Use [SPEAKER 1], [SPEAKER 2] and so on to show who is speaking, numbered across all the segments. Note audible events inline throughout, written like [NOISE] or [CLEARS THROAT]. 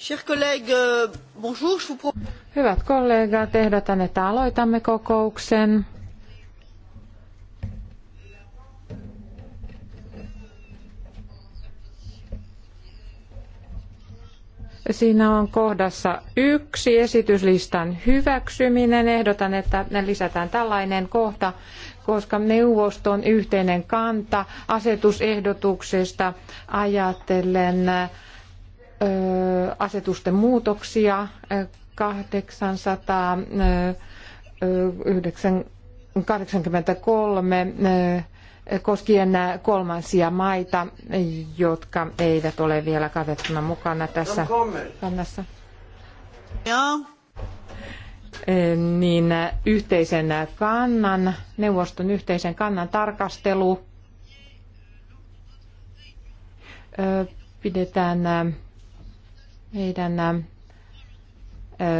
[SPEAKER 1] Euh,
[SPEAKER 2] Hyvät kollegat, ehdotan, että aloitamme kokouksen. Siinä on kohdassa yksi esityslistan hyväksyminen. Ehdotan, että lisätään tällainen kohta, koska neuvoston yhteinen kanta asetusehdotuksesta ajatellen asetusten muutoksia 883 koskien kolmansia maita, jotka eivät ole vielä katettuna mukana tässä kannassa. Joo. Niin yhteisen kannan, neuvoston yhteisen kannan tarkastelu pidetään meidän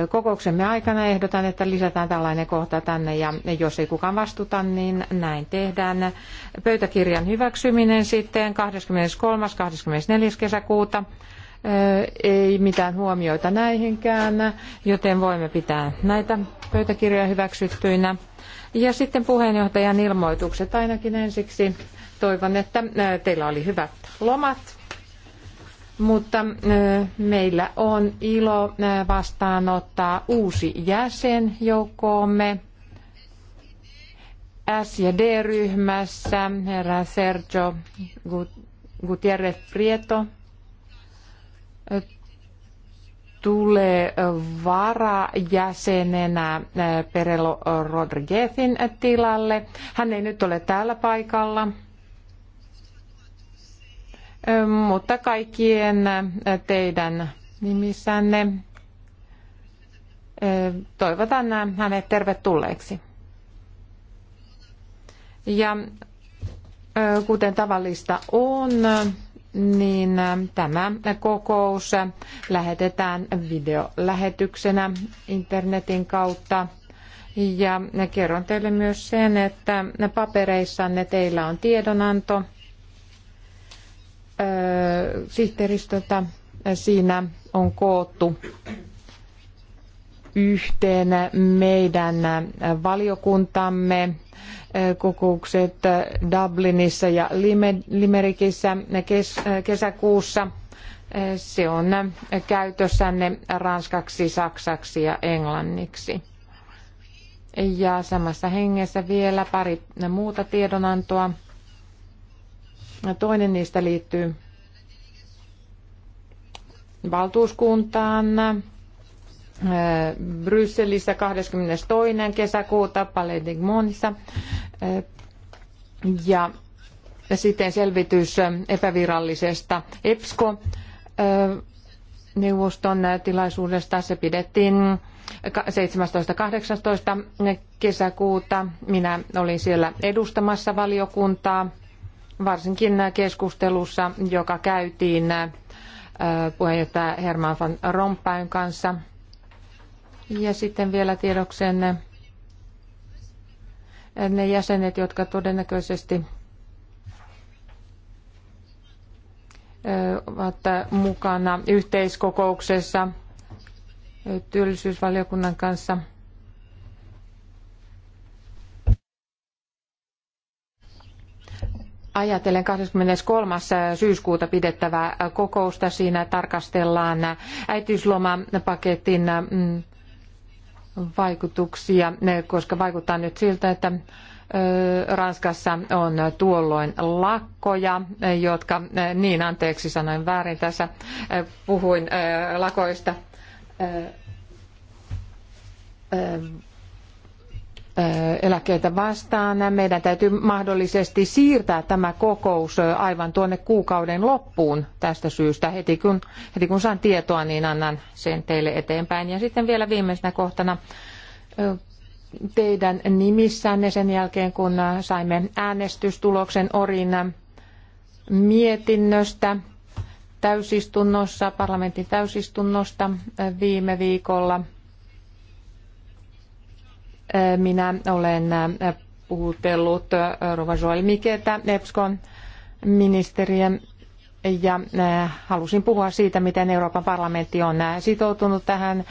[SPEAKER 2] kokouksemme aikana ehdotan, että lisätään tällainen kohta tänne ja jos ei kukaan vastuta, niin näin tehdään. Pöytäkirjan hyväksyminen sitten 23. 24. kesäkuuta. Ei mitään huomioita näihinkään, joten voimme pitää näitä pöytäkirjoja hyväksyttyinä. Ja sitten puheenjohtajan ilmoitukset ainakin ensiksi. Toivon, että teillä oli hyvät lomat mutta meillä on ilo vastaanottaa uusi jäsen joukkoomme S- ja D-ryhmässä, herra Sergio Gutierrez Prieto tulee varajäsenenä Perelo Rodriguezin tilalle. Hän ei nyt ole täällä paikalla mutta kaikkien teidän nimissänne toivotan hänet tervetulleeksi. Ja kuten tavallista on, niin tämä kokous lähetetään videolähetyksenä internetin kautta. Ja kerron teille myös sen, että papereissanne teillä on tiedonanto sihteeristöltä. Siinä on koottu yhteen meidän valiokuntamme kokoukset Dublinissa ja Limerikissä kesäkuussa. Se on käytössänne ranskaksi, saksaksi ja englanniksi. Ja samassa hengessä vielä pari muuta tiedonantoa. No, toinen niistä liittyy valtuuskuntaan äh, Brysselissä 22. kesäkuuta Palais de Monissa. Äh, ja sitten selvitys epävirallisesta EPSCO äh, neuvoston tilaisuudesta. Se pidettiin 17.18. kesäkuuta. Minä olin siellä edustamassa valiokuntaa varsinkin keskustelussa, joka käytiin äh, puheenjohtaja Herman van Rompuyn kanssa. Ja sitten vielä tiedoksenne äh, ne jäsenet, jotka todennäköisesti äh, ovat mukana yhteiskokouksessa työllisyysvaliokunnan kanssa – ajatellen 23. syyskuuta pidettävää kokousta. Siinä tarkastellaan äitiyslomapaketin mm, vaikutuksia, koska vaikuttaa nyt siltä, että Ranskassa on tuolloin lakkoja, jotka, niin anteeksi sanoin väärin tässä, puhuin lakoista eläkkeitä vastaan. Meidän täytyy mahdollisesti siirtää tämä kokous aivan tuonne kuukauden loppuun tästä syystä. Heti kun, heti kun saan tietoa, niin annan sen teille eteenpäin. Ja sitten vielä viimeisenä kohtana teidän nimissänne sen jälkeen, kun saimme äänestystuloksen Orin mietinnöstä täysistunnossa, parlamentin täysistunnosta viime viikolla – minä olen äh, puhutellut äh, Rova Miketä, EPSKon ministeriä, ja äh, halusin puhua siitä, miten Euroopan parlamentti on sitoutunut tähän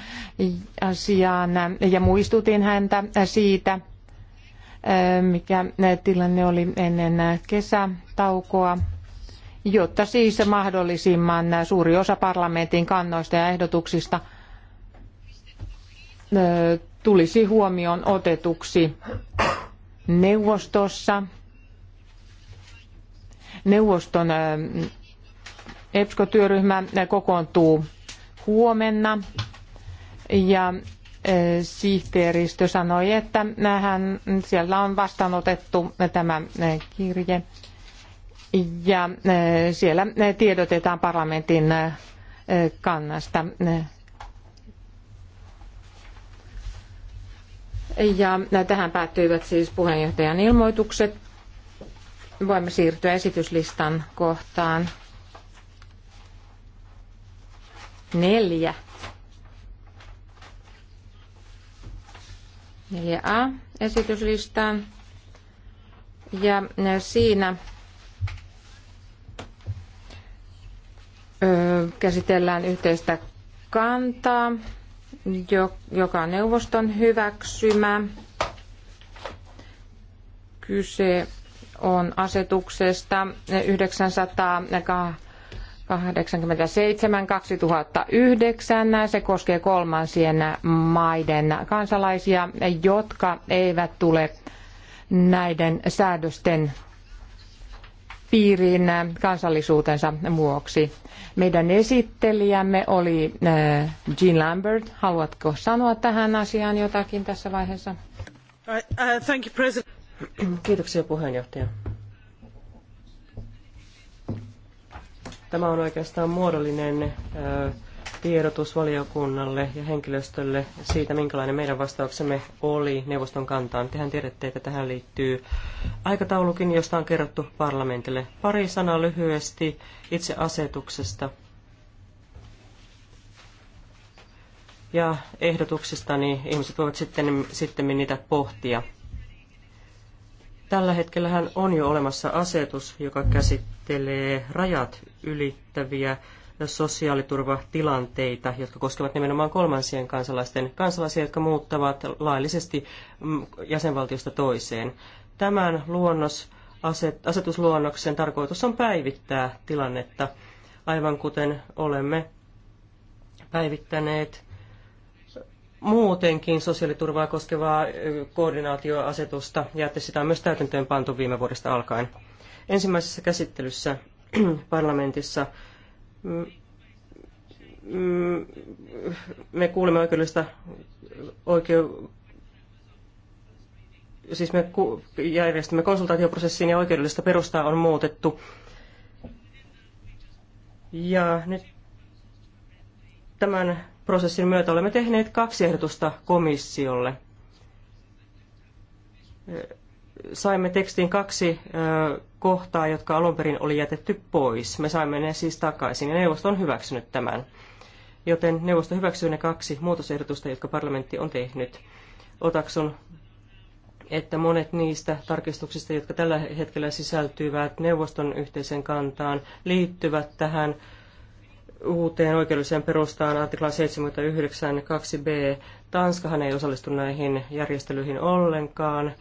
[SPEAKER 2] asiaan ja muistutin häntä siitä, mikä tilanne oli ennen kesätaukoa, jotta siis mahdollisimman suuri osa parlamentin kannoista ja ehdotuksista tulisi huomioon otetuksi neuvostossa. Neuvoston äh, EPSCO-työryhmä kokoontuu huomenna ja äh, sihteeristö sanoi, että hän, siellä on vastaanotettu tämä äh, kirje ja siellä tiedotetaan parlamentin kannasta Ja tähän päättyivät siis puheenjohtajan ilmoitukset. Voimme siirtyä esityslistan kohtaan neljä. Neljä a esityslistaan. Ja siinä käsitellään yhteistä kantaa joka on neuvoston hyväksymä. Kyse on asetuksesta 987-2009. Se koskee kolmansien maiden kansalaisia, jotka eivät tule näiden säädösten piiriin kansallisuutensa vuoksi. Meidän esittelijämme oli äh, Jean Lambert. Haluatko sanoa tähän asiaan jotakin tässä vaiheessa?
[SPEAKER 1] Uh, thank you, President. Kiitoksia puheenjohtaja. Tämä on oikeastaan muodollinen äh, tiedotus valiokunnalle ja henkilöstölle siitä, minkälainen meidän vastauksemme oli neuvoston kantaan. Tehän tiedätte, että tähän liittyy aikataulukin, josta on kerrottu parlamentille. Pari sanaa lyhyesti itse asetuksesta ja ehdotuksista, niin ihmiset voivat sitten, sitten niitä pohtia. Tällä hetkellähän on jo olemassa asetus, joka käsittelee rajat ylittäviä sosiaaliturvatilanteita, jotka koskevat nimenomaan kolmansien kansalaisten kansalaisia, jotka muuttavat laillisesti mm, jäsenvaltiosta toiseen. Tämän luonnos, asetusluonnoksen tarkoitus on päivittää tilannetta, aivan kuten olemme päivittäneet muutenkin sosiaaliturvaa koskevaa koordinaatioasetusta ja että sitä on myös täytäntöön pantu viime vuodesta alkaen. Ensimmäisessä käsittelyssä [CLEARS THROAT] parlamentissa me kuulemme oikeudellista oikeu, siis me ku, järjestämme konsultaatioprosessiin ja oikeudellista perustaa on muutettu. Ja nyt tämän prosessin myötä olemme tehneet kaksi ehdotusta komissiolle saimme tekstiin kaksi kohtaa, jotka alun perin oli jätetty pois. Me saimme ne siis takaisin ja neuvosto on hyväksynyt tämän. Joten neuvosto hyväksyy ne kaksi muutosehdotusta, jotka parlamentti on tehnyt. Otaksun, että monet niistä tarkistuksista, jotka tällä hetkellä sisältyvät neuvoston yhteisen kantaan, liittyvät tähän uuteen oikeudelliseen perustaan artikla 79 2b. Tanskahan ei osallistu näihin järjestelyihin ollenkaan,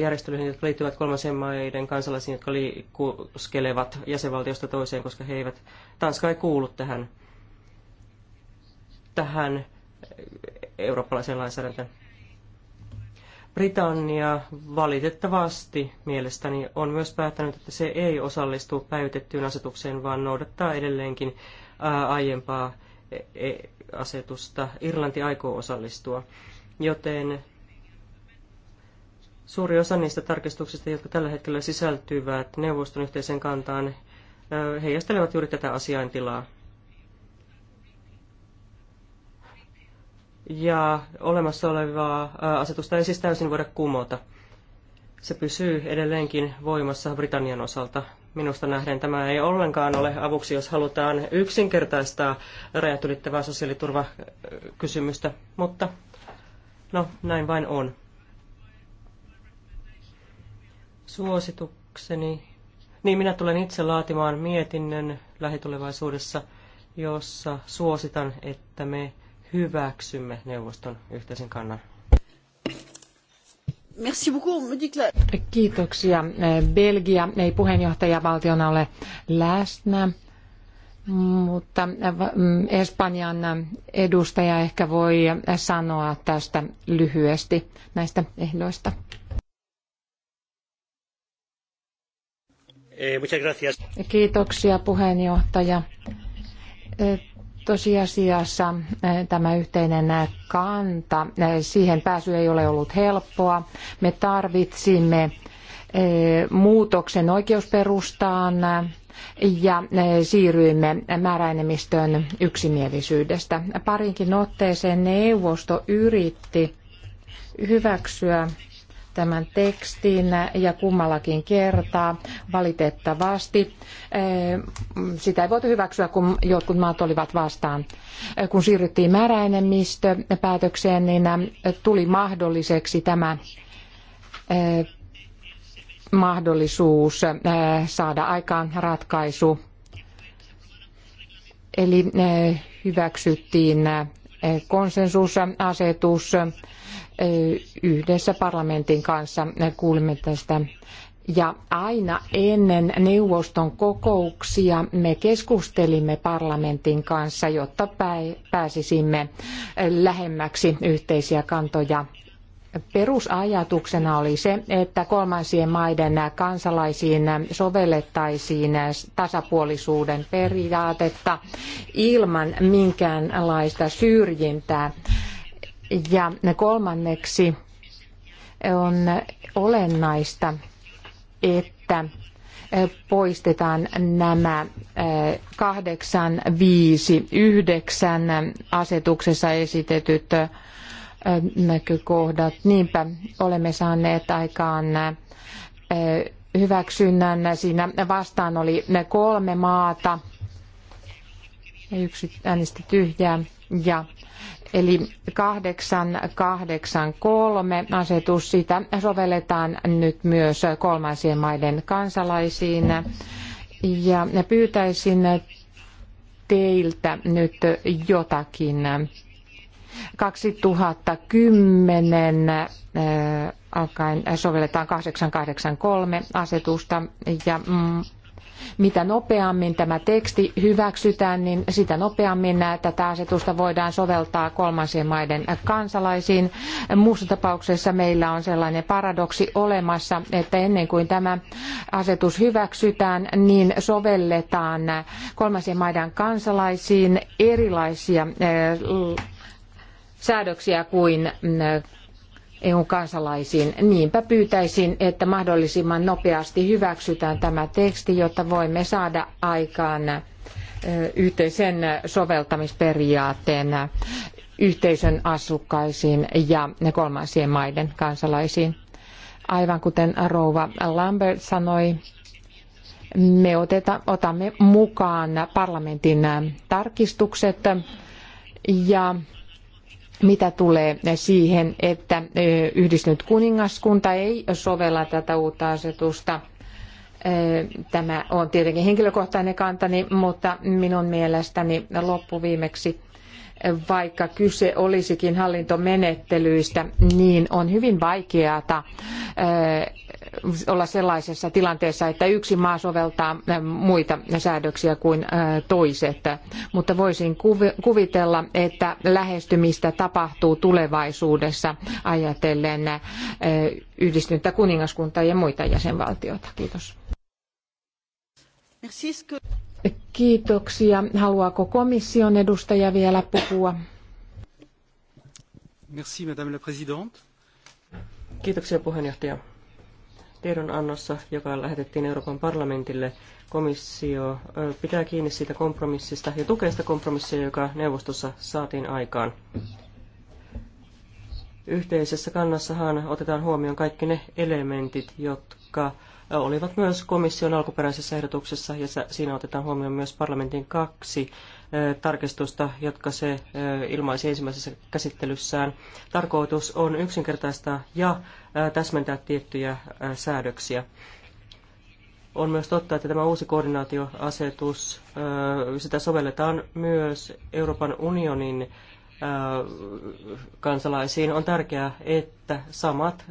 [SPEAKER 1] järjestelyihin, jotka liittyvät kolmansien maiden kansalaisiin, jotka liikuskelevat jäsenvaltiosta toiseen, koska he eivät, Tanska ei kuulu tähän, tähän eurooppalaiseen lainsäädäntöön. Britannia valitettavasti mielestäni on myös päättänyt, että se ei osallistu päivitettyyn asetukseen, vaan noudattaa edelleenkin aiempaa e, e, asetusta. Irlanti aikoo osallistua, joten suuri osa niistä tarkistuksista, jotka tällä hetkellä sisältyvät neuvoston yhteiseen kantaan, heijastelevat juuri tätä asiaintilaa. Ja olemassa olevaa asetusta ei siis täysin voida kumota. Se pysyy edelleenkin voimassa Britannian osalta Minusta nähden tämä ei ollenkaan ole avuksi, jos halutaan yksinkertaistaa rajat ylittävää sosiaaliturvakysymystä, mutta no näin vain on. Suositukseni. Niin minä tulen itse laatimaan mietinnön lähitulevaisuudessa, jossa suositan, että me hyväksymme neuvoston yhteisen kannan.
[SPEAKER 2] Kiitoksia. Belgia ei puheenjohtajavaltiona ole läsnä, mutta Espanjan edustaja ehkä voi sanoa tästä lyhyesti näistä ehdoista. Eh, Kiitoksia puheenjohtaja. Eh, Tosiasiassa eh, tämä yhteinen kanta, eh, siihen pääsy ei ole ollut helppoa. Me tarvitsimme eh, muutoksen oikeusperustaan ja siirryimme määräenemmistön yksimielisyydestä. Parinkin otteeseen neuvosto yritti hyväksyä tämän tekstin ja kummallakin kertaa valitettavasti. Eh, sitä ei voitu hyväksyä, kun jotkut maat olivat vastaan. Eh, kun siirryttiin määräenemmistöpäätökseen, niin eh, tuli mahdolliseksi tämä mahdollisuus saada aikaan ratkaisu. Eli hyväksyttiin konsensusasetus yhdessä parlamentin kanssa kuulimme tästä. Ja aina ennen neuvoston kokouksia me keskustelimme parlamentin kanssa, jotta pääsisimme lähemmäksi yhteisiä kantoja Perusajatuksena oli se, että kolmansien maiden kansalaisiin sovellettaisiin tasapuolisuuden periaatetta ilman minkäänlaista syrjintää ja kolmanneksi on olennaista, että poistetaan nämä 859 asetuksessa esitetyt näkökohdat. Niinpä olemme saaneet aikaan hyväksynnän. Siinä vastaan oli kolme maata, yksi äänesti tyhjää ja Eli 883 asetus, sitä sovelletaan nyt myös kolmansien maiden kansalaisiin. Ja pyytäisin teiltä nyt jotakin. 2010 äh, alkaen sovelletaan 883 asetusta ja mitä nopeammin tämä teksti hyväksytään, niin sitä nopeammin tätä asetusta voidaan soveltaa kolmansien maiden kansalaisiin. Muussa tapauksessa meillä on sellainen paradoksi olemassa, että ennen kuin tämä asetus hyväksytään, niin sovelletaan kolmansien maiden kansalaisiin erilaisia eh, säädöksiä kuin eh, EU-kansalaisiin. Niinpä pyytäisin, että mahdollisimman nopeasti hyväksytään tämä teksti, jotta voimme saada aikaan yhteisen soveltamisperiaatteen yhteisön asukkaisiin ja kolmansien maiden kansalaisiin. Aivan kuten rouva Lambert sanoi, me oteta, otamme mukaan parlamentin tarkistukset ja mitä tulee siihen, että yhdistynyt kuningaskunta ei sovella tätä uutta asetusta. Tämä on tietenkin henkilökohtainen kantani, mutta minun mielestäni loppuviimeksi vaikka kyse olisikin hallintomenettelyistä, niin on hyvin vaikeata olla sellaisessa tilanteessa, että yksi maa soveltaa eh, muita säädöksiä kuin eh, toiset. Mutta voisin kuvitella, että lähestymistä tapahtuu tulevaisuudessa ajatellen eh, yhdistynyttä kuningaskuntaa ja muita jäsenvaltioita. Kiitos. Kiitoksia. Haluaako komission edustaja vielä puhua?
[SPEAKER 3] Merci, Madame la Présidente.
[SPEAKER 2] Kiitoksia puheenjohtaja
[SPEAKER 1] tiedonannossa, joka lähetettiin Euroopan parlamentille, komissio pitää kiinni siitä kompromissista ja tukee sitä kompromissia, joka neuvostossa saatiin aikaan. Yhteisessä kannassahan otetaan huomioon kaikki ne elementit, jotka olivat myös komission alkuperäisessä ehdotuksessa, ja siinä otetaan huomioon myös parlamentin kaksi tarkistusta, jotka se ilmaisi ensimmäisessä käsittelyssään. Tarkoitus on yksinkertaistaa ja täsmentää tiettyjä säädöksiä. On myös totta, että tämä uusi koordinaatioasetus, sitä sovelletaan myös Euroopan unionin kansalaisiin. On tärkeää, että samat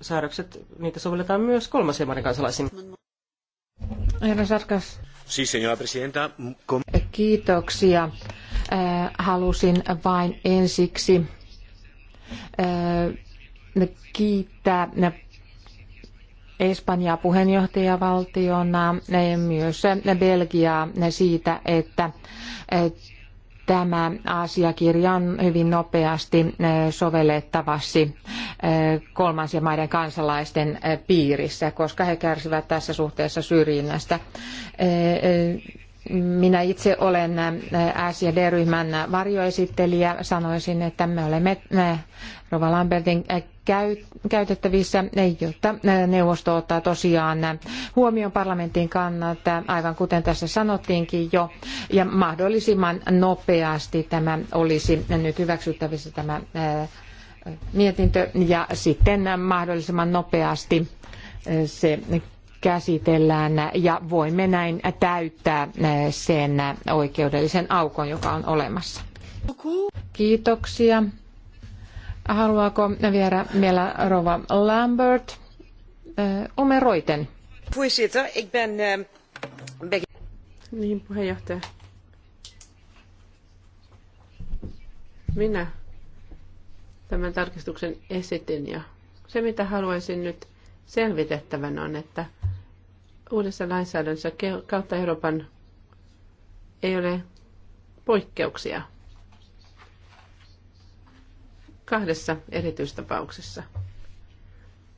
[SPEAKER 1] säädökset, niitä sovelletaan myös kolmansien maiden kansalaisiin.
[SPEAKER 2] Herra Sarkas
[SPEAKER 3] señora presidenta.
[SPEAKER 2] Kiitoksia. Äh, halusin vain ensiksi äh, kiittää Espanjaa puheenjohtajavaltiona, äh, myös Belgiaa siitä, että Tämä asiakirja on hyvin nopeasti eh, sovellettavasti eh, kolmansien maiden kansalaisten eh, piirissä, koska he kärsivät tässä suhteessa syrjinnästä minä itse olen äh, d ryhmän varjoesittelijä. Sanoisin, että me olemme äh, Rova Lambertin äh, käytettävissä, jotta neuvosto ottaa tosiaan huomioon parlamentin kannat, aivan kuten tässä sanottiinkin jo, ja mahdollisimman nopeasti tämä olisi nyt hyväksyttävissä tämä mietintö, ja sitten mahdollisimman nopeasti se käsitellään ja voimme näin täyttää eh, sen oikeudellisen aukon, joka on olemassa. Kiitoksia. Haluaako vielä, vielä Rova Lambert? Omeroiten. Eh,
[SPEAKER 3] Voorzitter, ik ben... Eh, niin, puheenjohtaja. Minä tämän tarkistuksen esitin ja se mitä haluaisin nyt selvitettävän on, että – uudessa lainsäädännössä kautta Euroopan ei ole poikkeuksia kahdessa erityistapauksessa.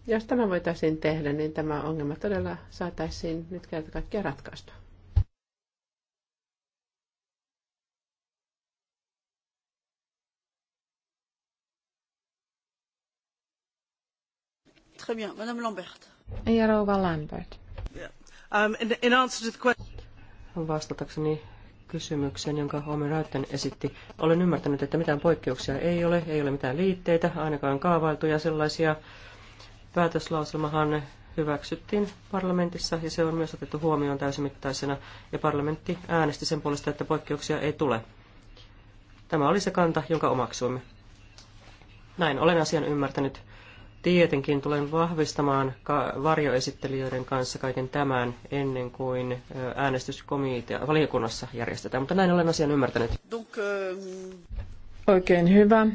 [SPEAKER 3] Jos tämä voitaisiin tehdä, niin tämä ongelma todella saataisiin nyt kerta kaikkiaan ratkaistua.
[SPEAKER 1] Très bien, Madame Lambert.
[SPEAKER 2] Ja rouva Lambert.
[SPEAKER 1] Um, in, in answer to the question... Vastatakseni kysymykseen, jonka Omen Raitten esitti. Olen ymmärtänyt, että mitään poikkeuksia ei ole, ei ole mitään liitteitä, ainakaan kaavailtuja sellaisia. Päätöslauselmahan hyväksyttiin parlamentissa ja se on myös otettu huomioon täysimittaisena ja parlamentti äänesti sen puolesta, että poikkeuksia ei tule. Tämä oli se kanta, jonka omaksuimme. Näin olen asian ymmärtänyt. Tietenkin tulen vahvistamaan varjoesittelijöiden kanssa kaiken tämän ennen kuin äänestyskomitea valiokunnassa järjestetään, mutta näin olen asian ymmärtänyt.
[SPEAKER 2] Oikein hyvä.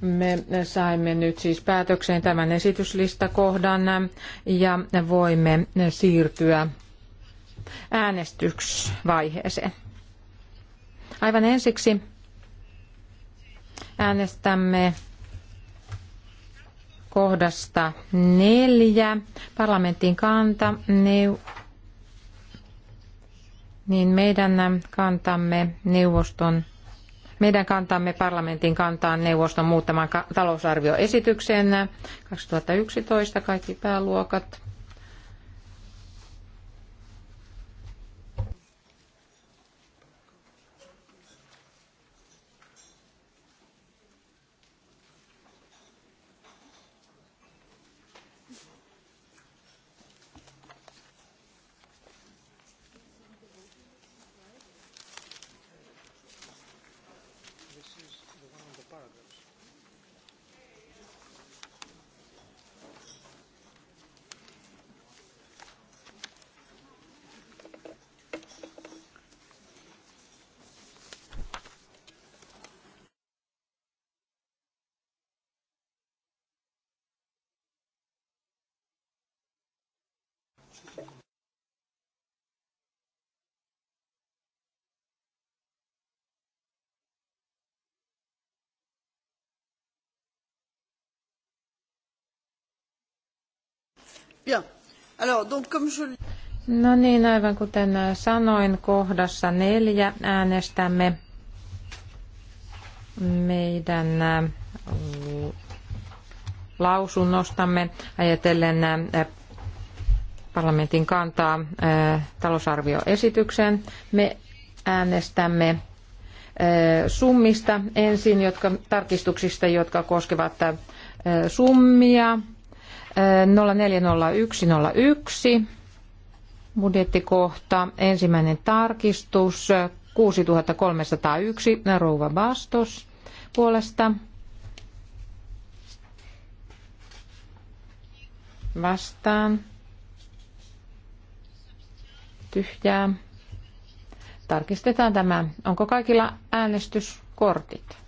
[SPEAKER 2] Me saimme nyt siis päätökseen tämän esityslistakohdan ja voimme siirtyä äänestyksvaiheeseen. Aivan ensiksi äänestämme kohdasta neljä, parlamentin kanta, neu, niin meidän kantamme neuvoston meidän kantamme parlamentin kantaan neuvoston muuttamaan talousarvioesitykseen 2011 kaikki pääluokat. No niin, aivan kuten sanoin, kohdassa neljä äänestämme meidän äh, lausunnostamme ajatellen äh, parlamentin kantaa äh, talousarvioesitykseen. Me äänestämme summista ensin, jotka, tarkistuksista, jotka koskevat summia, 040101 budjettikohta, ensimmäinen tarkistus, 6301, Rouva Bastos puolesta. Vastaan. Tyhjää. Tarkistetaan tämä. Onko kaikilla äänestyskortit?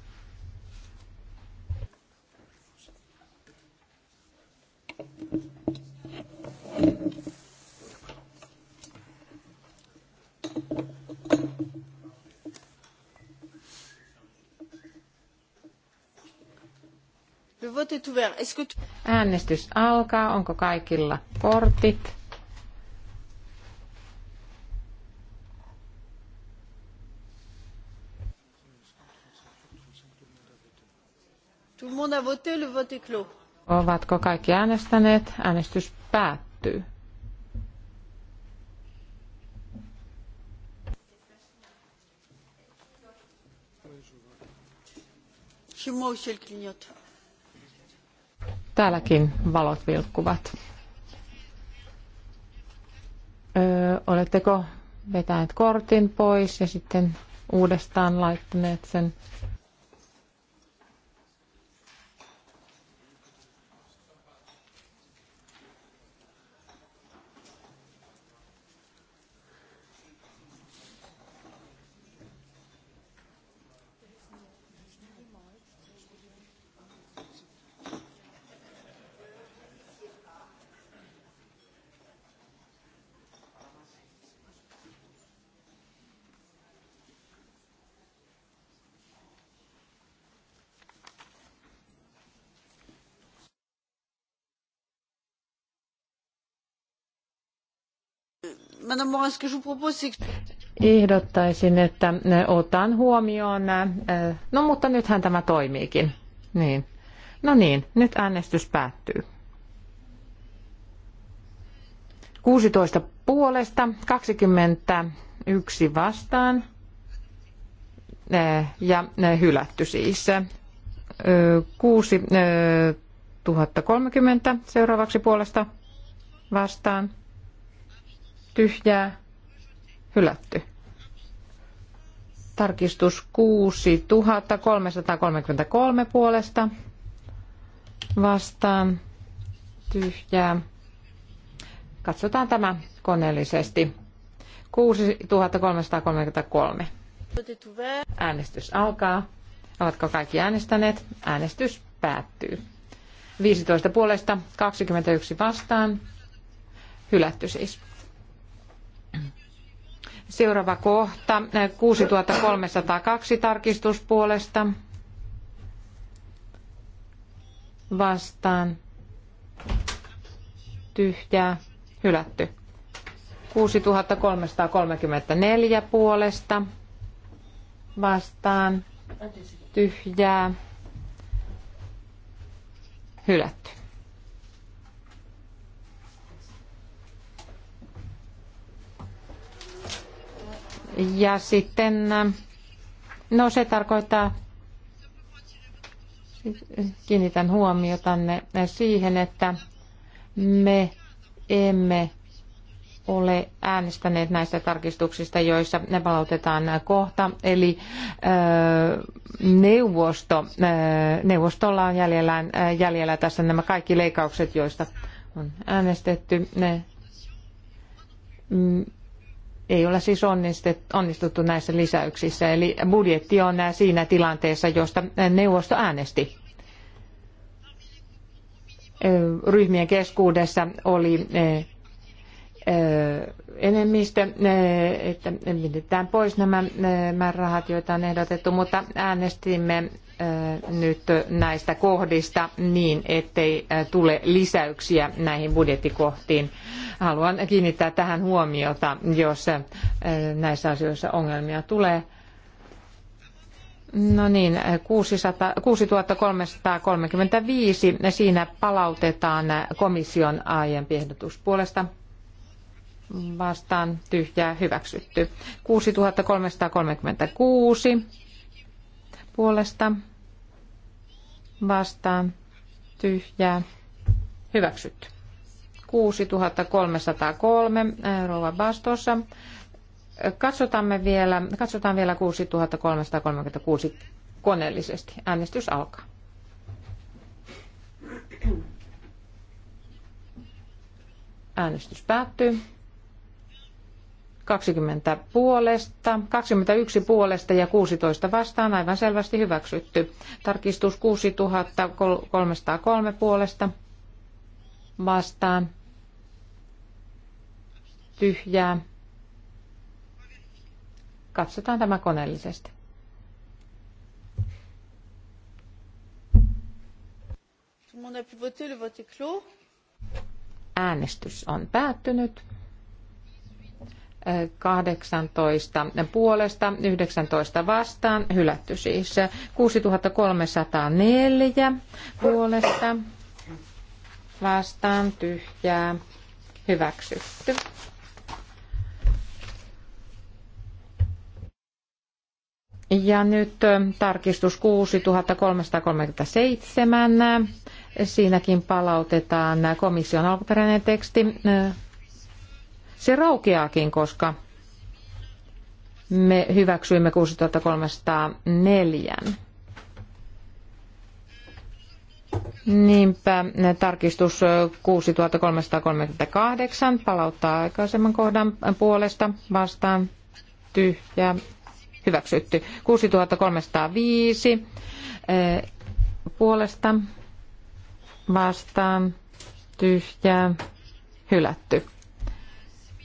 [SPEAKER 2] Äänestys alkaa. Onko kaikilla kortit? Ovatko kaikki äänestäneet? Äänestys päättyy päättyy. Täälläkin valot vilkkuvat. Öö, oletteko vetäneet kortin pois ja sitten uudestaan laittaneet sen Ehdottaisin, että otan huomioon. No mutta nythän tämä toimiikin. Niin. No niin, nyt äänestys päättyy. 16 puolesta, 21 vastaan ja hylätty siis. tuhatta kolmekymmentä seuraavaksi puolesta vastaan tyhjää, hylätty. Tarkistus 6333 puolesta vastaan tyhjää. Katsotaan tämä koneellisesti. 6333. Äänestys alkaa. Ovatko kaikki äänestäneet? Äänestys päättyy. 15 puolesta, 21 vastaan. Hylätty siis. Seuraava kohta, 6302 tarkistuspuolesta. Vastaan. Tyhjää. Hylätty. 6334 puolesta. Vastaan. Tyhjää. Hylätty. Ja sitten, no se tarkoittaa, kiinnitän huomiotanne siihen, että me emme ole äänestäneet näistä tarkistuksista, joissa ne palautetaan kohta. Eli neuvosto, neuvostolla on jäljellä, jäljellä tässä nämä kaikki leikaukset, joista on äänestetty. Ne, mm, ei ole siis onnistuttu näissä lisäyksissä, eli budjetti on äh, siinä tilanteessa, josta äh, neuvosto äänesti. Ryhmien keskuudessa oli äh, enemmistö, että pidetään pois nämä määrärahat, joita on ehdotettu, mutta äänestimme nyt näistä kohdista niin, ettei tule lisäyksiä näihin budjettikohtiin. Haluan kiinnittää tähän huomiota, jos näissä asioissa ongelmia tulee. No niin, 6335. Siinä palautetaan komission aiempi ehdotus puolesta vastaan tyhjää hyväksytty. 6336 puolesta vastaan tyhjää hyväksytty. 6303 äh, Rouva Bastossa. Katsotamme vielä, katsotaan vielä 6336 koneellisesti. Äänestys alkaa. Äänestys päättyy. 20 puolesta, 21 puolesta ja 16 vastaan aivan selvästi hyväksytty. Tarkistus 6303 puolesta vastaan tyhjää. Katsotaan tämä koneellisesti. Äänestys on päättynyt. 18 puolesta, 19 vastaan, hylätty siis 6304 puolesta, vastaan, tyhjää, hyväksytty. Ja nyt tarkistus 6337. Siinäkin palautetaan komission alkuperäinen teksti se raukeakin, koska me hyväksyimme 6304. Niinpä tarkistus 6338 palauttaa aikaisemman kohdan puolesta vastaan tyhjä hyväksytty. 6305 eh, puolesta vastaan tyhjä hylätty.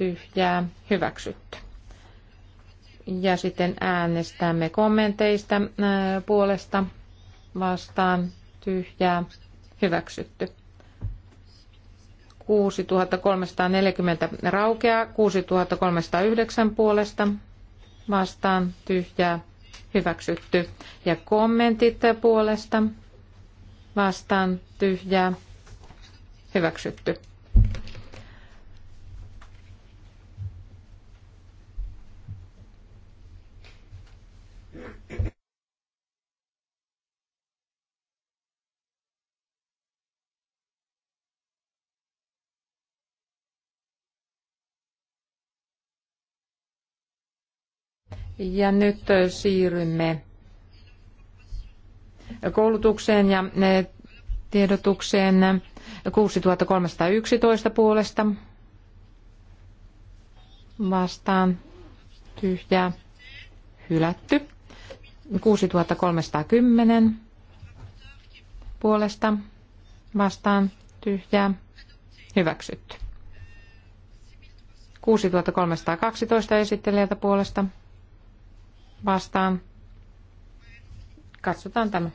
[SPEAKER 2] tyhjää hyväksytty. Ja sitten äänestämme kommenteista äh, puolesta vastaan tyhjää hyväksytty. 6340 raukeaa, 6309 puolesta vastaan tyhjää hyväksytty. Ja kommentit puolesta vastaan tyhjää hyväksytty. Ja nyt siirrymme koulutukseen ja e, tiedotukseen 6311 puolesta vastaan tyhjä, hylätty. 6310 puolesta vastaan tyhjää hyväksytty. 6312 esittelijältä puolesta vastaan. Katsotaan tämä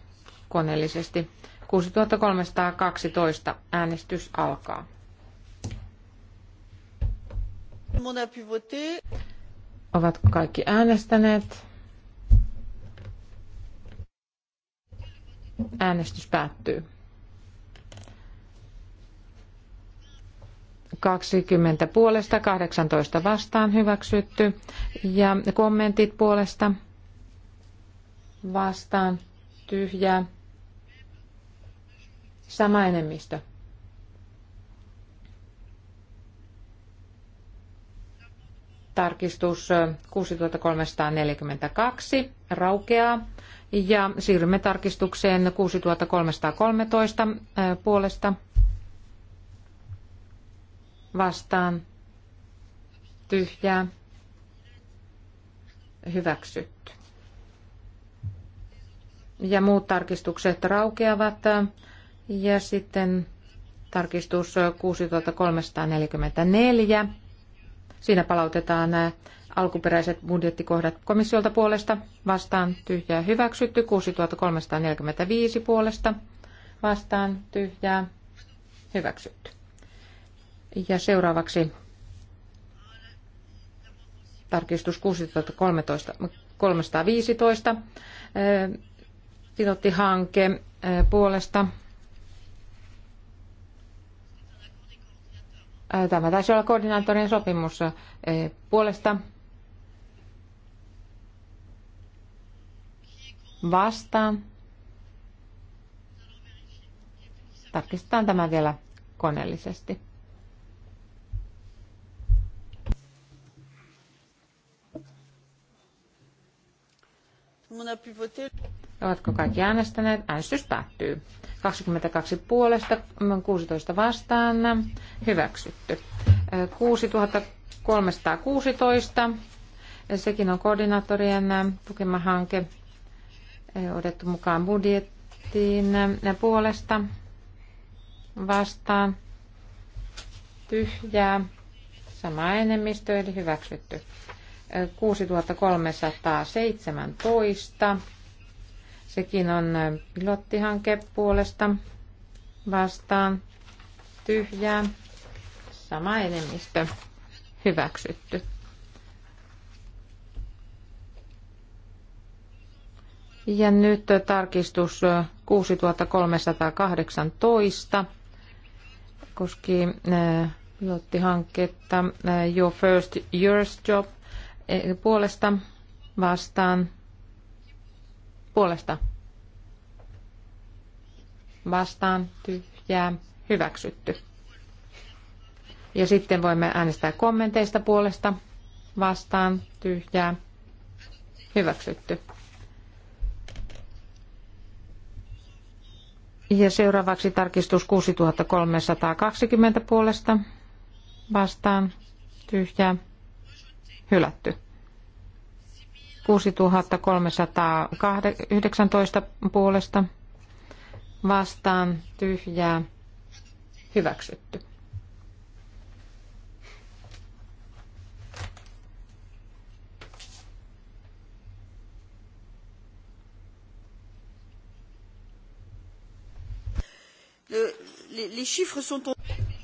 [SPEAKER 2] koneellisesti. 6312 äänestys alkaa. Ovatko kaikki äänestäneet? Äänestys päättyy. 20 puolesta, 18 vastaan hyväksytty. Ja kommentit puolesta vastaan tyhjää. Sama enemmistö. Tarkistus 6342 raukeaa ja siirrymme tarkistukseen 6313 äh, puolesta vastaan tyhjää hyväksytty. Ja muut tarkistukset raukeavat ja sitten tarkistus 6344. Siinä palautetaan nämä alkuperäiset budjettikohdat komissiolta puolesta vastaan tyhjää hyväksytty, 6345 puolesta vastaan tyhjää hyväksytty. Ja seuraavaksi tarkistus 1613, eh, pilottihanke eh, puolesta. Eh, tämä taisi olla koordinaattorin sopimus puolesta. Vastaan. Tarkistetaan tämä vielä koneellisesti. Ovatko kaikki äänestäneet? Äänestys päättyy. 22 puolesta, 16 vastaan, hyväksytty. 6316, sekin on koordinaattorien tukema hanke, odettu mukaan budjettiin puolesta, vastaan, tyhjää, sama enemmistö eli hyväksytty. 6317. Sekin on pilottihanke puolesta vastaan tyhjää. Sama enemmistö hyväksytty. Ja nyt tarkistus 6318 koski äh, pilottihanketta äh, Your First Year's Job E, puolesta vastaan puolesta vastaan tyhjää hyväksytty. Ja sitten voimme äänestää kommenteista puolesta vastaan tyhjää hyväksytty. Ja seuraavaksi tarkistus 6320 puolesta vastaan tyhjää hylätty. 6319 puolesta vastaan tyhjää hyväksytty.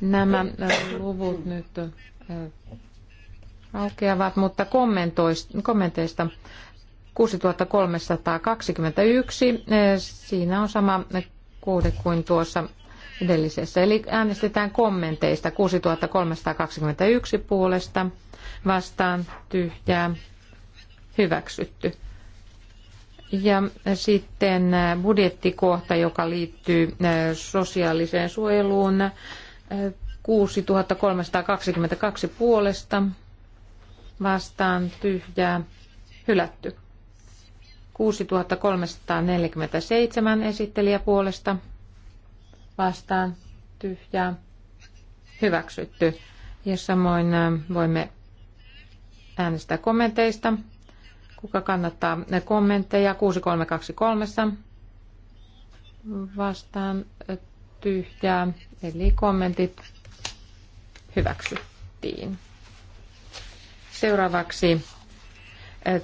[SPEAKER 2] Nämä äh, luvut nyt äh, aukeavat, mutta kommenteista 6321, eh, siinä on sama kohde kuin tuossa edellisessä. Eli äänestetään kommenteista 6321 puolesta vastaan tyhjää hyväksytty. Ja sitten eh, budjettikohta, joka liittyy eh, sosiaaliseen suojeluun, 6322 puolesta vastaan tyhjää hylätty. 6347 esittelijä puolesta vastaan tyhjää hyväksytty. Ja samoin voimme äänestää kommenteista. Kuka kannattaa ne kommentteja? 6323 vastaan tyhjää, eli kommentit hyväksyttiin. Seuraavaksi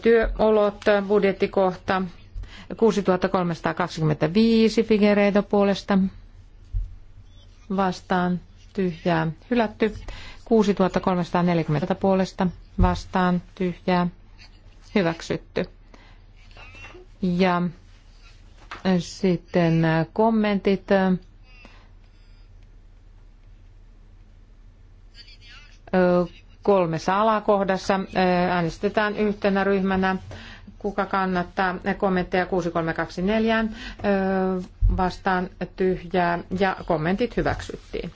[SPEAKER 2] työolot, budjettikohta 6325 Figereido puolesta vastaan tyhjää hylätty. 6340 puolesta vastaan tyhjää hyväksytty. Ja sitten kommentit kolmessa alakohdassa. Äänestetään yhtenä ryhmänä. Kuka kannattaa kommentteja 6324 vastaan tyhjää ja kommentit hyväksyttiin.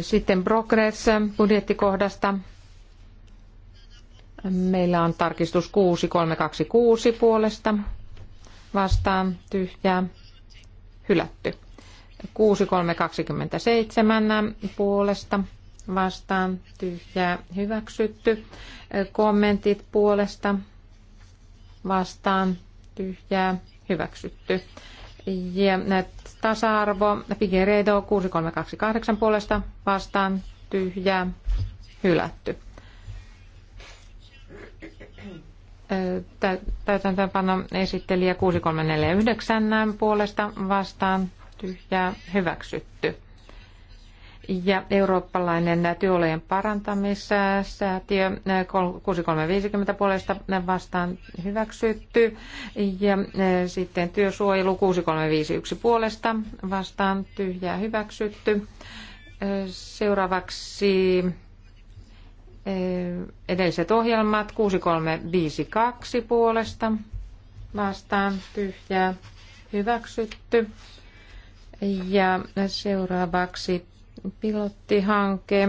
[SPEAKER 2] Sitten Progress budjettikohdasta. Meillä on tarkistus 6326 puolesta vastaan tyhjää hylätty. 6327 puolesta vastaan tyhjää hyväksytty. Kommentit puolesta vastaan tyhjää hyväksytty. Ja tasa-arvo Figueredo 6328 puolesta vastaan tyhjää hylätty. Täytäntöönpano esittelijä 6349 puolesta vastaan tyhjää
[SPEAKER 3] hyväksytty
[SPEAKER 2] ja eurooppalainen työolojen parantamissäätiö 6350 eh, puolesta vastaan hyväksytty ja eh, sitten työsuojelu 6351 puolesta vastaan tyhjää hyväksytty. Eh, seuraavaksi edelliset ohjelmat 6352 puolesta vastaan tyhjää hyväksytty. Ja seuraavaksi pilottihanke.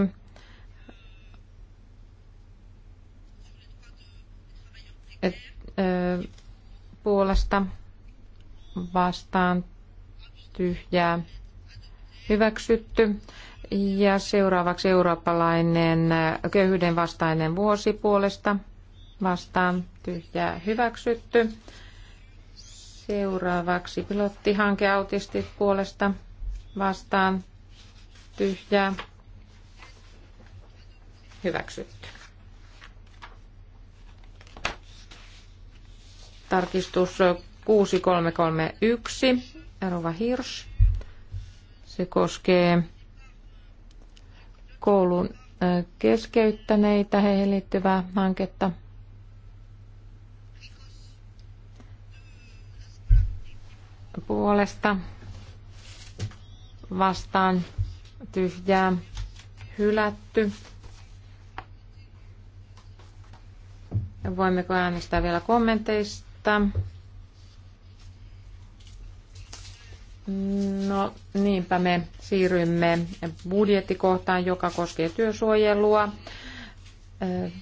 [SPEAKER 2] Et, ö, puolesta vastaan tyhjää hyväksytty. Ja seuraavaksi eurooppalainen köyhyyden vastainen vuosi puolesta vastaan tyhjää hyväksytty. Seuraavaksi pilottihanke autistit puolesta vastaan tyhjää hyväksytty. Tarkistus 6331, Rova Hirsch. Se koskee koulun keskeyttäneitä heihin liittyvää hanketta. Puolesta vastaan tyhjää hylätty. Voimmeko äänestää vielä kommenteista? No niinpä me siirrymme budjettikohtaan, joka koskee työsuojelua,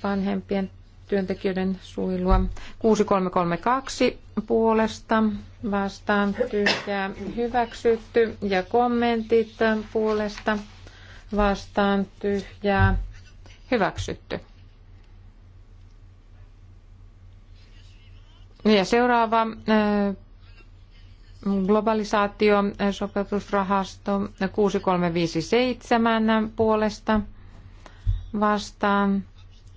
[SPEAKER 2] vanhempien työntekijöiden suojelua. 6332 puolesta vastaan tyhjää hyväksytty ja kommentit puolesta vastaan tyhjää hyväksytty. Ja seuraava äh, globalisaatio, äh, sopeutusrahasto 6357 puolesta vastaan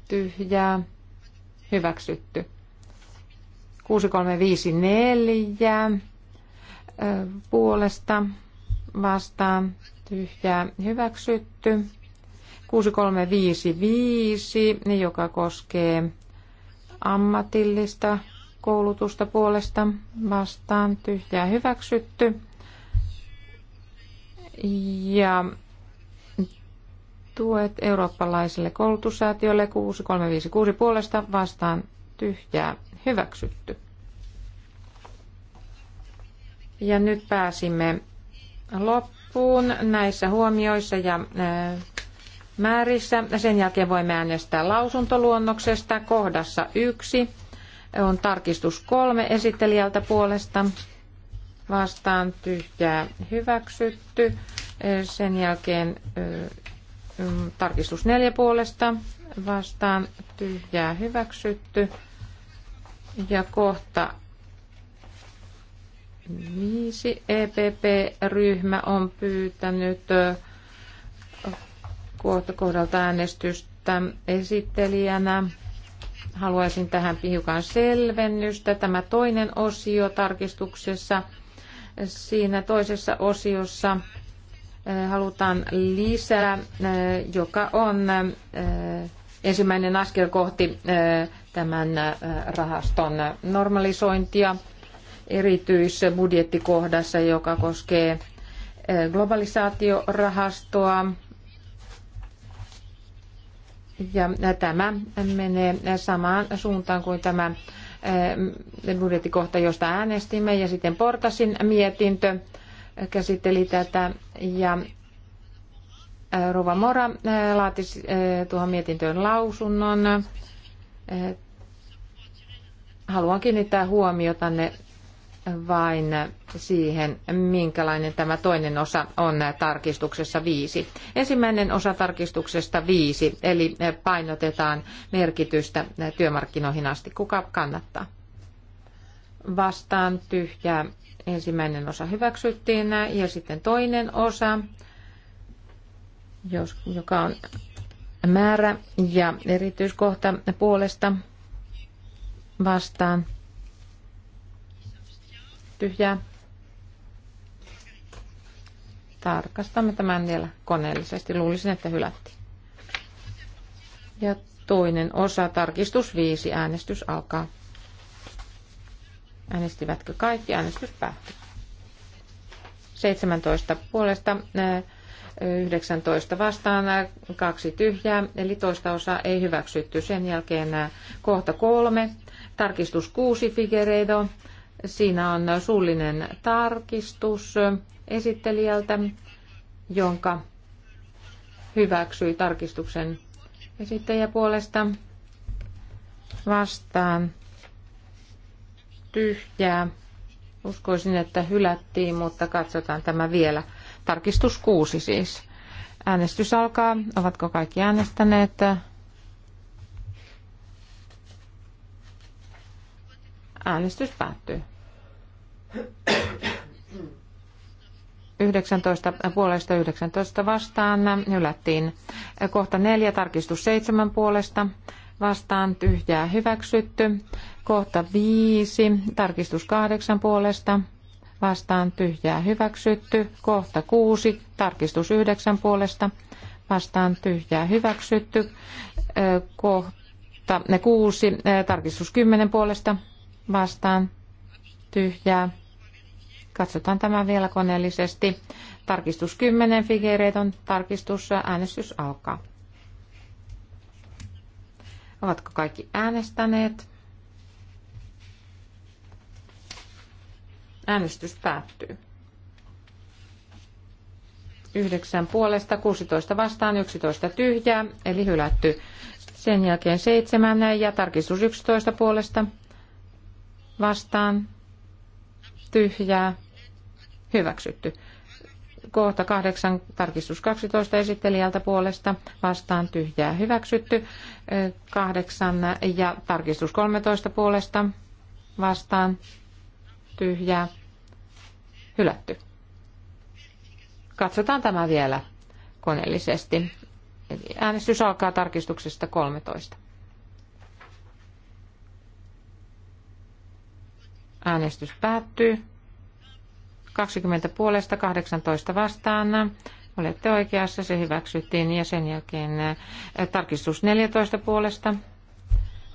[SPEAKER 2] tyhjää hyväksytty. 6354 puolesta vastaan tyhjää hyväksytty. 6355, joka koskee ammatillista koulutusta puolesta vastaan tyhjää hyväksytty. Ja tuet eurooppalaiselle koulutussäätiölle 6356 puolesta vastaan tyhjää hyväksytty. Ja nyt pääsimme loppuun näissä huomioissa ja määrissä. Sen jälkeen voimme äänestää lausuntoluonnoksesta kohdassa yksi. On tarkistus kolme esittelijältä puolesta. Vastaan tyhjää hyväksytty. Sen jälkeen tarkistus neljä puolesta. Vastaan tyhjää hyväksytty. Ja kohta viisi EPP-ryhmä on pyytänyt kohta kohdalta äänestystä esittelijänä. Haluaisin tähän hiukan selvennystä. Tämä toinen osio tarkistuksessa, siinä toisessa osiossa halutaan lisää, joka on ensimmäinen askel kohti tämän äh, rahaston normalisointia erityisbudjettikohdassa, joka koskee äh, globalisaatiorahastoa. Ja äh, tämä menee samaan suuntaan kuin tämä budjettikohta, josta äänestimme, ja sitten Portasin mietintö käsitteli tätä, ja Rova Mora laati tuohon mietintöön lausunnon haluan kiinnittää huomiotanne vain siihen, minkälainen tämä toinen osa on tarkistuksessa viisi. Ensimmäinen osa tarkistuksesta viisi, eli painotetaan merkitystä työmarkkinoihin asti. Kuka kannattaa? Vastaan tyhjää. Ensimmäinen osa hyväksyttiin ja sitten toinen osa, joka on määrä ja erityiskohta puolesta vastaan tyhjää. Tarkastamme tämän vielä koneellisesti. Luulisin, että hylättiin. Ja toinen osa, tarkistus viisi äänestys alkaa. Äänestivätkö kaikki? Äänestys päättyy. 17 puolesta, 19 äh, vastaan, äh, kaksi tyhjää, eli toista osaa ei hyväksytty. Sen jälkeen äh, kohta kolme, Tarkistus 6 Figueredo. Siinä on suullinen tarkistus esittelijältä, jonka hyväksyi tarkistuksen esittäjä puolesta vastaan tyhjää. Uskoisin, että hylättiin, mutta katsotaan tämä vielä. Tarkistus 6 siis. Äänestys alkaa. Ovatko kaikki äänestäneet? Äänestys päättyy. 19 puolesta 19 vastaan hylättiin. Kohta 4 tarkistus 7 puolesta vastaan tyhjää hyväksytty. Kohta 5 tarkistus 8 puolesta vastaan tyhjää hyväksytty. Kohta 6 tarkistus 9 puolesta vastaan tyhjää hyväksytty. Kohta 6 tarkistus 10 puolesta vastaan tyhjää. Katsotaan tämä vielä koneellisesti. Tarkistus 10, Figereeton tarkistus, äänestys alkaa. Ovatko kaikki äänestäneet? Äänestys päättyy. 9 puolesta, 16 vastaan, 11 tyhjää, eli hylätty. Sen jälkeen 7 ja tarkistus 11 puolesta vastaan tyhjää hyväksytty. Kohta 8 tarkistus 12 esittelijältä puolesta vastaan tyhjää hyväksytty. 8 ja tarkistus 13 puolesta vastaan tyhjää hylätty. Katsotaan tämä vielä koneellisesti. Äänestys alkaa tarkistuksesta 13. Äänestys päättyy. 20 puolesta 18 vastaan. Olette oikeassa, se hyväksyttiin. Ja sen jälkeen eh, tarkistus 14 puolesta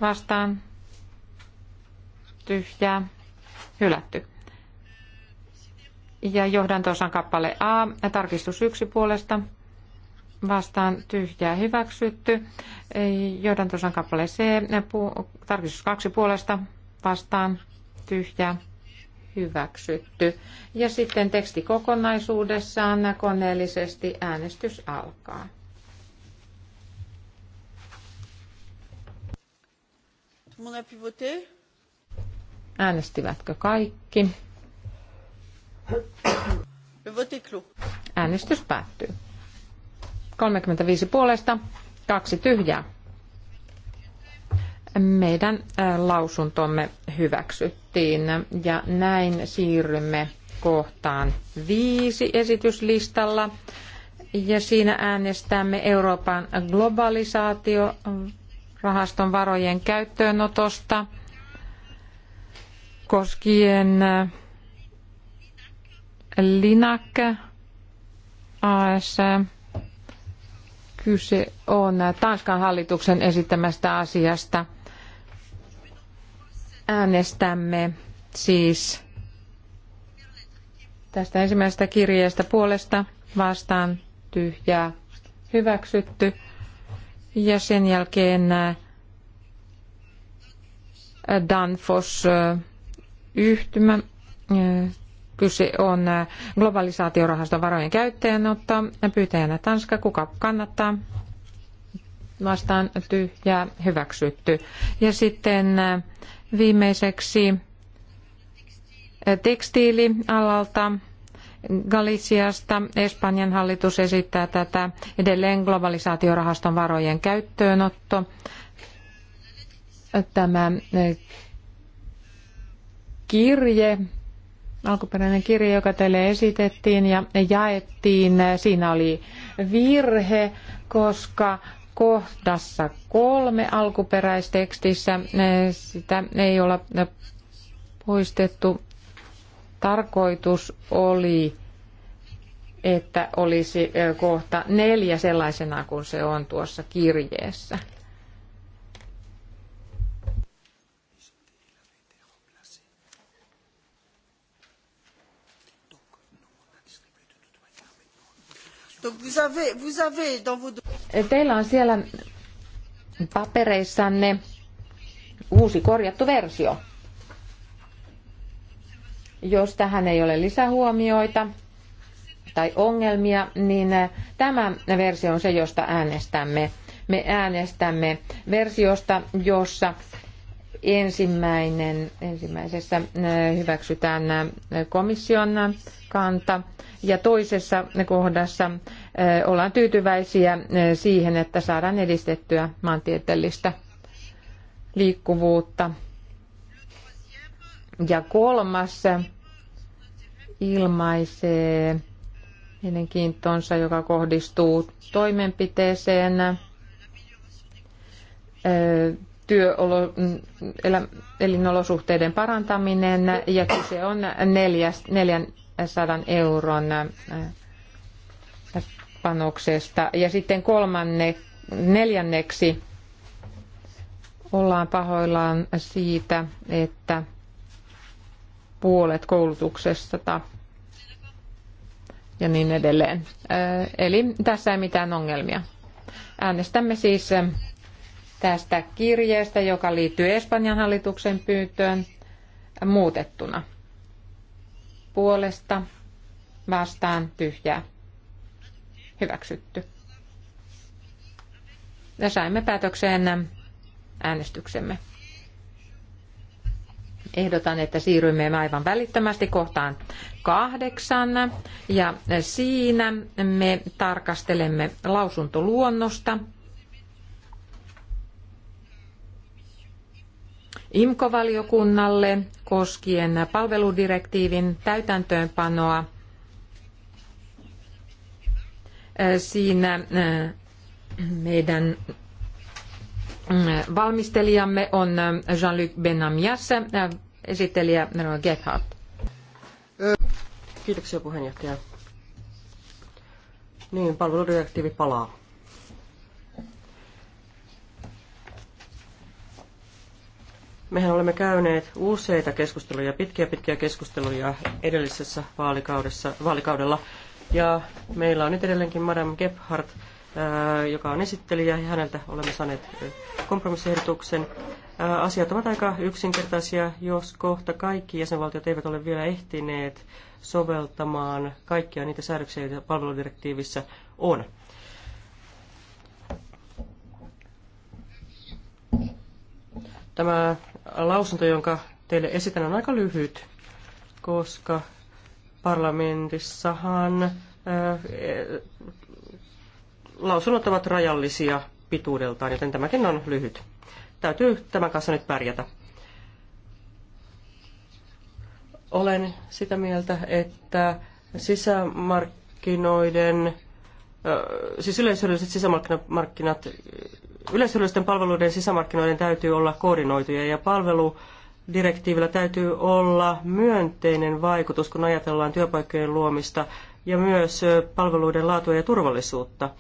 [SPEAKER 2] vastaan. Tyhjää. Hylätty. Ja johdantoosan kappale A, tarkistus 1 puolesta vastaan tyhjää hyväksytty. Eh, Johdantosan kappale C, tarkistus kaksi puolesta vastaan tyhjä hyväksytty. Ja sitten teksti kokonaisuudessaan koneellisesti äänestys alkaa. Äänestivätkö kaikki? Äänestys päättyy. 35 puolesta, kaksi tyhjää meidän lausuntomme hyväksyttiin ja näin siirrymme kohtaan viisi esityslistalla ja siinä äänestämme Euroopan globalisaatiorahaston varojen käyttöönotosta koskien Linak AS. Kyse on Tanskan hallituksen esittämästä asiasta – Äänestämme siis tästä ensimmäisestä kirjeestä puolesta vastaan tyhjää hyväksytty. Ja sen jälkeen äh, Danfos äh, yhtymä. Äh, kyse on globalisaatiorahaston varojen käyttäjänotto. Pyytäjänä Tanska. Kuka kannattaa? Vastaan tyhjää hyväksytty. Ja sitten Viimeiseksi eh, tekstiilialalta Galiciasta Espanjan hallitus esittää tätä edelleen globalisaatiorahaston varojen käyttöönotto. Tämä eh, kirje, alkuperäinen kirje, joka teille esitettiin ja jaettiin, eh, siinä oli virhe, koska kohdassa kolme alkuperäistekstissä. Eh, sitä ei olla poistettu. Tarkoitus oli, että olisi eh, kohta neljä sellaisena kuin se on tuossa kirjeessä. Teillä on siellä papereissanne uusi korjattu versio. Jos tähän ei ole lisähuomioita tai ongelmia, niin äh, tämä versio on se, josta äänestämme. Me äänestämme versiosta, jossa Ensimmäinen, ensimmäisessä hyväksytään komission kanta ja toisessa kohdassa ollaan tyytyväisiä siihen, että saadaan edistettyä maantieteellistä liikkuvuutta. Ja kolmas ilmaisee mielenkiintonsa, joka kohdistuu toimenpiteeseen työolo, mm, elä, elinolosuhteiden parantaminen ja kyse on 400 euron äh, panoksesta. Ja sitten kolmanne, neljänneksi ollaan pahoillaan siitä, että puolet koulutuksesta ja niin edelleen. Äh, eli tässä ei mitään ongelmia. Äänestämme siis äh, tästä kirjeestä, joka liittyy Espanjan hallituksen pyyntöön muutettuna. Puolesta vastaan tyhjää. Hyväksytty. Ja saimme päätökseen äänestyksemme. Ehdotan, että siirrymme aivan välittömästi kohtaan kahdeksan. Ja siinä me tarkastelemme lausuntoluonnosta. IMKO-valiokunnalle koskien palveludirektiivin täytäntöönpanoa. Siinä meidän valmistelijamme on Jean-Luc Benamias, esittelijä Gerhard.
[SPEAKER 1] Kiitoksia puheenjohtaja. Niin, palveludirektiivi palaa. Mehän olemme käyneet useita keskusteluja, pitkiä pitkiä keskusteluja edellisessä vaalikaudessa, vaalikaudella. Ja meillä on nyt edelleenkin Madame Gebhardt, joka on esittelijä, ja häneltä olemme saaneet kompromissiehdotuksen. Asiat ovat aika yksinkertaisia, jos kohta kaikki jäsenvaltiot eivät ole vielä ehtineet soveltamaan kaikkia niitä säädöksiä, joita palveludirektiivissä on. Tämä lausunto, jonka teille esitän, on aika lyhyt, koska parlamentissahan e, lausunnot ovat rajallisia pituudeltaan, joten tämäkin on lyhyt. Täytyy tämän kanssa nyt pärjätä. Olen sitä mieltä, että sisämarkkinoiden, siis yleisölliset sisämarkkinat yleishyödyllisten palveluiden sisämarkkinoiden täytyy olla koordinoituja ja palveludirektiivillä täytyy olla myönteinen vaikutus, kun ajatellaan työpaikkojen luomista ja myös palveluiden laatua ja turvallisuutta.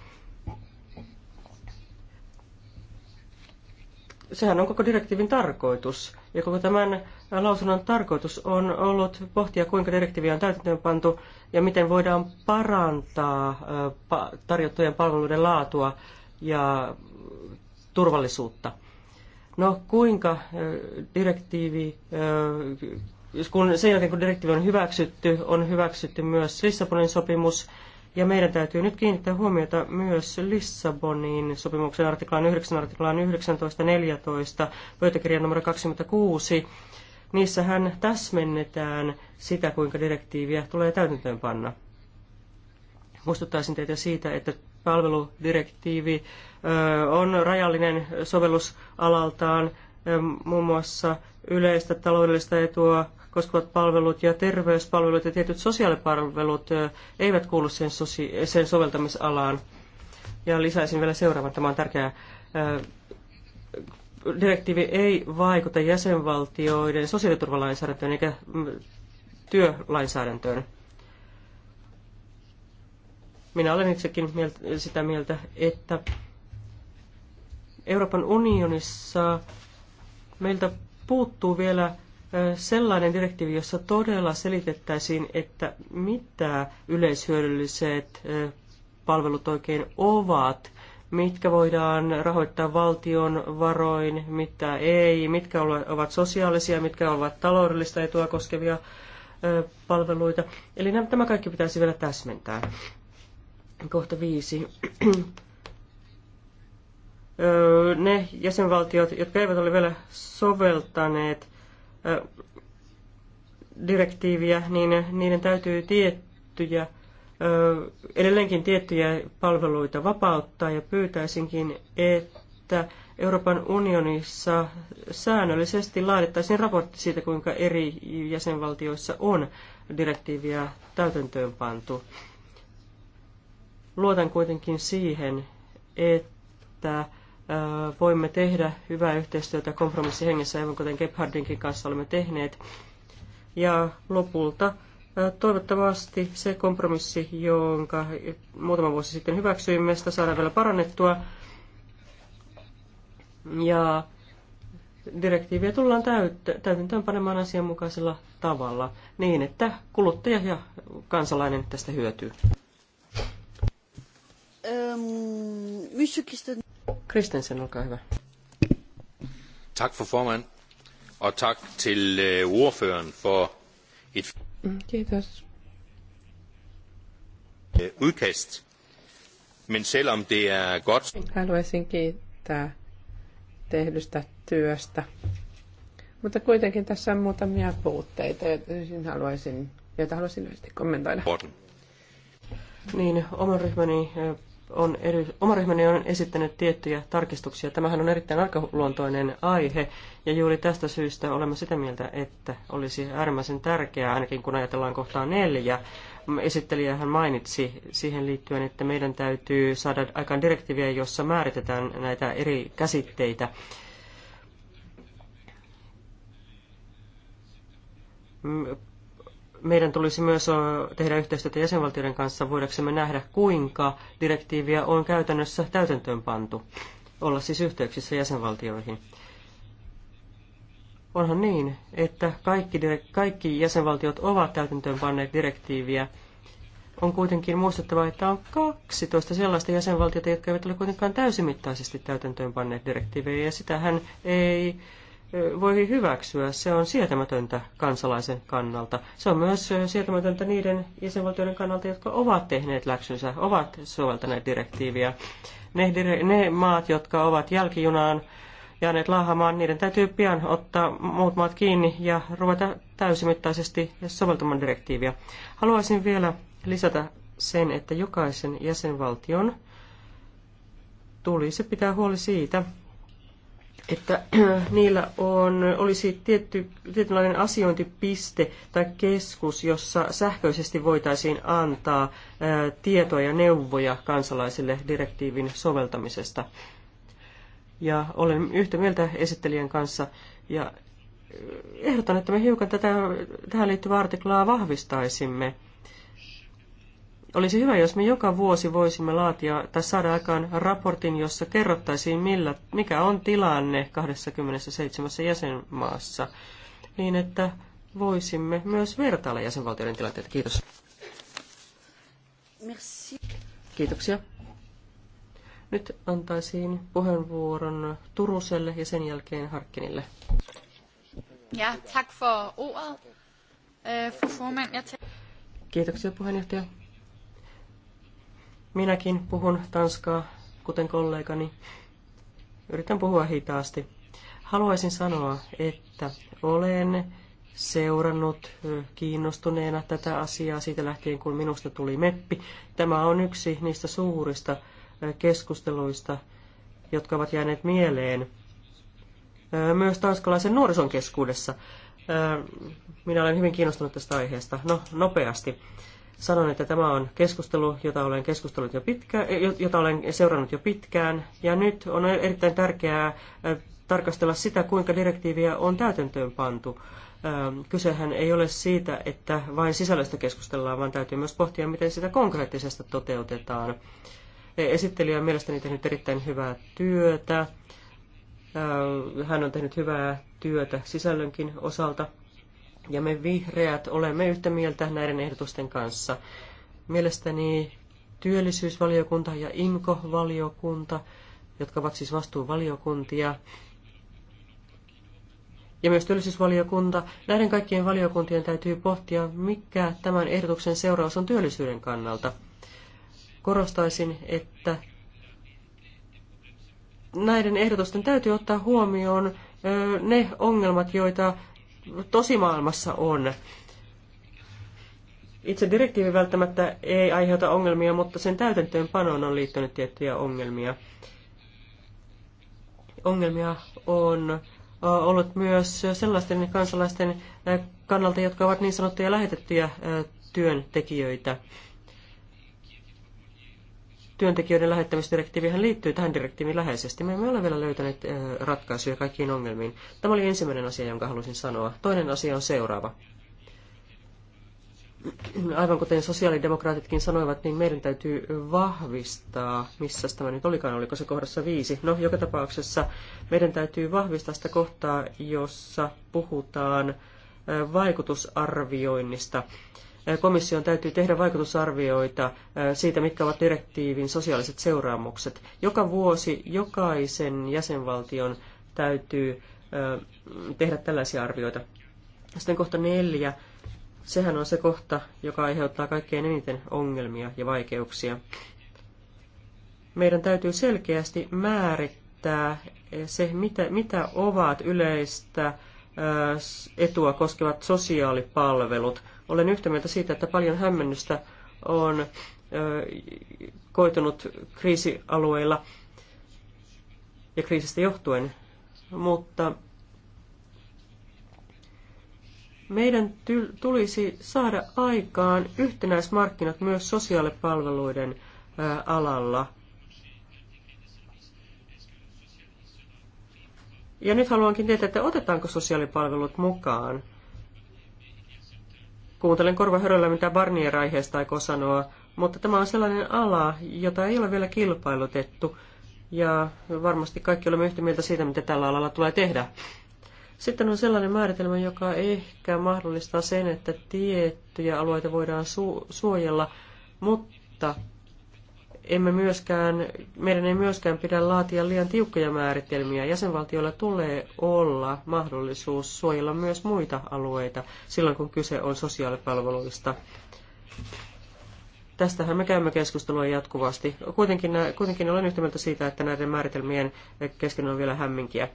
[SPEAKER 1] Sehän on koko direktiivin tarkoitus. Ja koko tämän lausunnon tarkoitus on ollut pohtia, kuinka direktiiviä on täytäntöönpantu ja miten voidaan parantaa tarjottujen palveluiden laatua ja turvallisuutta. No kuinka direktiivi, kun sen jälkeen kun direktiivi on hyväksytty, on hyväksytty myös Lissabonin sopimus, ja meidän täytyy nyt kiinnittää huomiota myös Lissabonin sopimuksen artiklaan 9, artiklaan 19, 14, pöytäkirjan numero 26. Niissähän täsmennetään sitä, kuinka direktiiviä tulee täytäntöönpanna. Muistuttaisin teitä siitä, että palveludirektiivi on rajallinen sovellusalaltaan muun muassa yleistä taloudellista etua koskevat palvelut ja terveyspalvelut ja tietyt sosiaalipalvelut eivät kuulu sen, sen soveltamisalaan. Ja lisäisin vielä seuraavan, tämä on tärkeää. Direktiivi ei vaikuta jäsenvaltioiden sosiaaliturvalainsäädäntöön eikä mm, työlainsäädäntöön. Minä olen itsekin mieltä, sitä mieltä, että Euroopan unionissa meiltä puuttuu vielä sellainen direktiivi, jossa todella selitettäisiin, että mitä yleishyödylliset palvelut oikein ovat, mitkä voidaan rahoittaa valtion varoin, mitä ei, mitkä ovat sosiaalisia, mitkä ovat taloudellista etua koskevia palveluita. Eli nämä, tämä kaikki pitäisi vielä täsmentää. Kohta viisi. ne jäsenvaltiot, jotka eivät ole vielä soveltaneet direktiiviä, niin niiden täytyy tiettyjä, edelleenkin tiettyjä palveluita vapauttaa ja pyytäisinkin, että Euroopan unionissa säännöllisesti laadittaisiin raportti siitä, kuinka eri jäsenvaltioissa on direktiiviä täytäntöön pantu. Luotan kuitenkin siihen, että voimme tehdä hyvää yhteistyötä kompromissihengessä, aivan kuten Gebhardinkin kanssa olemme tehneet. Ja lopulta toivottavasti se kompromissi, jonka muutama vuosi sitten hyväksyimme, sitä saadaan vielä parannettua. Ja direktiiviä tullaan täytäntöön panemaan asianmukaisella tavalla niin, että kuluttaja ja kansalainen tästä hyötyy. Monsieur Christensen. olkaa hyvä.
[SPEAKER 3] Tak for formand, og tak til øh, ordføreren for et... Mm, kiitos. Øh, udkast. Men selvom det er godt... Haluaisin kiittää tehdystä työstä. Mutta kuitenkin tässä on muutamia puutteita, joita haluaisin, joita haluaisin lyhyesti kommentoida. Niin, oman
[SPEAKER 1] ryhmäni on eri, oma ryhmäni on esittänyt tiettyjä tarkistuksia. Tämähän on erittäin arkaluontoinen aihe, ja juuri tästä syystä olemme sitä mieltä, että olisi äärimmäisen tärkeää, ainakin kun ajatellaan kohtaa neljä, esittelijähän mainitsi siihen liittyen, että meidän täytyy saada aikaan direktiiviä, jossa määritetään näitä eri käsitteitä meidän tulisi myös tehdä yhteistyötä jäsenvaltioiden kanssa, voidaksemme nähdä, kuinka direktiiviä on käytännössä täytäntöön pantu, olla siis yhteyksissä jäsenvaltioihin. Onhan niin, että kaikki, kaikki jäsenvaltiot ovat täytäntöön panneet direktiiviä. On kuitenkin muistettava, että on 12 sellaista jäsenvaltiota, jotka eivät ole kuitenkaan täysimittaisesti täytäntöön panneet direktiivejä, ja sitähän ei voi hyväksyä. Se on sietämätöntä kansalaisen kannalta. Se on myös sietämätöntä niiden jäsenvaltioiden kannalta, jotka ovat tehneet läksynsä, ovat soveltaneet direktiiviä. Ne, ne maat, jotka ovat jälkijunaan jääneet laahamaan, niiden täytyy pian ottaa muut maat kiinni ja ruveta täysimittaisesti soveltamaan direktiiviä. Haluaisin vielä lisätä sen, että jokaisen jäsenvaltion tulisi pitää huoli siitä, että [CLEARS THROAT] niillä on, olisi tietty, tietynlainen asiointipiste tai keskus, jossa sähköisesti voitaisiin antaa ää, tietoja ja neuvoja kansalaisille direktiivin soveltamisesta. Ja olen yhtä mieltä esittelijän kanssa ja ehdotan, että me hiukan tätä, tähän liittyvää artiklaa vahvistaisimme – olisi hyvä, jos me joka vuosi voisimme laatia tai saada aikaan raportin, jossa kerrottaisiin, millä, mikä on tilanne 27 jäsenmaassa, niin että voisimme myös vertailla jäsenvaltioiden tilanteita. Kiitos. Merci. Kiitoksia. Nyt antaisin puheenvuoron Turuselle ja sen jälkeen Harkkinille.
[SPEAKER 2] Ja, tack för ordet, øh,
[SPEAKER 1] Kiitoksia puheenjohtaja. Minäkin puhun tanskaa, kuten kollegani. Yritän puhua hitaasti. Haluaisin sanoa, että olen seurannut kiinnostuneena tätä asiaa siitä lähtien, kun minusta tuli meppi. Tämä on yksi niistä suurista keskusteluista, jotka ovat jääneet mieleen myös tanskalaisen nuorison keskuudessa. Minä olen hyvin kiinnostunut tästä aiheesta. No, nopeasti. Sanon, että tämä on keskustelu, jota olen, keskustellut jo pitkään, eh, jota olen seurannut jo pitkään, ja nyt on erittäin tärkeää eh, tarkastella sitä, kuinka direktiiviä on täytäntöön pantu. Ähm, kysehän ei ole siitä, että vain sisällöstä keskustellaan, vaan täytyy myös pohtia, miten sitä konkreettisesti toteutetaan. E, esittelijä on mielestäni tehnyt erittäin hyvää työtä. Äh, hän on tehnyt hyvää työtä sisällönkin osalta ja me vihreät olemme yhtä mieltä näiden ehdotusten kanssa. Mielestäni työllisyysvaliokunta ja inkovaliokunta, valiokunta jotka ovat siis vastuuvaliokuntia, ja myös työllisyysvaliokunta, näiden kaikkien valiokuntien täytyy pohtia, mikä tämän ehdotuksen seuraus on työllisyyden kannalta. Korostaisin, että näiden ehdotusten täytyy ottaa huomioon ne ongelmat, joita tosimaailmassa on. Itse direktiivi välttämättä ei aiheuta ongelmia, mutta sen täytäntöönpanoon on liittynyt tiettyjä ongelmia. Ongelmia on äh, ollut myös sellaisten kansalaisten äh, kannalta, jotka ovat niin sanottuja lähetettyjä äh, työntekijöitä työntekijöiden lähettämisdirektiivihän liittyy tähän direktiiviin läheisesti. Me emme ole vielä löytäneet ratkaisuja kaikkiin ongelmiin. Tämä oli ensimmäinen asia, jonka halusin sanoa. Toinen asia on seuraava. Aivan kuten sosiaalidemokraatitkin sanoivat, niin meidän täytyy vahvistaa, missä tämä nyt olikaan, oliko se kohdassa viisi. No, joka tapauksessa meidän täytyy vahvistaa sitä kohtaa, jossa puhutaan vaikutusarvioinnista komission täytyy tehdä vaikutusarvioita siitä, mitkä ovat direktiivin sosiaaliset seuraamukset. Joka vuosi jokaisen jäsenvaltion täytyy tehdä tällaisia arvioita. Sitten kohta neljä. Sehän on se kohta, joka aiheuttaa kaikkein eniten ongelmia ja vaikeuksia. Meidän täytyy selkeästi määrittää se, mitä, mitä ovat yleistä etua koskevat sosiaalipalvelut – olen yhtä mieltä siitä, että paljon hämmennystä on koitunut kriisialueilla ja kriisistä johtuen, mutta meidän tulisi saada aikaan yhtenäismarkkinat myös sosiaalipalveluiden alalla. Ja nyt haluankin tietää, että otetaanko sosiaalipalvelut mukaan Kuuntelen korvahöröllä, mitä Barnier aiheesta aikoo sanoa, mutta tämä on sellainen ala, jota ei ole vielä kilpailutettu, ja varmasti kaikki olemme yhtä mieltä siitä, mitä tällä alalla tulee tehdä. Sitten on sellainen määritelmä, joka ehkä mahdollistaa sen, että tiettyjä alueita voidaan su- suojella, mutta emme myöskään, meidän ei myöskään pidä laatia liian tiukkoja määritelmiä. Jäsenvaltioilla tulee olla mahdollisuus suojella myös muita alueita silloin, kun kyse on sosiaalipalveluista. Tästähän me käymme keskustelua jatkuvasti. Kuitenkin, kuitenkin olen yhtä mieltä siitä, että näiden määritelmien kesken on vielä hämminkiä.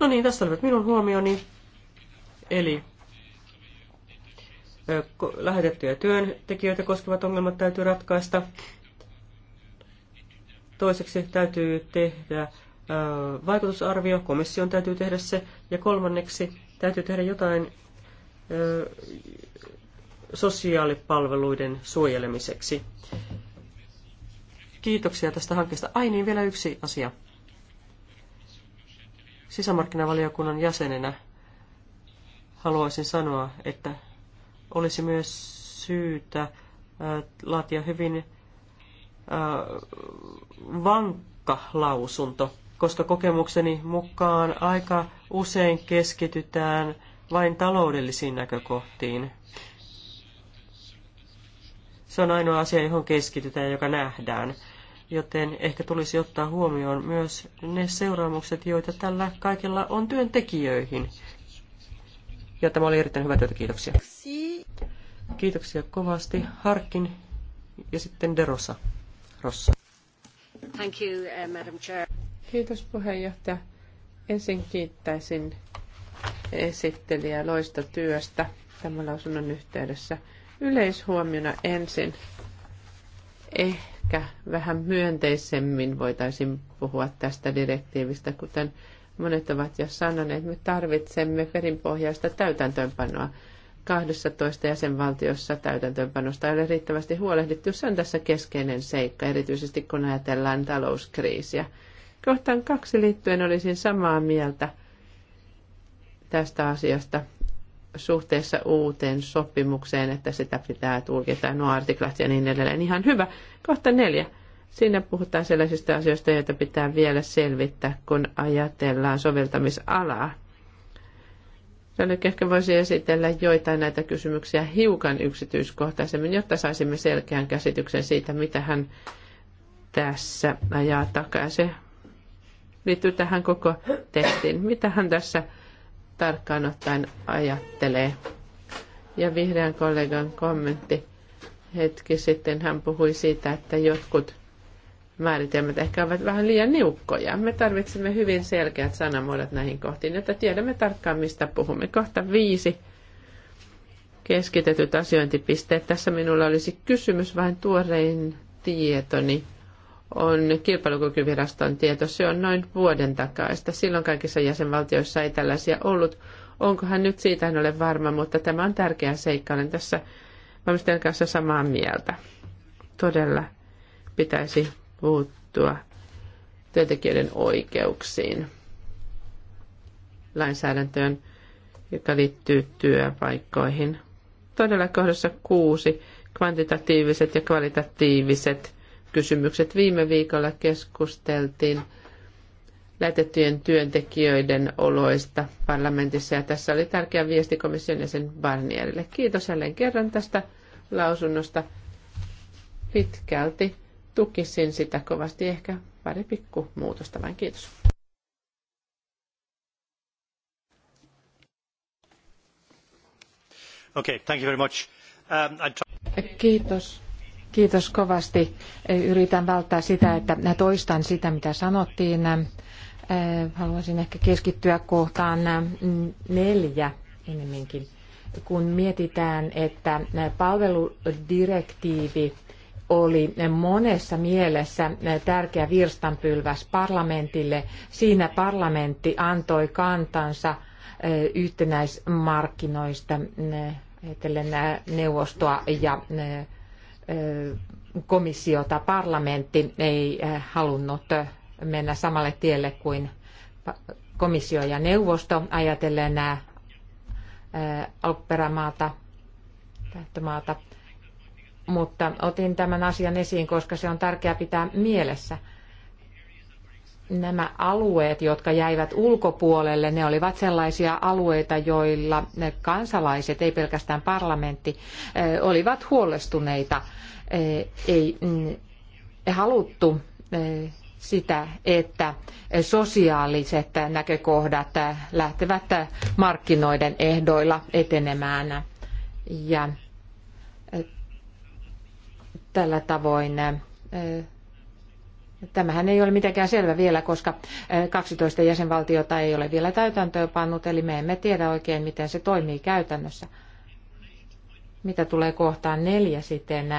[SPEAKER 1] No niin, tässä olivat minun huomioni. Eli lähetettyjä työntekijöitä koskevat ongelmat täytyy ratkaista. Toiseksi täytyy tehdä vaikutusarvio, komission täytyy tehdä se. Ja kolmanneksi täytyy tehdä jotain sosiaalipalveluiden suojelemiseksi. Kiitoksia tästä hankkeesta. Ai niin, vielä yksi asia. Sisämarkkinavaliokunnan jäsenenä haluaisin sanoa, että olisi myös syytä laatia hyvin vankka lausunto, koska kokemukseni mukaan aika usein keskitytään vain taloudellisiin näkökohtiin. Se on ainoa asia, johon keskitytään ja joka nähdään. Joten ehkä tulisi ottaa huomioon myös ne seuraamukset, joita tällä kaikella on työntekijöihin. Ja tämä oli erittäin hyvä työtä, kiitoksia. Kiitoksia kovasti. Harkin ja sitten Derosa. Rossa.
[SPEAKER 3] Thank you, uh, Madam Chair. Kiitos puheenjohtaja. Ensin kiittäisin esittelijä loista työstä tämän lausunnon yhteydessä. Yleishuomiona ensin ehkä vähän myönteisemmin voitaisiin puhua tästä direktiivistä, kuten monet ovat jo sanoneet, me tarvitsemme perinpohjaista täytäntöönpanoa 12 jäsenvaltiossa täytäntöönpanosta ei ole riittävästi huolehdittu. Se on tässä keskeinen seikka, erityisesti kun ajatellaan talouskriisiä. Kohtaan kaksi liittyen olisin samaa mieltä tästä asiasta suhteessa uuteen sopimukseen, että sitä pitää tulkita, nuo artiklat ja niin edelleen. Ihan hyvä. Kohta neljä. Siinä puhutaan sellaisista asioista, joita pitää vielä selvittää, kun ajatellaan soveltamisalaa. Nyt ehkä voisi esitellä joitain näitä kysymyksiä hiukan yksityiskohtaisemmin, jotta saisimme selkeän käsityksen siitä, mitä hän tässä ajaa takaa. Se liittyy tähän koko testiin. Mitä hän tässä tarkkaan ottaen ajattelee? Ja vihreän kollegan kommentti hetki sitten hän puhui siitä, että jotkut määritelmät ehkä ovat vähän liian niukkoja. Me tarvitsemme hyvin selkeät sanamuodot näihin kohtiin, jotta tiedämme tarkkaan, mistä puhumme. Kohta viisi. Keskitetyt asiointipisteet. Tässä minulla olisi kysymys, vain tuorein tietoni on kilpailukykyviraston tieto. Se on noin vuoden takaista. Silloin kaikissa jäsenvaltioissa ei tällaisia ollut. Onkohan nyt siitä en ole varma, mutta tämä on tärkeä seikka. Olen tässä valmistajan kanssa samaa mieltä. Todella pitäisi puuttua työntekijöiden oikeuksiin lainsäädäntöön, joka liittyy työpaikkoihin. Todella kohdassa kuusi kvantitatiiviset ja kvalitatiiviset kysymykset. Viime viikolla keskusteltiin lähetettyjen työntekijöiden oloista parlamentissa ja tässä oli tärkeä viesti komission jäsen Barnierille. Kiitos jälleen kerran tästä lausunnosta. Pitkälti tukisin sitä kovasti. Ehkä pari pikku muutosta vain. Kiitos.
[SPEAKER 2] Okay, thank you very much. Um, Kiitos. Kiitos kovasti. Yritän välttää sitä, että toistan sitä, mitä sanottiin. Äh, haluaisin ehkä keskittyä kohtaan äh, neljä enemmänkin. Kun mietitään, että äh, palveludirektiivi oli monessa mielessä tärkeä virstanpylväs parlamentille. Siinä parlamentti antoi kantansa eh, yhtenäismarkkinoista eh, ajatellen eh, neuvostoa ja komissiota. Parlamentti ei halunnut mennä samalle tielle kuin komissio ja neuvosto ajatellen alkuperämaata, lähtömaata mutta otin tämän asian esiin, koska se on tärkeää pitää mielessä. Nämä alueet, jotka jäivät ulkopuolelle, ne olivat sellaisia alueita, joilla kansalaiset, ei pelkästään parlamentti, eh, olivat huolestuneita. Eh, ei mm, haluttu eh, sitä, että sosiaaliset näkökohdat lähtevät markkinoiden ehdoilla etenemään. Ja tällä tavoin. Tämähän ei ole mitenkään selvä vielä, koska 12 jäsenvaltiota ei ole vielä täytäntöön pannut, eli me emme tiedä oikein, miten se toimii käytännössä. Mitä tulee kohtaan neljä sitten,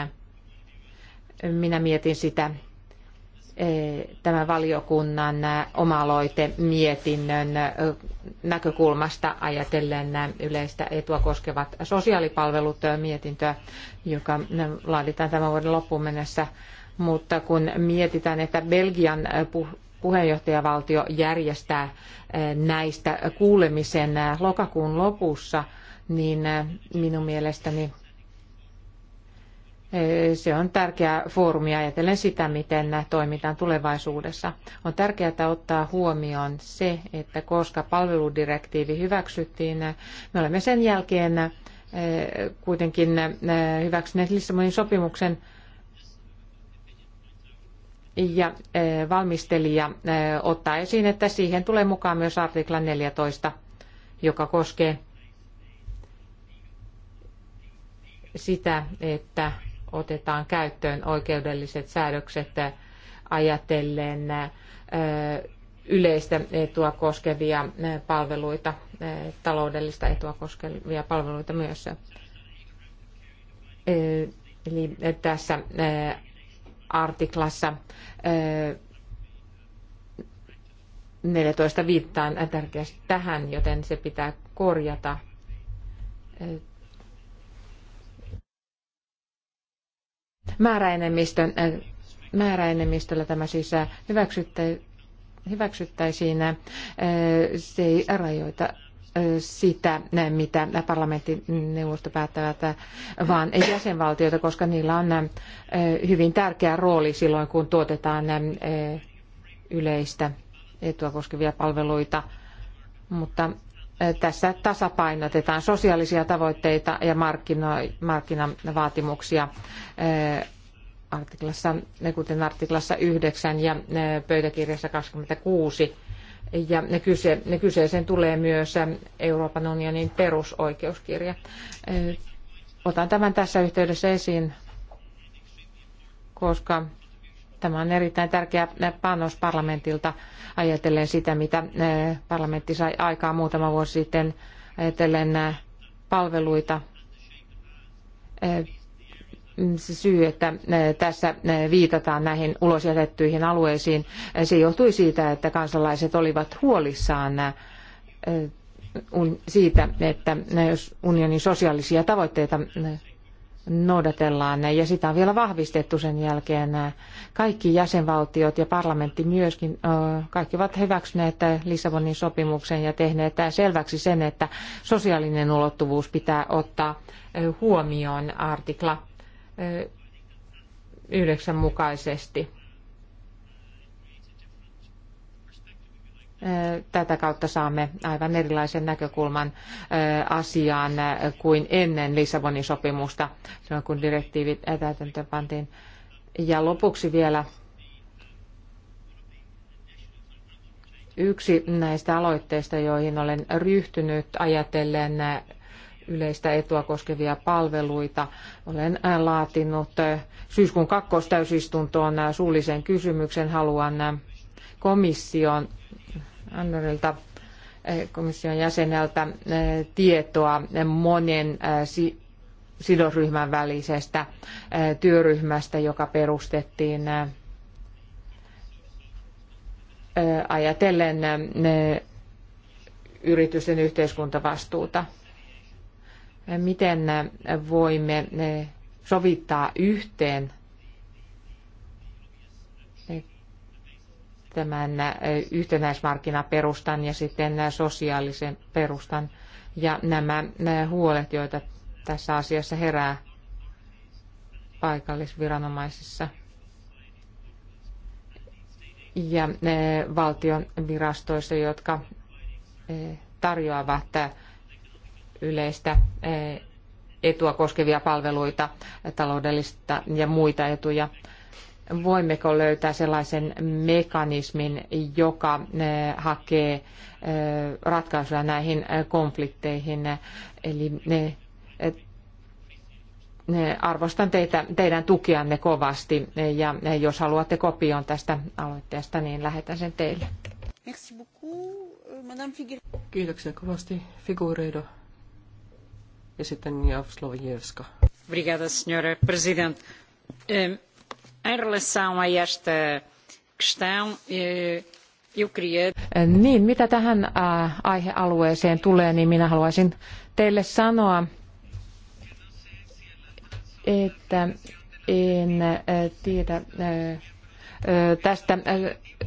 [SPEAKER 2] minä mietin sitä, tämän valiokunnan omaloite mietinnön näkökulmasta ajatellen yleistä etua koskevat sosiaalipalvelut mietintöä, joka laaditaan tämän vuoden loppuun mennessä. Mutta kun mietitään, että Belgian puheenjohtajavaltio järjestää näistä kuulemisen lokakuun lopussa, niin minun mielestäni Eh, se on tärkeä foorumi ajatellen sitä, miten toimitaan tulevaisuudessa. On tärkeää ottaa huomioon se, että koska palveludirektiivi hyväksyttiin, me olemme sen jälkeen eh, kuitenkin eh, hyväksyneet Lissabonin sopimuksen ja valmistelija ottaa esiin, että siihen tulee mukaan myös artikla 14, joka koskee sitä, että otetaan käyttöön oikeudelliset säädökset ajatellen yleistä etua koskevia palveluita, taloudellista etua koskevia palveluita myös. Eli tässä artiklassa 14 viittaan tärkeästi tähän, joten se pitää korjata Määräenemmistön, äh, määräenemmistöllä tämä siis äh, hyväksyttäisiin. Äh, se ei rajoita äh, sitä, äh, mitä parlamentin neuvosto päättävät, vaan jäsenvaltioita, koska niillä on hyvin tärkeä rooli silloin, kun tuotetaan yleistä etua koskevia palveluita. Mutta tässä tasapainotetaan sosiaalisia tavoitteita ja markkinavaatimuksia artiklassa, kuten artiklassa 9 ja pöytäkirjassa 26. Ja kyse, kyseeseen tulee myös Euroopan unionin perusoikeuskirja. Otan tämän tässä yhteydessä esiin, koska Tämä on erittäin tärkeä panos parlamentilta ajatellen sitä, mitä eh, parlamentti sai aikaan muutama vuosi sitten ajatellen eh, palveluita. Eh, se syy, että tässä viitataan näihin ulosjätettyihin alueisiin, se johtui siitä, että kansalaiset olivat huolissaan siitä, että jos unionin sosiaalisia tavoitteita noudatellaan ne ja sitä on vielä vahvistettu sen jälkeen. Kaikki jäsenvaltiot ja parlamentti myöskin, kaikki ovat hyväksyneet Lissabonin sopimuksen ja tehneet selväksi sen, että sosiaalinen ulottuvuus pitää ottaa huomioon artikla yhdeksän mukaisesti. Tätä kautta saamme aivan erilaisen näkökulman asiaan kuin ennen Lissabonin sopimusta, kun direktiivit täytäntöön pantiin. Ja lopuksi vielä yksi näistä aloitteista, joihin olen ryhtynyt ajatellen yleistä etua koskevia palveluita. Olen laatinut syyskuun kakkostäysistuntoon suullisen kysymyksen. Haluan komission Andorilta eh, komission jäseneltä eh, tietoa monen eh, sidosryhmän välisestä työryhmästä, joka perustettiin ajatellen yritysten yhteiskuntavastuuta. Miten voimme sovittaa yhteen tämän yhtenäismarkkinaperustan ja sitten sosiaalisen perustan ja nämä huolet, joita tässä asiassa herää paikallisviranomaisissa ja valtion virastoissa, jotka tarjoavat yleistä etua koskevia palveluita, taloudellista ja muita etuja voimmeko löytää sellaisen mekanismin, joka eh, hakee eh, ratkaisuja näihin eh, konflikteihin. Eli ne, ne arvostan teitä, teidän tukianne kovasti ja jos haluatte kopion tästä aloitteesta, niin lähetän sen teille.
[SPEAKER 3] Euh,
[SPEAKER 2] Kiitoksia kovasti. Figureido ja sitten Javslovjevska. Brigada, signora president. Em relação a esta questão, eh, eu queria... Eh, niin, mitä tähän aihealueeseen tulee, niin minä haluaisin teille sanoa, että en tiedä tästä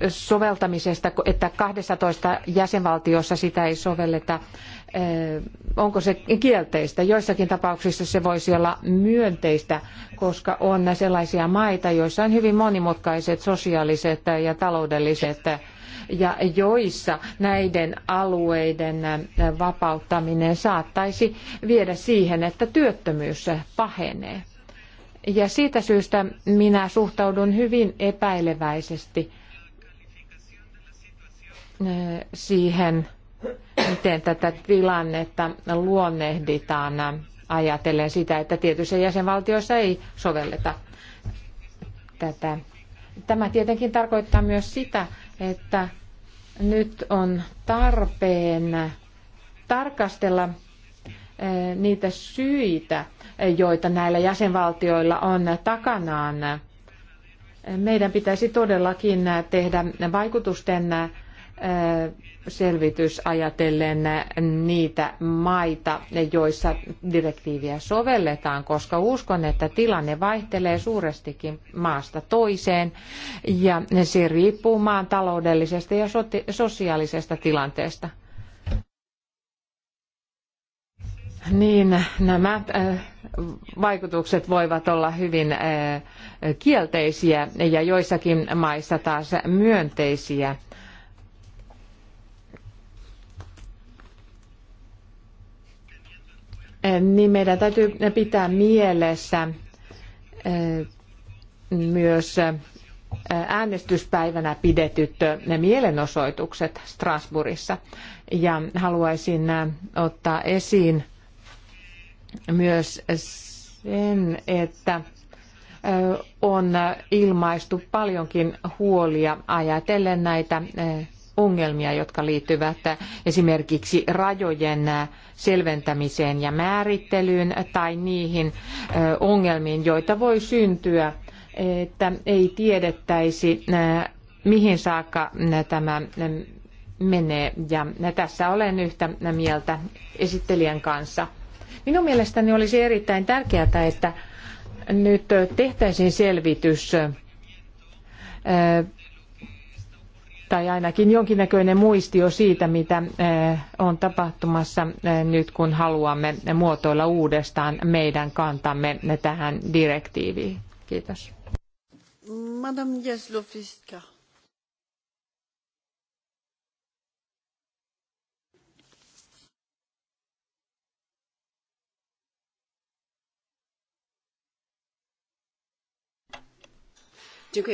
[SPEAKER 2] soveltamisesta, että 12 jäsenvaltiossa sitä ei sovelleta onko se kielteistä. Joissakin tapauksissa se voisi olla myönteistä, koska on sellaisia maita, joissa on hyvin monimutkaiset sosiaaliset ja taloudelliset ja joissa näiden alueiden vapauttaminen saattaisi viedä siihen, että työttömyys pahenee. Ja siitä syystä minä suhtaudun hyvin epäileväisesti siihen, miten tätä tilannetta luonnehditaan ajatellen sitä, että tietyissä jäsenvaltioissa ei sovelleta tätä. Tämä tietenkin tarkoittaa myös sitä, että nyt on tarpeen tarkastella eh, niitä syitä, joita näillä jäsenvaltioilla on takanaan. Meidän pitäisi todellakin tehdä vaikutusten selvitys ajatellen niitä maita, joissa direktiiviä sovelletaan, koska uskon, että tilanne vaihtelee suurestikin maasta toiseen ja se riippuu maan taloudellisesta ja sosiaalisesta tilanteesta. Niin, nämä vaikutukset voivat olla hyvin kielteisiä ja joissakin maissa taas myönteisiä niin meidän täytyy pitää mielessä myös äänestyspäivänä pidetyt ne mielenosoitukset Strasbourgissa. Ja haluaisin ottaa esiin myös sen, että on ilmaistu paljonkin huolia ajatellen näitä ongelmia, jotka liittyvät esimerkiksi rajojen selventämiseen ja määrittelyyn tai niihin ongelmiin, joita voi syntyä, että ei tiedettäisi, mihin saakka tämä menee. Ja tässä olen yhtä mieltä esittelijän kanssa. Minun mielestäni olisi erittäin tärkeää, että nyt tehtäisiin selvitys tai ainakin jonkinnäköinen muistio siitä, mitä eh, on tapahtumassa eh, nyt, kun haluamme muotoilla uudestaan meidän kantamme tähän direktiiviin. Kiitos.
[SPEAKER 3] Madame Jaslovska.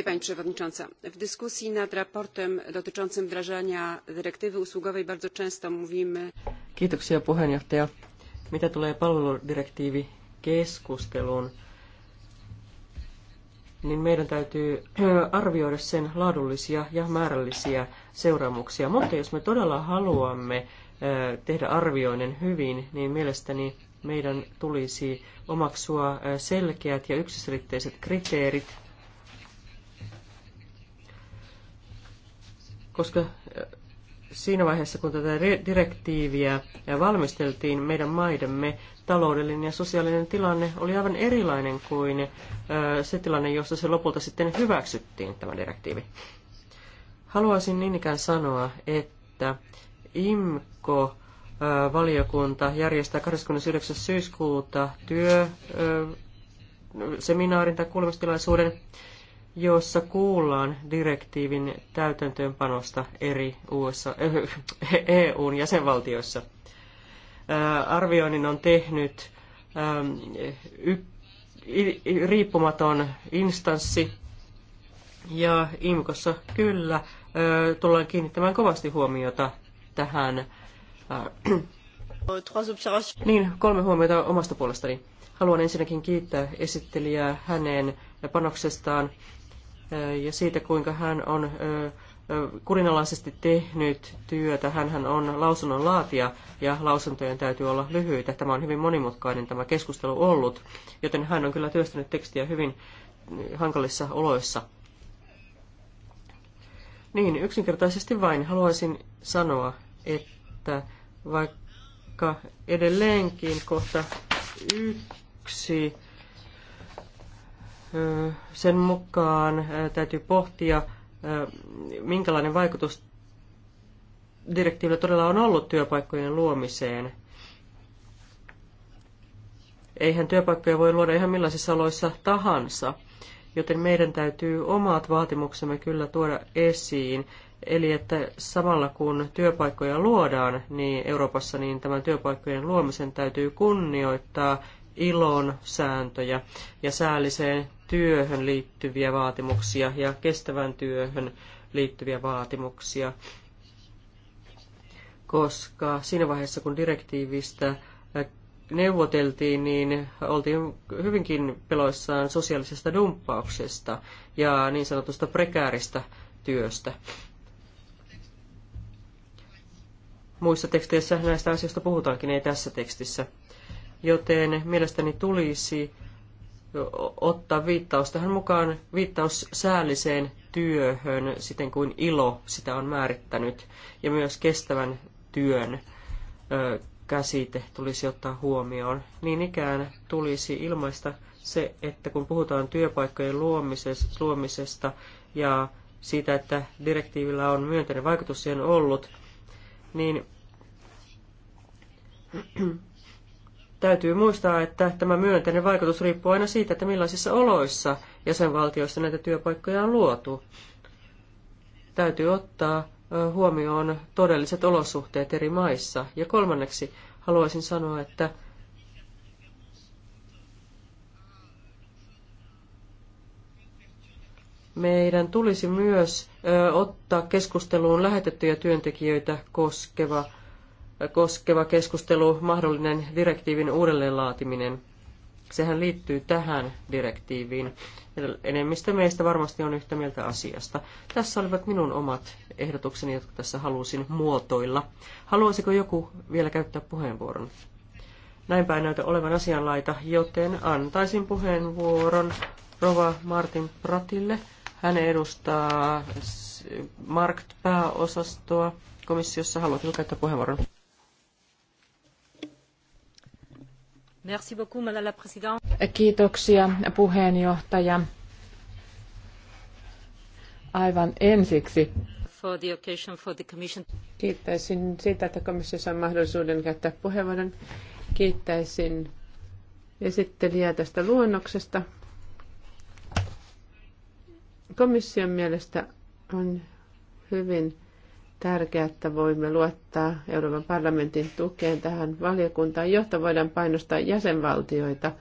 [SPEAKER 2] pani przewodnicząca! w dyskusji nad sprawozdaniem dotyczącym wdrażania dyrektywy usługowej bardzo często
[SPEAKER 1] mówimy. kiitoksia niin meidän täytyy äh, arvioida sen laadullisia ja määrällisiä seuraamuksia. Mutta jos me todella haluamme äh, tehdä arvioinnin hyvin, niin mielestäni meidän tulisi omaksua äh, selkeät ja yksiselitteiset kriteerit koska äh, siinä vaiheessa, kun tätä direktiiviä äh, valmisteltiin meidän maidemme, taloudellinen ja sosiaalinen tilanne oli aivan erilainen kuin äh, se tilanne, jossa se lopulta sitten hyväksyttiin, tämä direktiivi. Haluaisin niin ikään sanoa, että IMKO valiokunta järjestää 29. syyskuuta työ, seminaarin tai kuulemistilaisuuden, jossa kuullaan direktiivin täytäntöönpanosta eri USA, äh, EUn jäsenvaltioissa. Äh, arvioinnin on tehnyt äh, y, riippumaton instanssi ja IMKossa kyllä äh, tullaan kiinnittämään kovasti huomiota tähän. Äh, [CLEARS THROAT] niin, kolme huomiota omasta puolestani. Haluan ensinnäkin kiittää esittelijää hänen panoksestaan ja siitä, kuinka hän on kurinalaisesti tehnyt työtä. hän on lausunnon laatija ja lausuntojen täytyy olla lyhyitä. Tämä on hyvin monimutkainen tämä keskustelu ollut, joten hän on kyllä työstänyt tekstiä hyvin mm, hankalissa oloissa. Niin, yksinkertaisesti vain haluaisin sanoa, että vaikka edelleenkin kohta yksi sen mukaan täytyy pohtia, minkälainen vaikutus direktiivillä todella on ollut työpaikkojen luomiseen. Eihän työpaikkoja voi luoda ihan millaisissa oloissa tahansa, joten meidän täytyy omat vaatimuksemme kyllä tuoda esiin. Eli että samalla kun työpaikkoja luodaan niin Euroopassa, niin tämän työpaikkojen luomisen täytyy kunnioittaa ilon sääntöjä ja säälliseen työhön liittyviä vaatimuksia ja kestävän työhön liittyviä vaatimuksia, koska siinä vaiheessa, kun direktiivistä äh, neuvoteltiin, niin oltiin hyvinkin peloissaan sosiaalisesta dumppauksesta ja niin sanotusta prekääristä työstä. Muissa teksteissä näistä asioista puhutaankin, ei tässä tekstissä joten mielestäni tulisi ottaa viittaus tähän mukaan viittaus säälliseen työhön, siten kuin ilo sitä on määrittänyt, ja myös kestävän työn käsite tulisi ottaa huomioon. Niin ikään tulisi ilmaista se, että kun puhutaan työpaikkojen luomisesta ja siitä, että direktiivillä on myönteinen vaikutus siihen ollut, niin Täytyy muistaa, että tämä myönteinen vaikutus riippuu aina siitä, että millaisissa oloissa jäsenvaltioissa näitä työpaikkoja on luotu. Täytyy ottaa huomioon todelliset olosuhteet eri maissa. Ja kolmanneksi haluaisin sanoa, että meidän tulisi myös ottaa keskusteluun lähetettyjä työntekijöitä koskeva koskeva keskustelu, mahdollinen direktiivin uudelleenlaatiminen. Sehän liittyy tähän direktiiviin. Enemmistö meistä varmasti on yhtä mieltä asiasta. Tässä olivat minun omat ehdotukseni, jotka tässä halusin muotoilla. Haluaisiko joku vielä käyttää puheenvuoron? Näinpä ei näytä olevan asianlaita, joten antaisin puheenvuoron Rova Martin Pratille. Hän edustaa Markt-pääosastoa komissiossa. Haluatko käyttää puheenvuoron?
[SPEAKER 2] Merci beaucoup, Madame la Présidente. Kiitoksia puheenjohtaja.
[SPEAKER 3] Aivan ensiksi
[SPEAKER 2] for the occasion for the commission.
[SPEAKER 3] Kiittäisin siitä, että komissio saa mahdollisuuden käyttää puheenvuoron. Kiittäisin esittelijää tästä luonnoksesta. Komission mielestä on hyvin tärkeää, että voimme luottaa Euroopan parlamentin tukeen tähän valiokuntaan, jotta voidaan painostaa jäsenvaltioita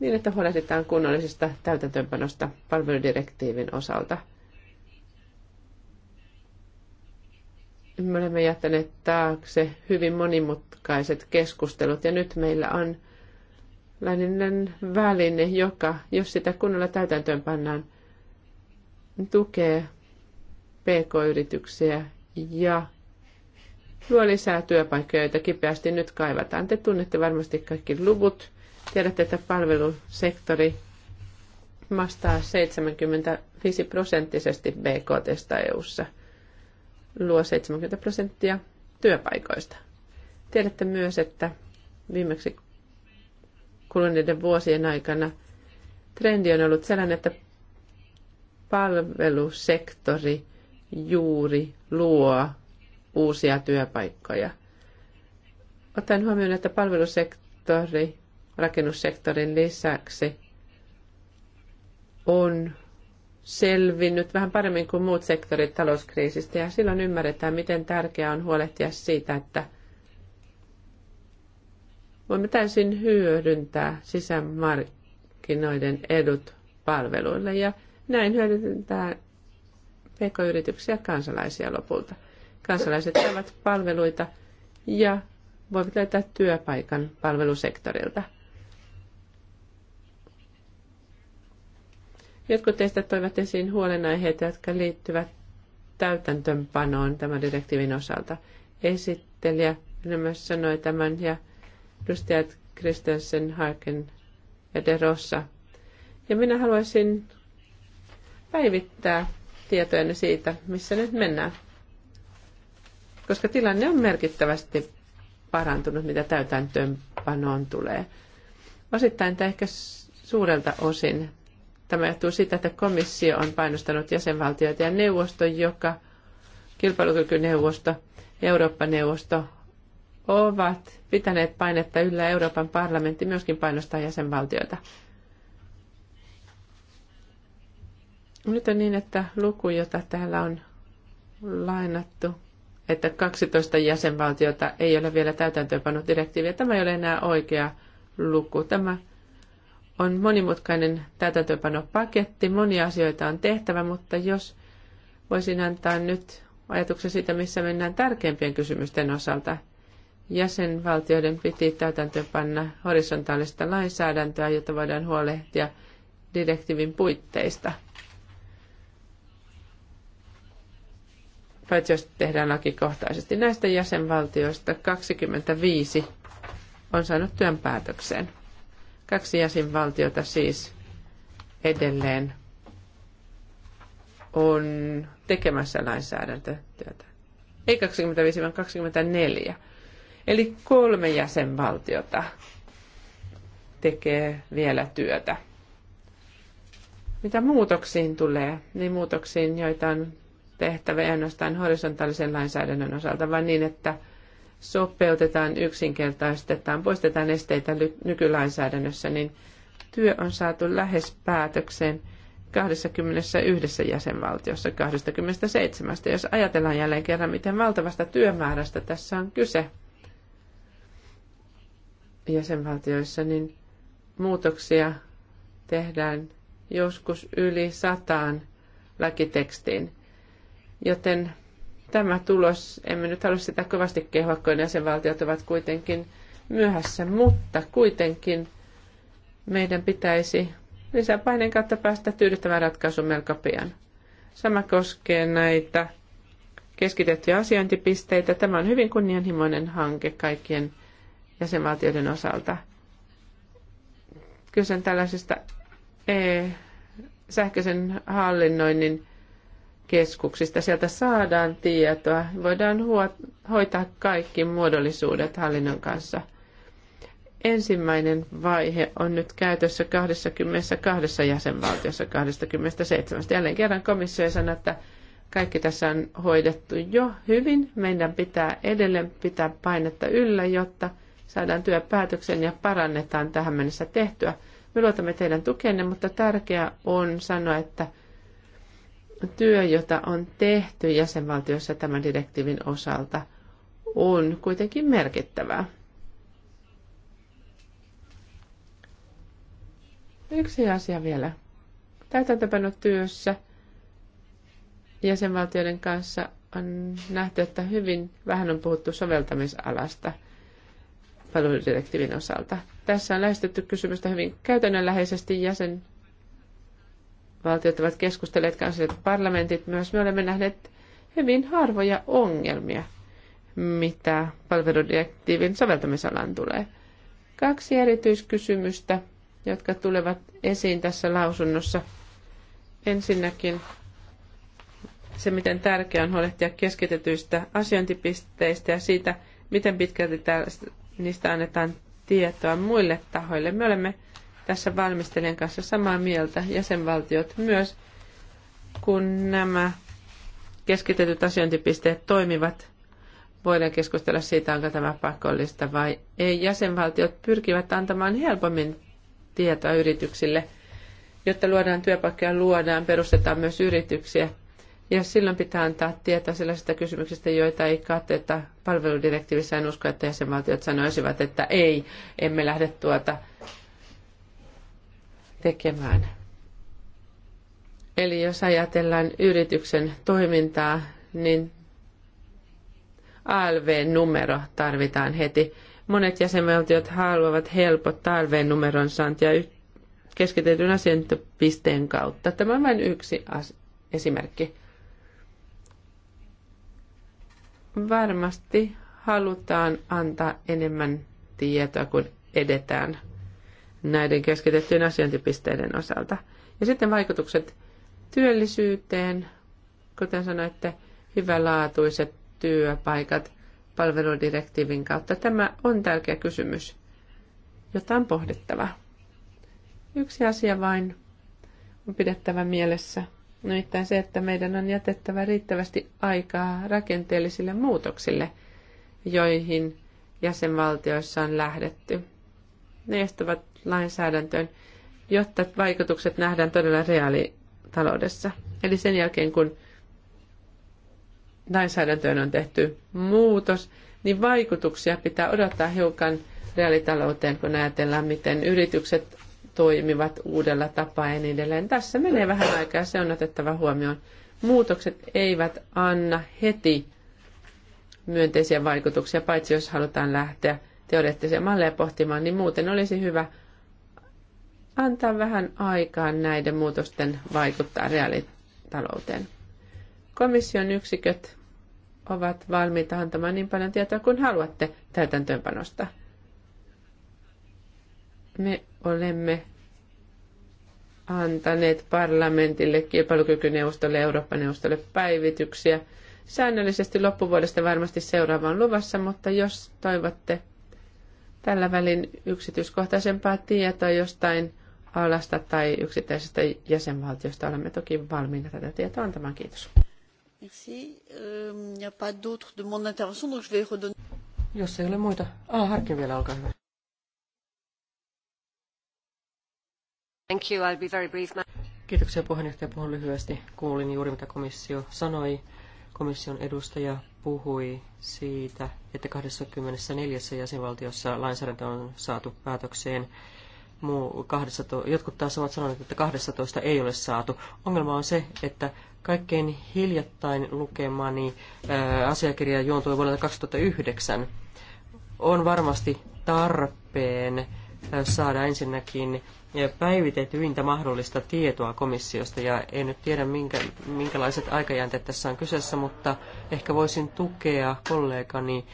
[SPEAKER 3] niin, että huolehditaan kunnollisesta täytäntöönpanosta palveludirektiivin osalta. Me olemme jättäneet taakse hyvin monimutkaiset keskustelut ja nyt meillä on tällainen väline, joka, jos sitä kunnolla täytäntöön pannaan, tukee pk-yrityksiä ja luo lisää työpaikkoja, joita kipeästi nyt kaivataan. Te tunnette varmasti kaikki luvut. Tiedätte, että palvelusektori vastaa 75 prosenttisesti BKTstä EU-ssa. Luo 70 prosenttia työpaikoista. Tiedätte myös, että viimeksi kuluneiden vuosien aikana trendi on ollut sellainen, että palvelusektori – juuri luo uusia työpaikkoja. Otan huomioon, että palvelusektori rakennussektorin lisäksi on selvinnyt vähän paremmin kuin muut sektorit talouskriisistä ja silloin ymmärretään, miten tärkeää on huolehtia siitä, että voimme täysin hyödyntää sisämarkkinoiden edut palveluille ja näin hyödyntää pk-yrityksiä ja kansalaisia lopulta. Kansalaiset saavat palveluita ja voivat löytää työpaikan palvelusektorilta. Jotkut teistä toivat esiin huolenaiheita, jotka liittyvät täytäntöönpanoon tämän direktiivin osalta. Esittelijä myös sanoi tämän ja edustajat Kristensen, Harken ja De Rossa. Ja minä haluaisin päivittää Tietoinen siitä, missä nyt mennään. Koska tilanne on merkittävästi parantunut, mitä täytäntöönpanoon tulee. Osittain tai ehkä suurelta osin tämä johtuu siitä, että komissio on painostanut jäsenvaltioita ja neuvosto, joka kilpailukykyneuvosto, Eurooppa-neuvosto ovat pitäneet painetta yllä Euroopan parlamentti myöskin painostaa jäsenvaltioita. Nyt on niin, että luku, jota täällä on lainattu, että 12 jäsenvaltiota ei ole vielä täytäntöönpannut direktiiviä. Tämä ei ole enää oikea luku. Tämä on monimutkainen täytäntöönpanopaketti. Monia asioita on tehtävä, mutta jos voisin antaa nyt ajatuksen siitä, missä mennään tärkeimpien kysymysten osalta. Jäsenvaltioiden piti täytäntöönpanna horisontaalista lainsäädäntöä, jotta voidaan huolehtia direktiivin puitteista – paitsi jos tehdään lakikohtaisesti. Näistä jäsenvaltioista 25 on saanut työn päätökseen. Kaksi jäsenvaltiota siis edelleen on tekemässä lainsäädäntötyötä. Ei 25, vaan 24. Eli kolme jäsenvaltiota tekee vielä työtä. Mitä muutoksiin tulee, niin muutoksiin, joita on tehtävä ei ainoastaan horisontaalisen lainsäädännön osalta, vaan niin, että sopeutetaan, yksinkertaistetaan, poistetaan esteitä nykylainsäädännössä, niin työ on saatu lähes päätökseen 21 jäsenvaltiossa 27. Jos ajatellaan jälleen kerran, miten valtavasta työmäärästä tässä on kyse jäsenvaltioissa, niin muutoksia tehdään joskus yli sataan lakitekstiin. Joten tämä tulos, emme nyt halua sitä kovasti kehua, kun jäsenvaltiot ovat kuitenkin myöhässä, mutta kuitenkin meidän pitäisi lisäpaineen kautta päästä tyydyttämään ratkaisun melko pian. Sama koskee näitä keskitettyjä asiointipisteitä. Tämä on hyvin kunnianhimoinen hanke kaikkien jäsenvaltioiden osalta. Kysyn tällaisesta e- sähköisen hallinnoinnin keskuksista. Sieltä saadaan tietoa, voidaan hoitaa kaikki muodollisuudet hallinnon kanssa. Ensimmäinen vaihe on nyt käytössä 22 jäsenvaltiossa 27. Jälleen kerran komissio sanoi, että kaikki tässä on hoidettu jo hyvin. Meidän pitää edelleen pitää painetta yllä, jotta saadaan työpäätöksen ja parannetaan tähän mennessä tehtyä. Me luotamme teidän tukenne, mutta tärkeää on sanoa, että – työ, jota on tehty jäsenvaltiossa tämän direktiivin osalta, on kuitenkin merkittävää. Yksi asia vielä. työssä jäsenvaltioiden kanssa on nähty, että hyvin vähän on puhuttu soveltamisalasta palveludirektiivin osalta. Tässä on lähestytty kysymystä hyvin käytännönläheisesti jäsen valtiot ovat keskustelleet, kansalliset parlamentit myös. Me olemme nähneet hyvin harvoja ongelmia, mitä palveludirektiivin soveltamisalan tulee. Kaksi erityiskysymystä, jotka tulevat esiin tässä lausunnossa. Ensinnäkin se, miten tärkeää on huolehtia keskitetyistä asiointipisteistä ja siitä, miten pitkälti niistä annetaan tietoa muille tahoille. Me olemme tässä valmistelijan kanssa samaa mieltä, jäsenvaltiot myös, kun nämä keskitetyt asiointipisteet toimivat, voidaan keskustella siitä, onko tämä pakollista vai ei. Jäsenvaltiot pyrkivät antamaan helpommin tietoa yrityksille, jotta luodaan työpaikkoja, luodaan, perustetaan myös yrityksiä. Ja silloin pitää antaa tietoa sellaisista kysymyksistä, joita ei kateta palveludirektiivissä. En usko, että jäsenvaltiot sanoisivat, että ei, emme lähde tuota tekemään. Eli jos ajatellaan yrityksen toimintaa, niin ALV-numero tarvitaan heti. Monet jäsenvaltiot haluavat helpottaa ALV-numeron saantia keskitetyn asiointipisteen kautta. Tämä on vain yksi esimerkki. Varmasti halutaan antaa enemmän tietoa, kun edetään – näiden keskitettyjen asiointipisteiden osalta. Ja sitten vaikutukset työllisyyteen, kuten sanoitte, hyvälaatuiset työpaikat palveludirektiivin kautta. Tämä on tärkeä kysymys, jota on pohdittava. Yksi asia vain on pidettävä mielessä, nimittäin se, että meidän on jätettävä riittävästi aikaa rakenteellisille muutoksille, joihin jäsenvaltioissa on lähdetty. Ne estävät lainsäädäntöön, jotta vaikutukset nähdään todella reaalitaloudessa. Eli sen jälkeen, kun lainsäädäntöön on tehty muutos, niin vaikutuksia pitää odottaa hiukan reaalitalouteen, kun ajatellaan, miten yritykset toimivat uudella tapaa ja niin edelleen. Tässä menee vähän aikaa, se on otettava huomioon. Muutokset eivät anna heti myönteisiä vaikutuksia, paitsi jos halutaan lähteä teoreettisia malleja pohtimaan, niin muuten olisi hyvä – antaa vähän aikaa näiden muutosten vaikuttaa reaalitalouteen. Komission yksiköt ovat valmiita antamaan niin paljon tietoa kuin haluatte täytäntöönpanosta. Me olemme antaneet parlamentille, kilpailukykyneuvostolle ja Eurooppa-neuvostolle päivityksiä. Säännöllisesti loppuvuodesta varmasti seuraava on luvassa, mutta jos toivotte tällä välin yksityiskohtaisempaa tietoa jostain – alasta tai yksittäisestä jäsenvaltiosta olemme toki valmiina tätä tietoa antamaan. Kiitos.
[SPEAKER 1] Merci. Il euh, n'y a pas d'autres donc je vais redonner. Jos ei ole muita. Ah, Harkin vielä, olkaa hyvä.
[SPEAKER 2] Thank you. I'll be very brief.
[SPEAKER 1] Kiitoksia puheenjohtaja. Puhun lyhyesti. Kuulin juuri, mitä komissio sanoi. Komission edustaja puhui siitä, että 24 jäsenvaltiossa lainsäädäntö on saatu päätökseen muu 12, jotkut taas ovat sanoneet, että 12 ei ole saatu. Ongelma on se, että kaikkein hiljattain lukemani niin, ää, asiakirja juontui vuodelta 2009. On varmasti tarpeen saada ensinnäkin päivitetyintä mahdollista tietoa komissiosta ja en nyt tiedä minkä, minkälaiset aikajänteet tässä on kyseessä, mutta ehkä voisin tukea kollegani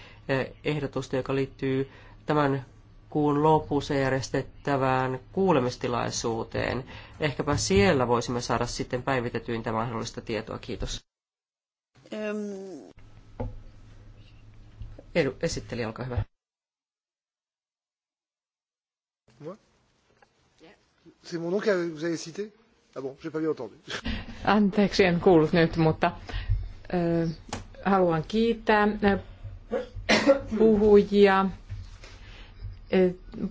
[SPEAKER 1] ehdotusta, joka liittyy tämän kuun lopussa järjestettävään kuulemistilaisuuteen. Ehkäpä siellä voisimme saada sitten päivitetyintä mahdollista tietoa. Kiitos.
[SPEAKER 3] Ähm. Edu, esitteli, olkaa hyvä.
[SPEAKER 2] C'est mon nom que vous avez cité Ah bon, j'ai pas bien entendu.
[SPEAKER 3] [LAUGHS] Anteeksi, en kuullut nyt, mutta
[SPEAKER 2] äh, haluan kiittää äh, puhujia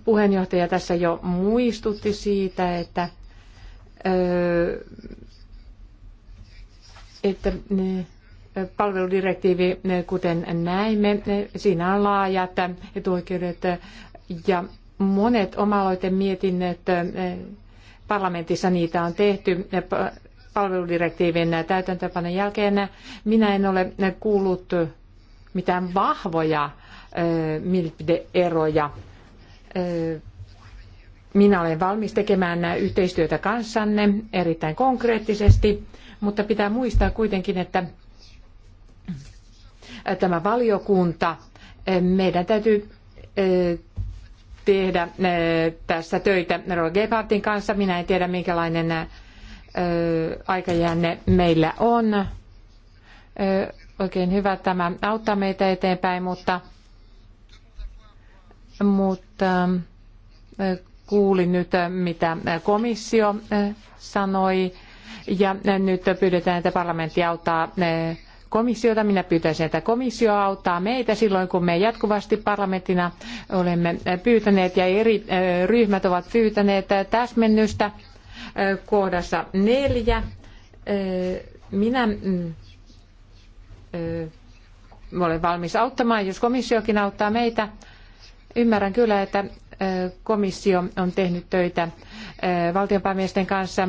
[SPEAKER 2] Puheenjohtaja tässä jo muistutti siitä, että, että palveludirektiivi, kuten näimme, siinä on laajat etuoikeudet ja monet omaloiten mietinnöt parlamentissa niitä on tehty palveludirektiivin täytäntöpanon jälkeen. Minä en ole kuullut mitään vahvoja mielipideeroja minä olen valmis tekemään yhteistyötä kanssanne erittäin konkreettisesti, mutta pitää muistaa kuitenkin, että tämä valiokunta, meidän täytyy tehdä tässä töitä Roy Gebhardtin kanssa. Minä en tiedä, minkälainen aikajänne meillä on. Oikein hyvä, tämä auttaa meitä eteenpäin, mutta mutta kuulin nyt, mitä komissio sanoi. Ja nyt pyydetään, että parlamentti auttaa komissiota. Minä pyytäisin, että komissio auttaa meitä silloin, kun me jatkuvasti parlamenttina olemme pyytäneet ja eri ryhmät ovat pyytäneet täsmennystä kohdassa neljä. Minä mm, olen valmis auttamaan, jos komissiokin auttaa meitä, Ymmärrän kyllä, että komissio on tehnyt töitä valtionpäämiesten kanssa,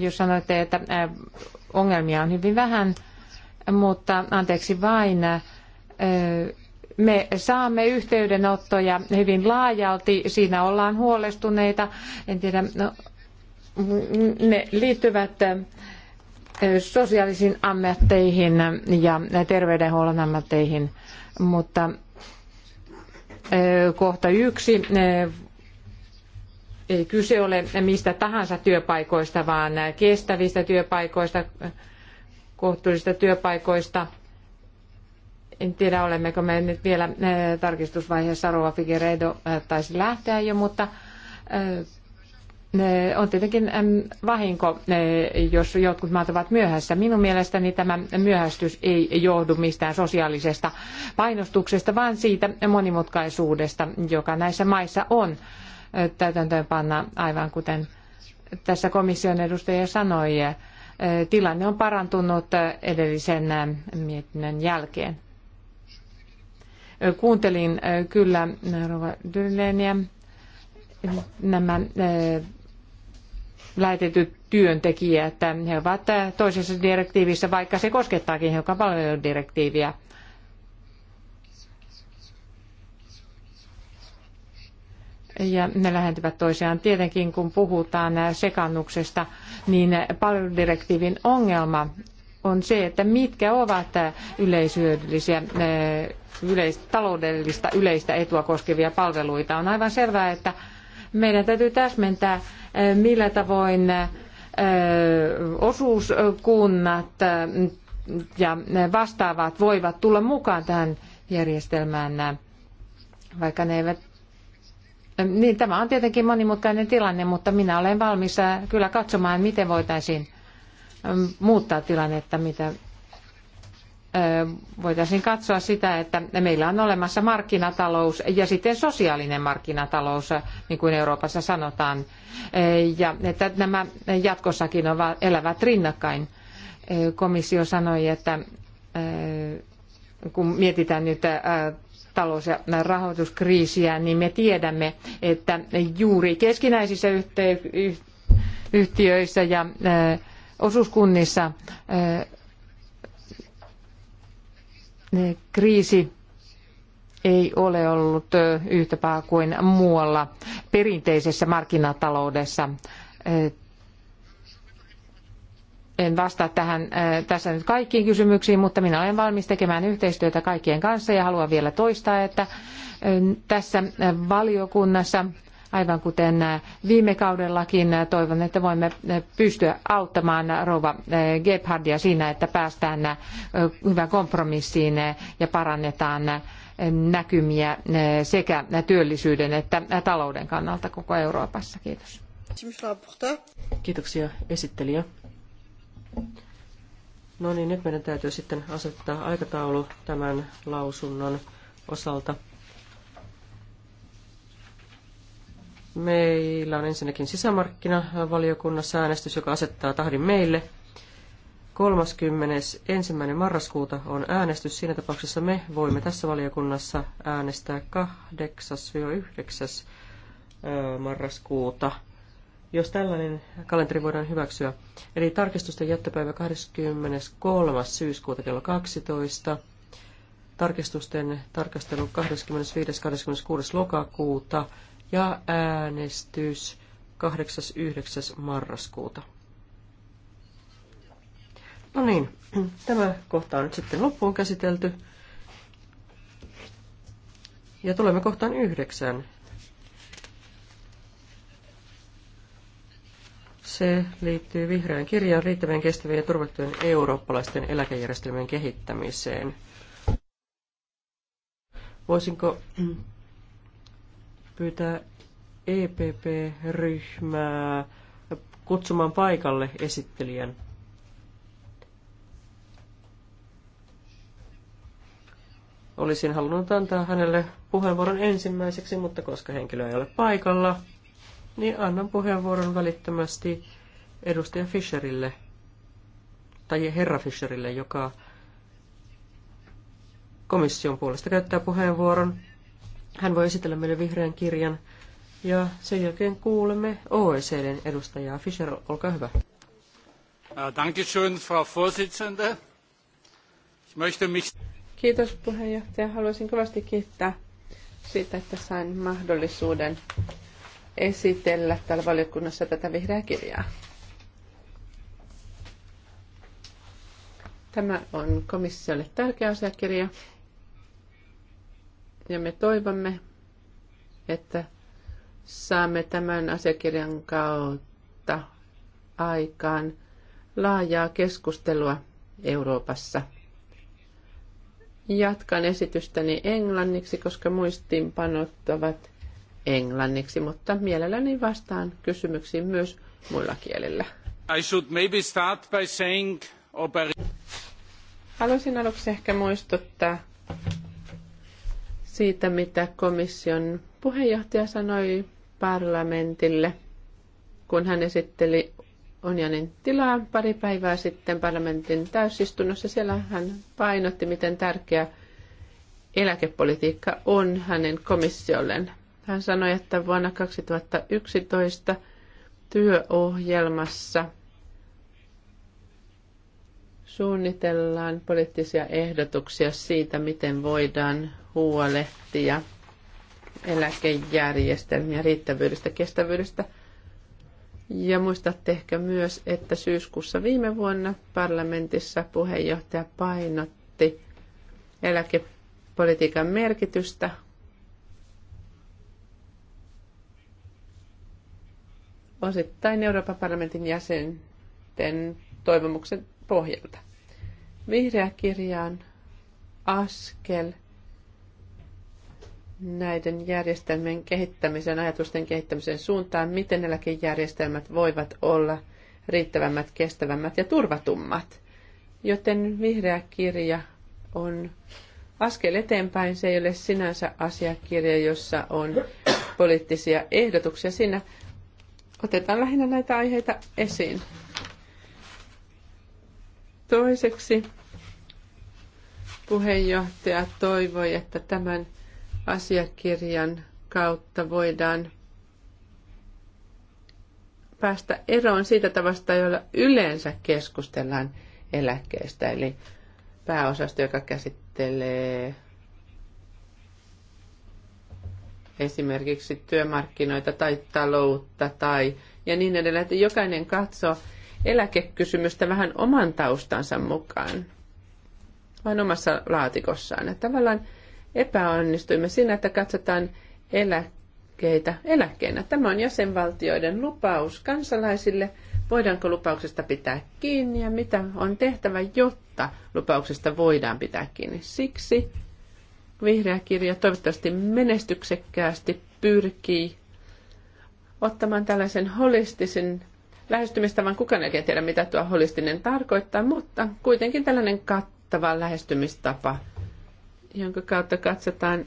[SPEAKER 2] jos sanoitte, että ongelmia on hyvin vähän, mutta anteeksi vain, me saamme yhteydenottoja hyvin laajalti, siinä ollaan huolestuneita, en tiedä, no, ne liittyvät sosiaalisiin ammatteihin ja terveydenhuollon ammatteihin, mutta Kohta yksi. Ei kyse ole mistä tahansa työpaikoista, vaan kestävistä työpaikoista, kohtuullisista työpaikoista. En tiedä, olemmeko me nyt vielä tarkistusvaiheessa. Rova Figueiredo taisi lähteä jo, mutta on tietenkin vahinko, jos jotkut maat ovat myöhässä. Minun mielestäni tämä myöhästys ei johdu mistään sosiaalisesta painostuksesta, vaan siitä monimutkaisuudesta, joka näissä maissa on täytäntöönpanna, aivan kuten tässä komission edustaja sanoi. Tilanne on parantunut edellisen mietinnön jälkeen. Kuuntelin kyllä Rova Dyrleniä nämä lähetetyt työntekijät. He ovat toisessa direktiivissä, vaikka se koskettaakin hiukan palveludirektiiviä. ja ne lähentyvät toisiaan. Tietenkin kun puhutaan sekannuksesta, niin palveludirektiivin ongelma on se, että mitkä ovat yleishyödyllisiä eh, yleis, taloudellista yleistä etua koskevia palveluita. On aivan selvää, että meidän täytyy täsmentää, millä tavoin osuuskunnat ja vastaavat voivat tulla mukaan tähän järjestelmään, vaikka ne eivät niin, tämä on tietenkin monimutkainen tilanne, mutta minä olen valmis kyllä katsomaan, miten voitaisiin muuttaa tilannetta, mitä voitaisiin katsoa sitä, että meillä on olemassa markkinatalous ja sitten sosiaalinen markkinatalous, niin kuin Euroopassa sanotaan, ja että nämä jatkossakin ovat, elävät rinnakkain. Komissio sanoi, että kun mietitään nyt talous- ja rahoituskriisiä, niin me tiedämme, että juuri keskinäisissä yhtiöissä ja osuuskunnissa kriisi ei ole ollut yhtä paha kuin muualla perinteisessä markkinataloudessa. En vastaa tähän, tässä nyt kaikkiin kysymyksiin, mutta minä olen valmis tekemään yhteistyötä kaikkien kanssa ja haluan vielä toistaa, että tässä valiokunnassa Aivan kuten äh, viime kaudellakin, äh, toivon, että voimme äh, pystyä auttamaan Rova Gebhardia siinä, että päästään hyvään kompromissiin ja parannetaan näkymiä sekä työllisyyden että talouden kannalta koko Euroopassa. Kiitos. Kiitoksia esittelijä. No niin, nyt meidän
[SPEAKER 1] täytyy sitten asettaa aikataulu tämän lausunnon osalta. Meillä on ensinnäkin sisämarkkinavaliokunnassa äänestys, joka asettaa tahdin meille. 31. marraskuuta on äänestys. Siinä tapauksessa me voimme tässä valiokunnassa äänestää 8-9. marraskuuta, jos tällainen kalenteri voidaan hyväksyä. Eli tarkistusten jättöpäivä 23. syyskuuta kello 12. Tarkistusten tarkastelu 25-26. lokakuuta ja äänestys 8.9. marraskuuta. No niin, tämä kohta on nyt sitten loppuun käsitelty. Ja tulemme kohtaan yhdeksän. Se liittyy vihreään kirjaan riittävien kestävien ja turvattujen eurooppalaisten eläkejärjestelmien kehittämiseen. Voisinko pyytää EPP-ryhmää kutsumaan paikalle esittelijän. Olisin halunnut antaa hänelle puheenvuoron ensimmäiseksi, mutta koska henkilö ei ole paikalla, niin annan puheenvuoron välittömästi edustaja Fischerille, tai herra Fischerille, joka komission puolesta käyttää puheenvuoron. Hän voi esitellä meille vihreän kirjan ja sen jälkeen kuulemme OECDn
[SPEAKER 3] edustajaa. Fischer, olkaa hyvä. Äh, Frau Vorsitzende. Ich möchte mich... Kiitos puheenjohtaja. Haluaisin kovasti kiittää siitä, että sain mahdollisuuden esitellä täällä valiokunnassa tätä vihreää kirjaa. Tämä on komissiolle tärkeä asiakirja ja me toivomme, että saamme tämän asiakirjan kautta aikaan laajaa keskustelua Euroopassa. Jatkan esitystäni englanniksi, koska muistiinpanot ovat englanniksi, mutta mielelläni vastaan kysymyksiin myös muilla kielillä. I should maybe start by saying... Haluaisin aluksi ehkä muistuttaa siitä, mitä komission puheenjohtaja sanoi parlamentille, kun hän esitteli Onjanin tilaa pari päivää sitten parlamentin täysistunnossa. Siellä hän painotti, miten tärkeä eläkepolitiikka on hänen komissiolleen. Hän sanoi, että vuonna 2011 työohjelmassa – suunnitellaan poliittisia ehdotuksia siitä, miten voidaan huolehtia eläkejärjestelmiä riittävyydestä, kestävyydestä. Ja muistatte ehkä myös, että syyskuussa viime vuonna parlamentissa puheenjohtaja painotti eläkepolitiikan merkitystä. Osittain Euroopan parlamentin jäsenten toivomuksen pohjalta. Vihreä kirja on askel näiden järjestelmien kehittämisen, ajatusten kehittämisen suuntaan, miten eläkejärjestelmät voivat olla riittävämmät, kestävämmät ja turvatummat. Joten vihreä kirja on askel eteenpäin. Se ei ole sinänsä asiakirja, jossa on poliittisia ehdotuksia. Siinä otetaan lähinnä näitä aiheita esiin. Toiseksi puheenjohtaja toivoi, että tämän asiakirjan kautta voidaan päästä eroon siitä tavasta, jolla yleensä keskustellaan eläkkeestä, eli pääosasto, joka käsittelee esimerkiksi työmarkkinoita tai taloutta tai ja niin edelleen, että jokainen katsoo eläkekysymystä vähän oman taustansa mukaan, vain omassa laatikossaan. Että tavallaan epäonnistuimme siinä, että katsotaan eläkkeitä eläkkeenä. Tämä on jäsenvaltioiden lupaus kansalaisille. Voidaanko lupauksesta pitää kiinni ja mitä on tehtävä, jotta lupauksesta voidaan pitää kiinni. Siksi vihreä kirja toivottavasti menestyksekkäästi pyrkii ottamaan tällaisen holistisen lähestymistavan. Kukaan ei tiedä, mitä tuo holistinen tarkoittaa, mutta kuitenkin tällainen kattava lähestymistapa, jonka kautta katsotaan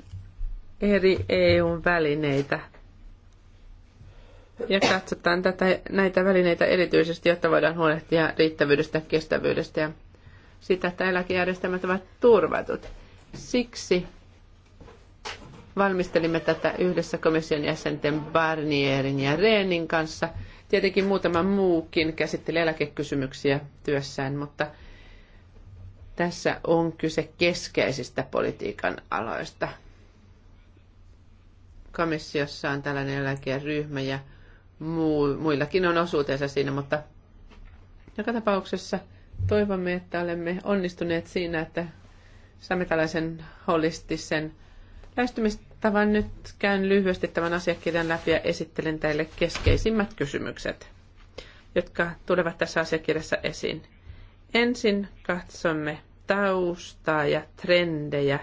[SPEAKER 3] eri eu välineitä ja katsotaan tätä, näitä välineitä erityisesti, jotta voidaan huolehtia riittävyydestä, kestävyydestä ja sitä, että eläkejärjestelmät ovat turvatut. Siksi Valmistelimme tätä yhdessä komission jäsenten Barnierin ja Reenin kanssa. Tietenkin muutama muukin käsitteli eläkekysymyksiä työssään, mutta tässä on kyse keskeisistä politiikan aloista. Komissiossa on tällainen eläkeryhmä ja muu, muillakin on osuutensa siinä, mutta joka tapauksessa toivomme, että olemme onnistuneet siinä, että saamme tällaisen holistisen lähestymistä tavan nyt käyn lyhyesti tämän asiakirjan läpi ja esittelen teille keskeisimmät kysymykset, jotka tulevat tässä asiakirjassa esiin. Ensin katsomme taustaa ja trendejä.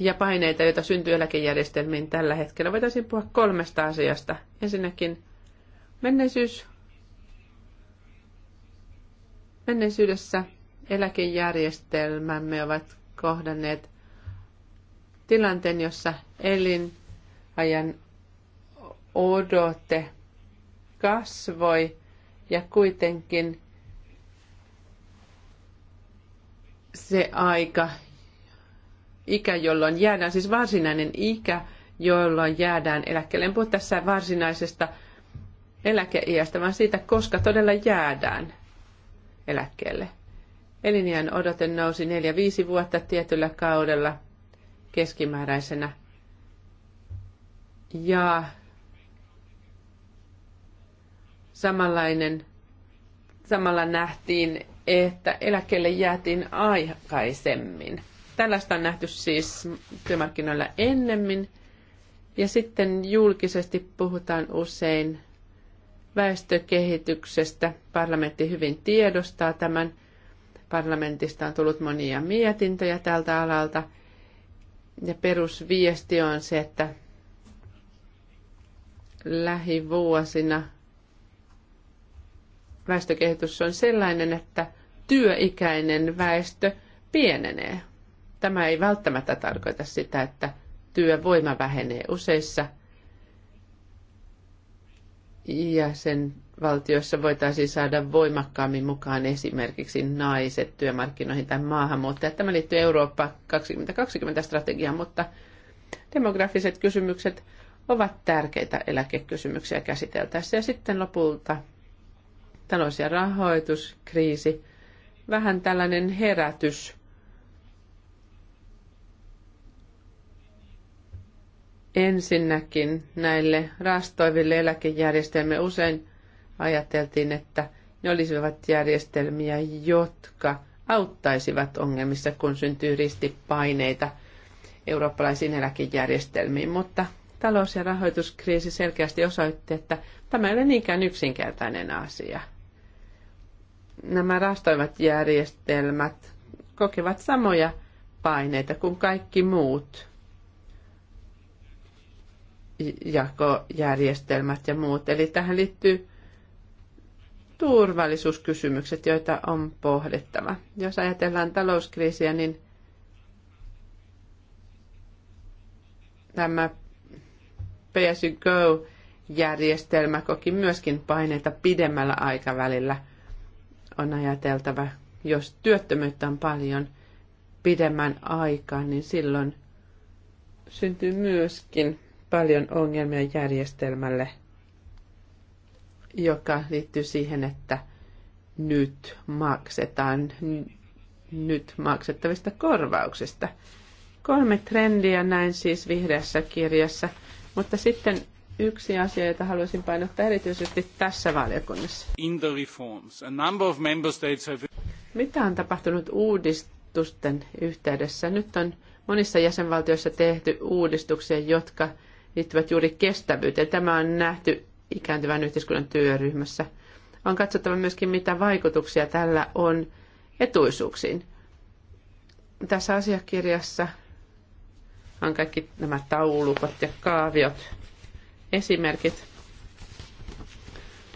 [SPEAKER 3] Ja paineita, joita syntyy eläkejärjestelmiin tällä hetkellä. Voitaisiin puhua kolmesta asiasta. Ensinnäkin menneisyys. Menneisyydessä eläkejärjestelmämme ovat kohdanneet tilanteen, jossa elinajan odote kasvoi ja kuitenkin se aika, ikä, jolloin jäädään, siis varsinainen ikä, jolloin jäädään eläkkeelle. En puhu tässä varsinaisesta eläkeiästä, vaan siitä, koska todella jäädään eläkkeelle. Eliniän odote nousi 4-5 vuotta tietyllä kaudella keskimääräisenä. Ja samanlainen, samalla nähtiin, että eläkkeelle jäätiin aikaisemmin. Tällaista on nähty siis työmarkkinoilla ennemmin. Ja sitten julkisesti puhutaan usein väestökehityksestä. Parlamentti hyvin tiedostaa tämän – Parlamentista on tullut monia mietintöjä tältä alalta. Ja perusviesti on se, että lähivuosina väestökehitys on sellainen, että työikäinen väestö pienenee. Tämä ei välttämättä tarkoita sitä, että työvoima vähenee useissa sen valtiossa voitaisiin saada voimakkaammin mukaan esimerkiksi naiset työmarkkinoihin tai maahanmuuttajat. Tämä liittyy Eurooppa 2020-strategiaan, mutta demografiset kysymykset ovat tärkeitä eläkekysymyksiä käsiteltäessä. Ja sitten lopulta talous- ja rahoituskriisi, vähän tällainen herätys. Ensinnäkin näille rastoiville eläkejärjestelmille usein ajateltiin, että ne olisivat järjestelmiä, jotka auttaisivat ongelmissa, kun syntyy ristipaineita eurooppalaisiin eläkejärjestelmiin, mutta talous- ja rahoituskriisi selkeästi osoitti, että tämä ei ole niinkään yksinkertainen asia. Nämä rastoivat järjestelmät kokevat samoja paineita kuin kaikki muut jakojärjestelmät ja muut. Eli tähän liittyy turvallisuuskysymykset, joita on pohdittava. Jos ajatellaan talouskriisiä, niin tämä PSU Go-järjestelmä koki myöskin paineita pidemmällä aikavälillä. On ajateltava, jos työttömyyttä on paljon pidemmän aikaa, niin silloin syntyy myöskin paljon ongelmia järjestelmälle – joka liittyy siihen, että nyt maksetaan nyt maksettavista korvauksista. Kolme trendiä näin siis vihreässä kirjassa, mutta sitten yksi asia, jota haluaisin painottaa erityisesti tässä valiokunnassa. In the reforms, a number of member states have... Mitä on tapahtunut uudistusten yhteydessä? Nyt on monissa jäsenvaltioissa tehty uudistuksia, jotka liittyvät juuri kestävyyteen. Tämä on nähty ikääntyvän yhteiskunnan työryhmässä. On katsottava myöskin, mitä vaikutuksia tällä on etuisuuksiin. Tässä asiakirjassa on kaikki nämä taulukot ja kaaviot, esimerkit.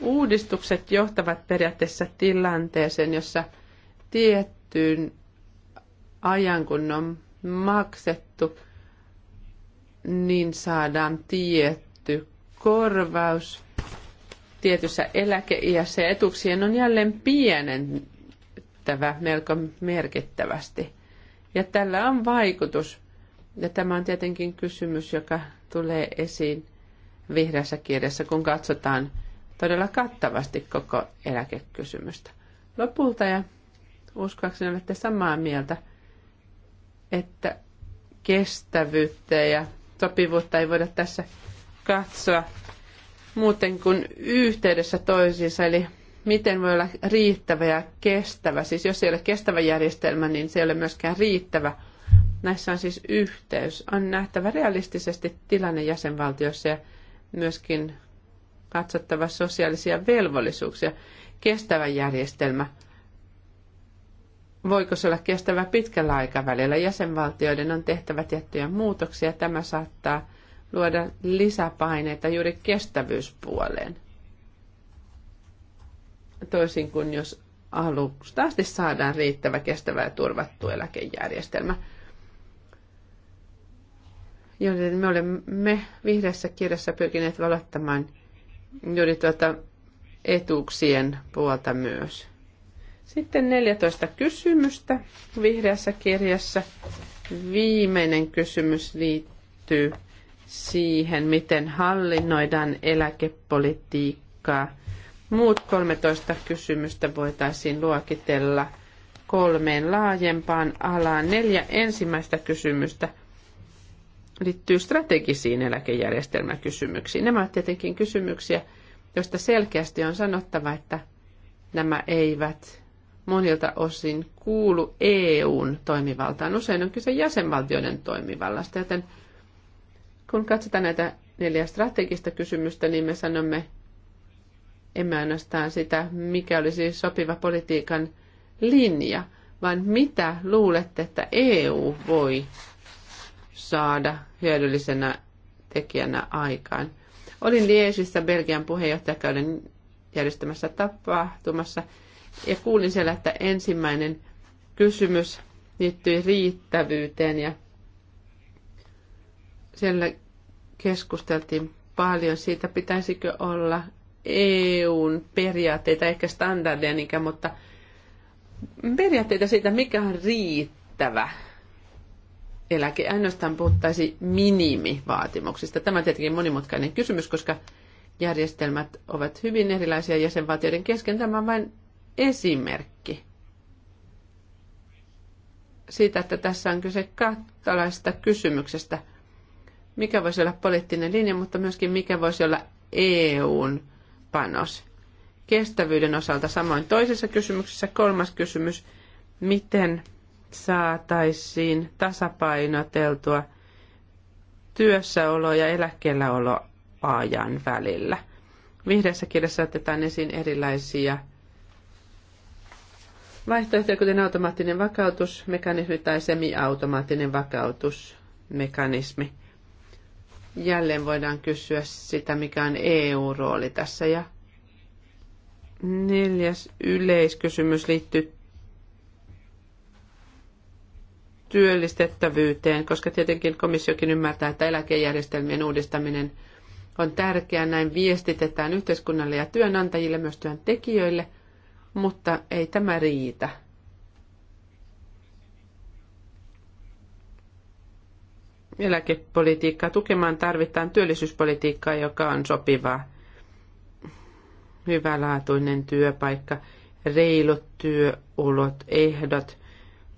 [SPEAKER 3] Uudistukset johtavat periaatteessa tilanteeseen, jossa tiettyyn ajan, kun on maksettu, niin saadaan tietty korvaus tietyssä eläkeiässä ja etuuksien on jälleen pienentävä melko merkittävästi. Ja tällä on vaikutus. Ja tämä on tietenkin kysymys, joka tulee esiin vihreässä kirjassa, kun katsotaan todella kattavasti koko eläkekysymystä. Lopulta, ja uskoakseni olette samaa mieltä, että kestävyyttä ja sopivuutta ei voida tässä katsoa muuten kuin yhteydessä toisiinsa, eli miten voi olla riittävä ja kestävä. Siis jos ei ole kestävä järjestelmä, niin se ei ole myöskään riittävä. Näissä on siis yhteys. On nähtävä realistisesti tilanne jäsenvaltiossa ja myöskin katsottava sosiaalisia velvollisuuksia. Kestävä järjestelmä. Voiko se olla kestävä pitkällä aikavälillä? Jäsenvaltioiden on tehtävä tiettyjä muutoksia. Tämä saattaa luoda lisäpaineita juuri kestävyyspuoleen. Toisin kuin jos alusta asti saadaan riittävä, kestävä ja turvattu eläkejärjestelmä. Joten me olemme vihreässä kirjassa pyrkineet valottamaan juuri tuota etuuksien puolta myös. Sitten 14 kysymystä vihreässä kirjassa. Viimeinen kysymys liittyy siihen, miten hallinnoidaan eläkepolitiikkaa. Muut 13 kysymystä voitaisiin luokitella kolmeen laajempaan alaan. Neljä ensimmäistä kysymystä liittyy strategisiin eläkejärjestelmäkysymyksiin. Nämä ovat tietenkin kysymyksiä, joista selkeästi on sanottava, että nämä eivät monilta osin kuulu EUn toimivaltaan. Usein on kyse jäsenvaltioiden toimivallasta, joten kun katsotaan näitä neljä strategista kysymystä, niin me sanomme emme ainoastaan sitä, mikä olisi sopiva politiikan linja, vaan mitä luulette, että EU voi saada hyödyllisenä tekijänä aikaan. Olin Liesissä Belgian puheenjohtajakauden järjestämässä tapahtumassa ja kuulin siellä, että ensimmäinen kysymys liittyi riittävyyteen ja siellä keskusteltiin paljon siitä, pitäisikö olla EUn periaatteita, ehkä standardeja niinkään, mutta periaatteita siitä, mikä on riittävä eläke. Ainoastaan puhuttaisiin minimivaatimuksista. Tämä on tietenkin monimutkainen kysymys, koska järjestelmät ovat hyvin erilaisia jäsenvaltioiden kesken. Tämä on vain esimerkki siitä, että tässä on kyse kattalaista kysymyksestä – mikä voisi olla poliittinen linja, mutta myöskin mikä voisi olla EUn panos. Kestävyyden osalta samoin toisessa kysymyksessä. Kolmas kysymys, miten saataisiin tasapainoteltua työssäolo- ja eläkkeelläoloajan välillä. Vihreässä kirjassa otetaan esiin erilaisia vaihtoehtoja, kuten automaattinen vakautusmekanismi tai semiautomaattinen vakautusmekanismi jälleen voidaan kysyä sitä, mikä on EU-rooli tässä. Ja neljäs yleiskysymys liittyy työllistettävyyteen, koska tietenkin komissiokin ymmärtää, että eläkejärjestelmien uudistaminen on tärkeää. Näin viestitetään yhteiskunnalle ja työnantajille, myös työntekijöille, mutta ei tämä riitä. eläkepolitiikkaa tukemaan, tarvitaan työllisyyspolitiikkaa, joka on sopivaa. Hyvälaatuinen työpaikka, reilut työolot, ehdot,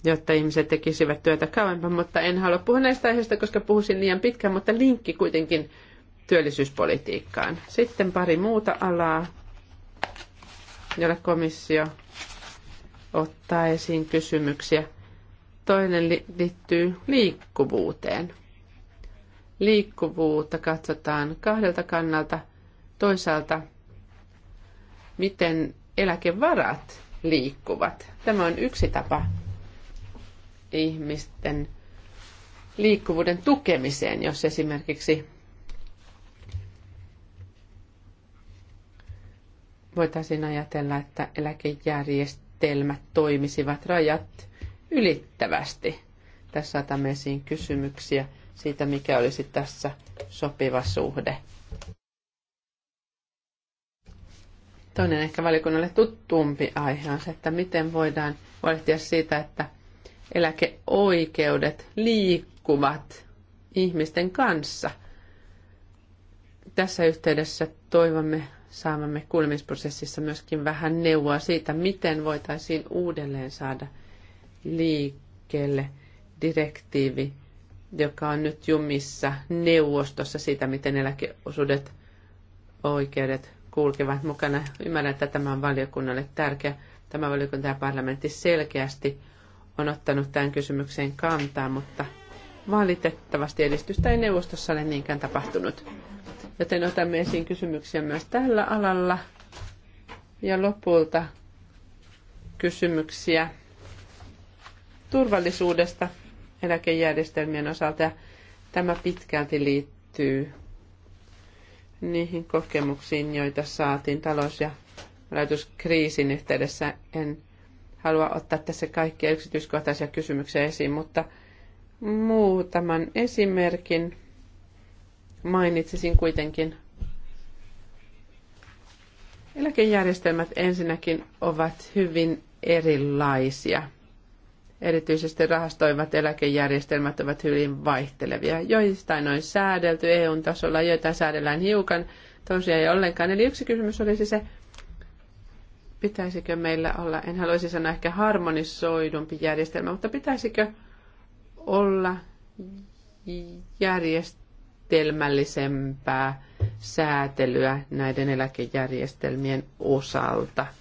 [SPEAKER 3] jotta ihmiset tekisivät työtä kauempaa, mutta en halua puhua näistä aiheista, koska puhuisin liian pitkään, mutta linkki kuitenkin työllisyyspolitiikkaan. Sitten pari muuta alaa, jolle komissio ottaa esiin kysymyksiä. Toinen liittyy liikkuvuuteen liikkuvuutta katsotaan kahdelta kannalta. Toisaalta, miten eläkevarat liikkuvat. Tämä on yksi tapa ihmisten liikkuvuuden tukemiseen, jos esimerkiksi voitaisiin ajatella, että eläkejärjestelmät toimisivat rajat ylittävästi. Tässä otamme esiin kysymyksiä siitä, mikä olisi tässä sopiva suhde. Toinen ehkä valiokunnalle tuttuumpi aihe on se, että miten voidaan huolehtia siitä, että eläkeoikeudet liikkuvat ihmisten kanssa. Tässä yhteydessä toivomme saamamme kuulemisprosessissa myöskin vähän neuvoa siitä, miten voitaisiin uudelleen saada liikkeelle direktiivi joka on nyt jumissa neuvostossa siitä, miten eläkeosuudet oikeudet kulkevat mukana. Ymmärrän, että tämä on valiokunnalle tärkeä. Tämä valiokunta ja parlamentti selkeästi on ottanut tämän kysymykseen kantaa, mutta valitettavasti edistystä ei neuvostossa ole niinkään tapahtunut. Joten otamme esiin kysymyksiä myös tällä alalla ja lopulta kysymyksiä turvallisuudesta eläkejärjestelmien osalta. Tämä pitkälti liittyy niihin kokemuksiin, joita saatiin talous- ja rahoituskriisin yhteydessä. En halua ottaa tässä kaikkia yksityiskohtaisia kysymyksiä esiin, mutta muutaman esimerkin mainitsisin kuitenkin. Eläkejärjestelmät ensinnäkin ovat hyvin erilaisia – erityisesti rahastoivat eläkejärjestelmät ovat hyvin vaihtelevia. Joistain on säädelty EU-tasolla, joita säädellään hiukan, toisia ei ollenkaan. Eli yksi kysymys olisi se, pitäisikö meillä olla, en haluaisi sanoa ehkä harmonisoidumpi järjestelmä, mutta pitäisikö olla järjestelmällisempää säätelyä näiden eläkejärjestelmien osalta –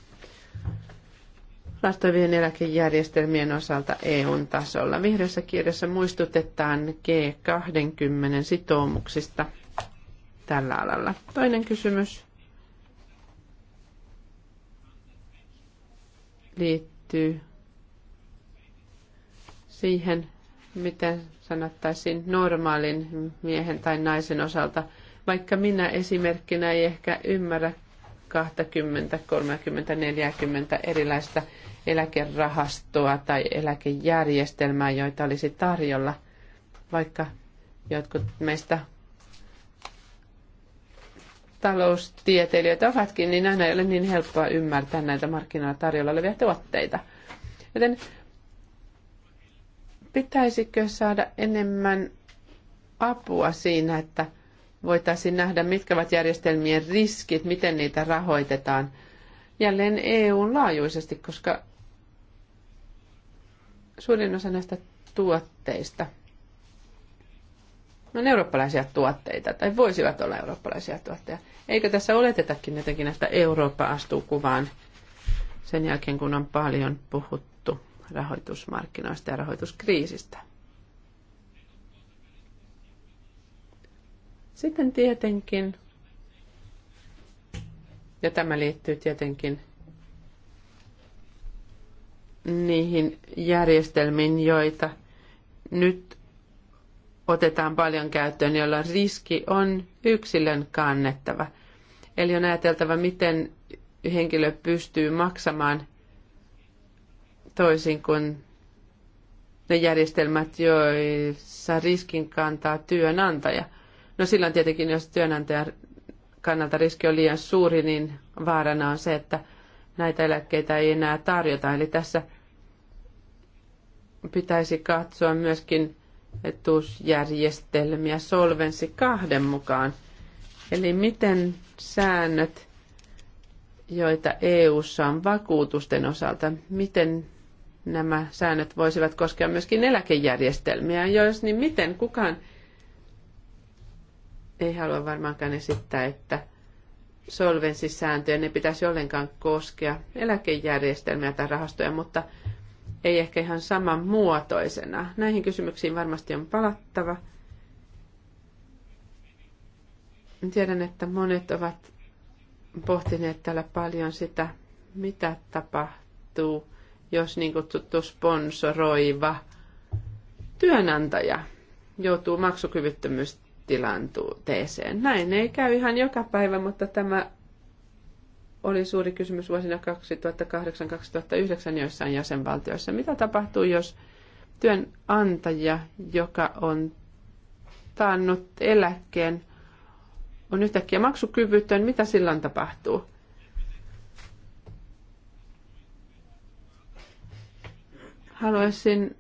[SPEAKER 3] vastaavien eläkejärjestelmien osalta EUn tasolla. Vihreässä kirjassa muistutetaan G20 sitoumuksista tällä alalla. Toinen kysymys liittyy siihen, miten sanottaisiin normaalin miehen tai naisen osalta, vaikka minä esimerkkinä ei ehkä ymmärrä 20, 30, 40 erilaista eläkerahastoa tai eläkejärjestelmää, joita olisi tarjolla, vaikka jotkut meistä taloustieteilijöitä ovatkin, niin aina ei ole niin helppoa ymmärtää näitä markkinoilla tarjolla olevia tuotteita. Joten pitäisikö saada enemmän apua siinä, että voitaisiin nähdä, mitkä ovat järjestelmien riskit, miten niitä rahoitetaan jälleen EUn laajuisesti, koska suurin osa näistä tuotteista on eurooppalaisia tuotteita, tai voisivat olla eurooppalaisia tuotteita. Eikö tässä oletetakin jotenkin, että Eurooppa astuu kuvaan sen jälkeen, kun on paljon puhuttu rahoitusmarkkinoista ja rahoituskriisistä? Sitten tietenkin, ja tämä liittyy tietenkin niihin järjestelmiin, joita nyt otetaan paljon käyttöön, jolla riski on yksilön kannettava. Eli on ajateltava, miten henkilö pystyy maksamaan toisin kuin ne järjestelmät, joissa riskin kantaa työnantaja. No silloin tietenkin, jos työnantajan kannalta riski on liian suuri, niin vaarana on se, että – näitä eläkkeitä ei enää tarjota. Eli tässä pitäisi katsoa myöskin etuusjärjestelmiä solvensi kahden mukaan. Eli miten säännöt, joita EU:ssa on vakuutusten osalta, miten nämä säännöt voisivat koskea myöskin eläkejärjestelmiä. Jos niin miten kukaan ei halua varmaankaan esittää, että – solvenssisääntöjä, ne pitäisi ollenkaan koskea eläkejärjestelmiä tai rahastoja, mutta ei ehkä ihan samanmuotoisena. muotoisena. Näihin kysymyksiin varmasti on palattava. Tiedän, että monet ovat pohtineet täällä paljon sitä, mitä tapahtuu, jos niin kutsuttu sponsoroiva työnantaja joutuu maksukyvyttömyys tilanteeseen. Näin ei käy ihan joka päivä, mutta tämä oli suuri kysymys vuosina 2008-2009 joissain jäsenvaltioissa. Mitä tapahtuu, jos työnantaja, joka on taannut eläkkeen, on yhtäkkiä maksukyvytön? Mitä silloin tapahtuu? Haluaisin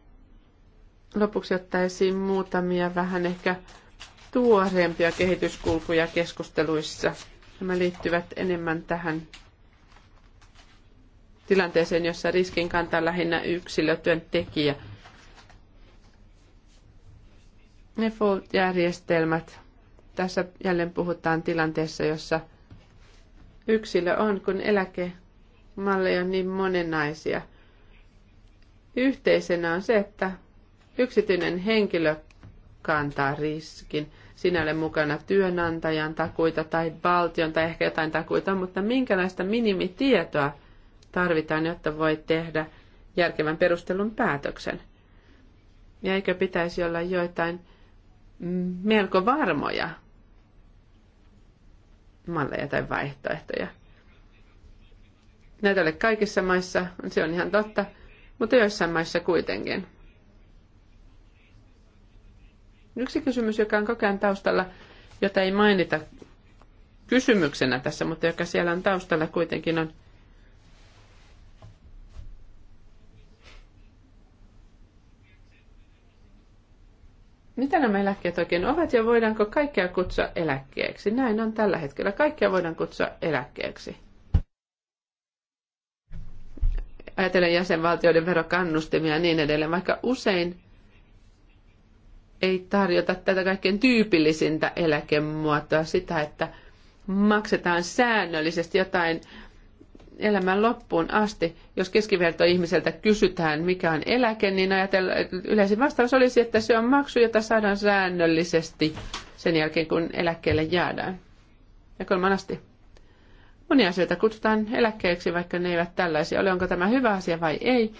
[SPEAKER 3] lopuksi ottaa esiin muutamia vähän ehkä tuoreempia kehityskulkuja keskusteluissa. Nämä liittyvät enemmän tähän tilanteeseen, jossa riskin kantaa lähinnä yksilö, tekijä. Ne järjestelmät Tässä jälleen puhutaan tilanteessa, jossa yksilö on, kun eläkemalleja on niin monenaisia. Yhteisenä on se, että yksityinen henkilö kantaa riskin sinälle mukana työnantajan takuita tai valtion tai ehkä jotain takuita, mutta minkälaista minimitietoa tarvitaan, jotta voi tehdä järkevän perustelun päätöksen? Ja eikö pitäisi olla joitain mm, melko varmoja malleja tai vaihtoehtoja? Näitä ole kaikissa maissa, se on ihan totta, mutta joissain maissa kuitenkin. Yksi kysymys, joka on koko ajan taustalla, jota ei mainita kysymyksenä tässä, mutta joka siellä on taustalla kuitenkin on mitä nämä eläkkeet oikein ovat ja voidaanko kaikkea kutsua eläkkeeksi? Näin on tällä hetkellä. Kaikkea voidaan kutsua eläkkeeksi. Ajatellen jäsenvaltioiden verokannustimia ja niin edelleen, vaikka usein ei tarjota tätä kaikkein tyypillisintä eläkemuotoa, sitä, että maksetaan säännöllisesti jotain elämän loppuun asti. Jos keskivertoihmiseltä kysytään, mikä on eläke, niin yleisin vastaus olisi, että se on maksu, jota saadaan säännöllisesti sen jälkeen, kun eläkkeelle jäädään. Ja kolman asti. Monia asioita kutsutaan eläkkeeksi, vaikka ne eivät tällaisia ole. Onko tämä hyvä asia vai ei?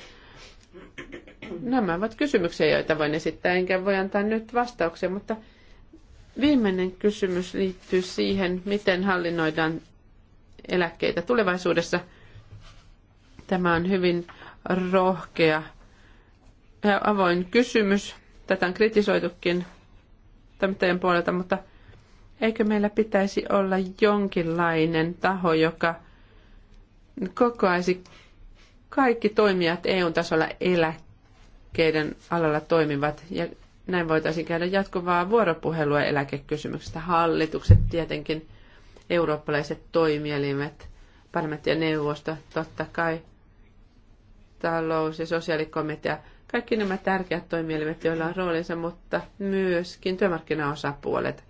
[SPEAKER 3] Nämä ovat kysymyksiä, joita voin esittää, enkä voi antaa nyt vastauksia, mutta viimeinen kysymys liittyy siihen, miten hallinnoidaan eläkkeitä tulevaisuudessa. Tämä on hyvin rohkea ja avoin kysymys. Tätä on kritisoitukin toimittajien puolelta, mutta eikö meillä pitäisi olla jonkinlainen taho, joka kokoaisi kaikki toimijat EU-tasolla eläkkeelle? eläkkeiden alalla toimivat ja näin voitaisiin käydä jatkuvaa vuoropuhelua eläkekysymyksistä. Hallitukset tietenkin, eurooppalaiset toimielimet, parlamentti ja neuvosto, totta kai talous- ja sosiaalikomitea, kaikki nämä tärkeät toimielimet, joilla on roolinsa, mutta myöskin työmarkkinaosapuolet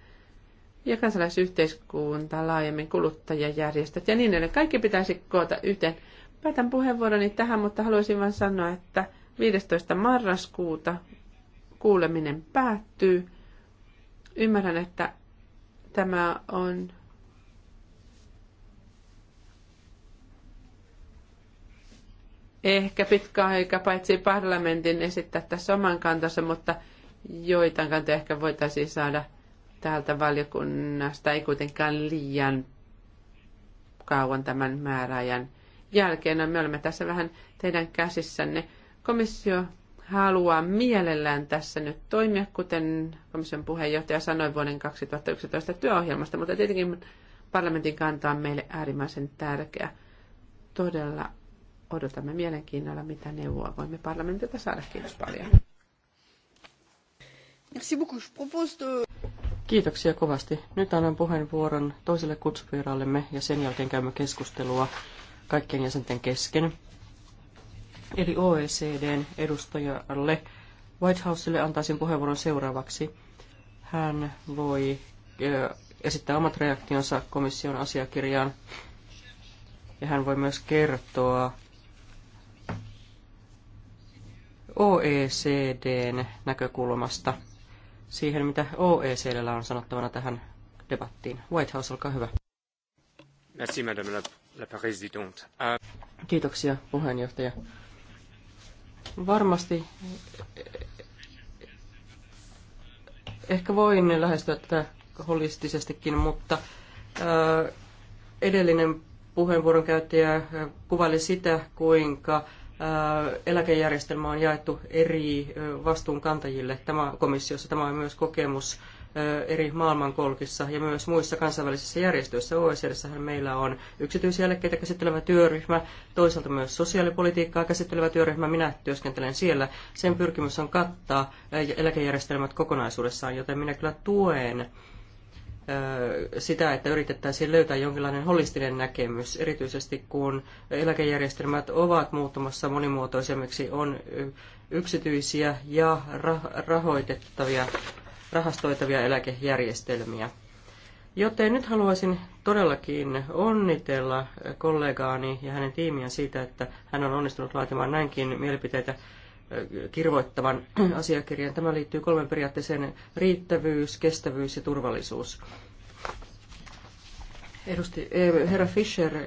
[SPEAKER 3] ja kansalaisyhteiskunta, laajemmin kuluttajajärjestöt ja niin edelleen. Kaikki pitäisi koota yhteen. Päätän puheenvuoroni tähän, mutta haluaisin vain sanoa, että – 15. marraskuuta kuuleminen päättyy. Ymmärrän, että tämä on ehkä pitkä aika paitsi parlamentin esittää tässä oman kantansa, mutta joitain kantoja ehkä voitaisiin saada täältä valiokunnasta, ei kuitenkaan liian kauan tämän määräajan jälkeen. No, me olemme tässä vähän teidän käsissänne. Komissio haluaa mielellään tässä nyt toimia, kuten komission puheenjohtaja sanoi vuoden 2011 työohjelmasta, mutta tietenkin parlamentin kanta on meille äärimmäisen tärkeä. Todella odotamme mielenkiinnolla, mitä neuvoa voimme parlamentilta saada. Kiitos paljon.
[SPEAKER 1] Kiitoksia kovasti. Nyt annan puheenvuoron toiselle kutsuvieraallemme ja sen jälkeen käymme keskustelua kaikkien jäsenten kesken eli OECDn edustajalle Whitehouselle antaisin puheenvuoron seuraavaksi. Hän voi esittää omat reaktionsa komission asiakirjaan ja hän voi myös kertoa OECDn näkökulmasta siihen, mitä OECDllä on sanottavana tähän debattiin. Whitehouse, olkaa hyvä.
[SPEAKER 3] Merci, madame la, la présidente. Uh...
[SPEAKER 1] Kiitoksia, puheenjohtaja. Varmasti ehkä voin lähestyä tätä holistisestikin, mutta edellinen puheenvuoron käyttäjä kuvaili sitä, kuinka eläkejärjestelmä on jaettu eri vastuunkantajille tämä komissiossa. Tämä on myös kokemus eri maailmankolkissa ja myös muissa kansainvälisissä järjestöissä. OECDssähän meillä on yksityisjälkkeitä käsittelevä työryhmä, toisaalta myös sosiaalipolitiikkaa käsittelevä työryhmä. Minä työskentelen siellä. Sen pyrkimys on kattaa eläkejärjestelmät kokonaisuudessaan, joten minä kyllä tuen sitä, että yritettäisiin löytää jonkinlainen holistinen näkemys, erityisesti kun eläkejärjestelmät ovat muuttumassa monimuotoisemmiksi, on yksityisiä ja rahoitettavia rahastoitavia eläkejärjestelmiä. Joten nyt haluaisin todellakin onnitella kollegaani ja hänen tiimiä siitä, että hän on onnistunut laatimaan näinkin mielipiteitä kirvoittavan [CLEARS THROAT] asiakirjan. Tämä liittyy kolmen periaatteeseen riittävyys, kestävyys ja turvallisuus. Edusti, eh, herra Fischer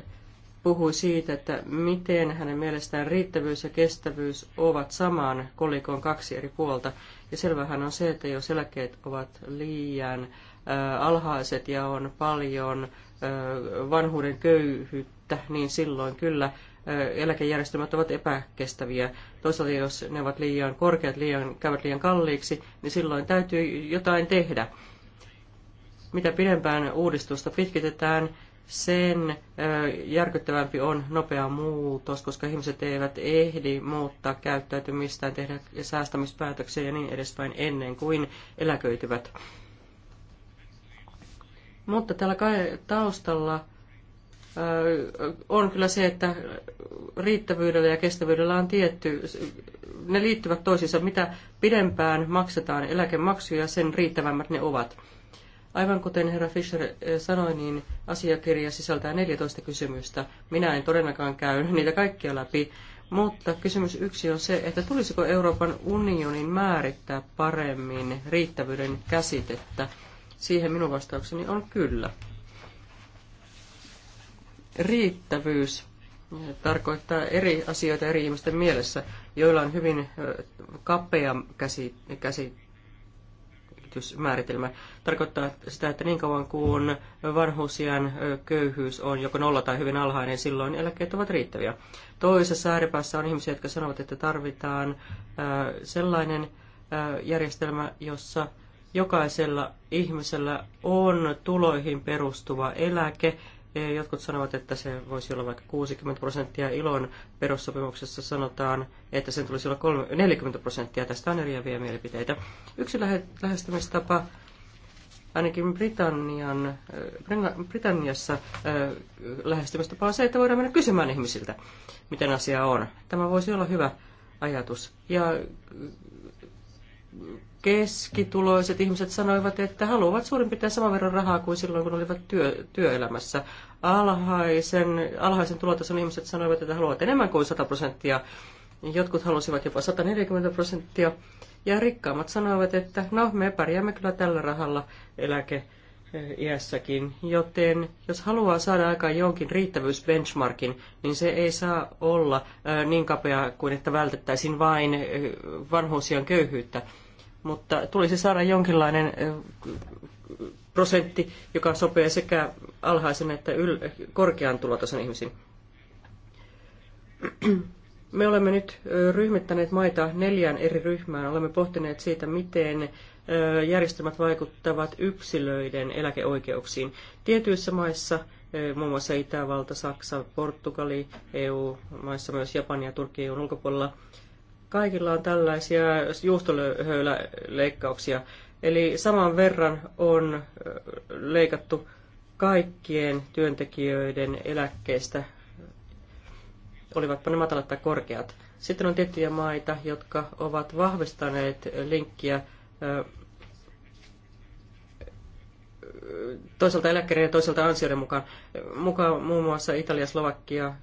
[SPEAKER 1] puhui siitä, että miten hänen mielestään riittävyys ja kestävyys ovat samaan kolikoon kaksi eri puolta. Ja selvähän on se, että jos eläkkeet ovat liian alhaiset ja on paljon vanhuuden köyhyyttä, niin silloin kyllä eläkejärjestelmät ovat epäkestäviä. Toisaalta jos ne ovat liian korkeat, liian, käyvät liian kalliiksi, niin silloin täytyy jotain tehdä. Mitä pidempään uudistusta pitkitetään, sen järkyttävämpi on nopea muutos, koska ihmiset eivät ehdi muuttaa käyttäytymistään, tehdä säästämispäätöksiä ja niin edespäin ennen kuin eläköityvät. Mutta täällä taustalla on kyllä se, että riittävyydellä ja kestävyydellä on tietty, ne liittyvät toisiinsa. Mitä pidempään maksetaan eläkemaksuja, sen riittävämmät ne ovat. Aivan kuten herra Fischer eh, sanoi, niin asiakirja sisältää 14 kysymystä. Minä en todennäköisesti käy [LAUGHS] niitä kaikkia läpi, mutta kysymys yksi on se, että tulisiko Euroopan unionin määrittää paremmin riittävyyden käsitettä. Siihen minun vastaukseni on kyllä. Riittävyys eh, tarkoittaa eri asioita eri ihmisten mielessä, joilla on hyvin eh, kapea käsite köyhyysmääritelmä tarkoittaa sitä, että niin kauan kuin vanhuusian köyhyys on joko nolla tai hyvin alhainen, silloin eläkkeet ovat riittäviä. Toisessa ääripäässä on ihmisiä, jotka sanovat, että tarvitaan sellainen järjestelmä, jossa jokaisella ihmisellä on tuloihin perustuva eläke, E, jotkut sanovat, että se voisi olla vaikka 60 prosenttia. Ilon perussopimuksessa sanotaan, että sen tulisi olla 40 prosenttia. Tästä on eriäviä mielipiteitä. Yksi lähestymistapa ainakin Britannian, e, Britanniassa e, lähestymistapa on se, että voidaan mennä kysymään ihmisiltä, miten asia on. Tämä voisi olla hyvä ajatus. Ja keskituloiset ihmiset sanoivat, että haluavat suurin piirtein saman verran rahaa kuin silloin, kun olivat työ, työelämässä alhaisen, alhaisen tulotason ihmiset sanoivat, että haluavat enemmän kuin 100 prosenttia. Jotkut halusivat jopa 140 prosenttia. Ja rikkaammat sanoivat, että no me pärjäämme kyllä tällä rahalla eläke eh, iässäkin, joten jos haluaa saada aikaan jonkin riittävyysbenchmarkin, niin se ei saa olla eh, niin kapea kuin että vältettäisiin vain eh, vanhuusian köyhyyttä, mutta tulisi saada jonkinlainen prosentti, joka sopee sekä alhaisen että yl- korkean tulotason ihmisiin. Me olemme nyt ryhmittäneet maita neljään eri ryhmään. Olemme pohtineet siitä, miten järjestelmät vaikuttavat yksilöiden eläkeoikeuksiin. Tietyissä maissa, muun muassa Itävalta, Saksa, Portugali, EU-maissa myös Japania ja Turkki EU ulkopuolella, kaikilla on tällaisia juustoleikkauksia. Eli saman verran on leikattu kaikkien työntekijöiden eläkkeistä, olivatpa ne matalat tai korkeat. Sitten on tiettyjä maita, jotka ovat vahvistaneet linkkiä toisaalta eläkkeiden ja toisaalta ansioiden mukaan, mukaan muun muassa Italia, Slovakia,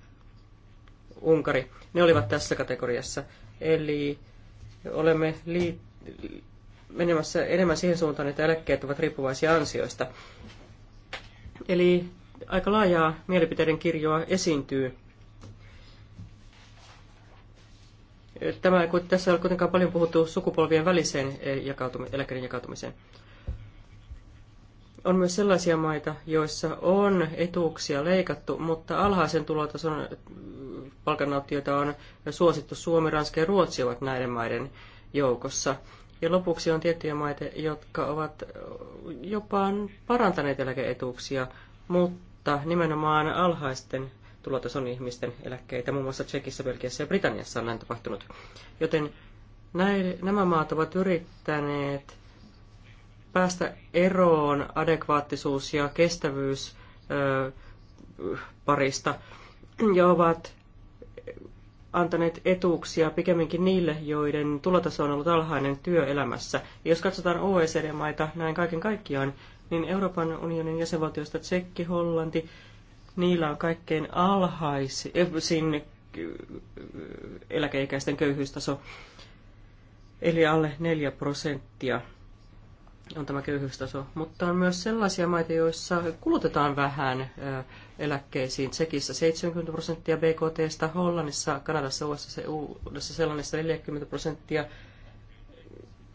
[SPEAKER 1] Unkari. Ne olivat tässä kategoriassa. Eli olemme liittyneet menemässä enemmän siihen suuntaan, että eläkkeet ovat riippuvaisia ansioista. Eli aika laajaa mielipiteiden kirjoa esiintyy. Tämä, kun tässä on kuitenkaan paljon puhuttu sukupolvien väliseen e, eläkkeiden jakautumiseen. On myös sellaisia maita, joissa on etuuksia leikattu, mutta alhaisen tulotason palkannauttijoita on suosittu. Suomi, Ranska ja Ruotsi ovat näiden maiden joukossa. Ja lopuksi on tiettyjä maita, jotka ovat jopa parantaneet eläkeetuuksia, mutta nimenomaan alhaisten tulotason ihmisten eläkkeitä, muun muassa Tsekissä, Belgiassa ja Britanniassa on näin tapahtunut. Joten näin, nämä maat ovat yrittäneet päästä eroon adekvaattisuus- ja kestävyysparista ja ovat antaneet etuuksia pikemminkin niille, joiden tulotaso on ollut alhainen työelämässä. Ja jos katsotaan OECD-maita näin kaiken kaikkiaan, niin Euroopan unionin jäsenvaltioista Tsekki, Hollanti, niillä on kaikkein alhaisin eh, eh, eläkeikäisten köyhyystaso, eli alle 4 prosenttia on tämä köyhyystaso, mutta on myös sellaisia maita, joissa kulutetaan vähän eläkkeisiin. Tsekissä 70 prosenttia BKTstä, Hollannissa, Kanadassa, USA, Uudessa Seelannissa 40 prosenttia,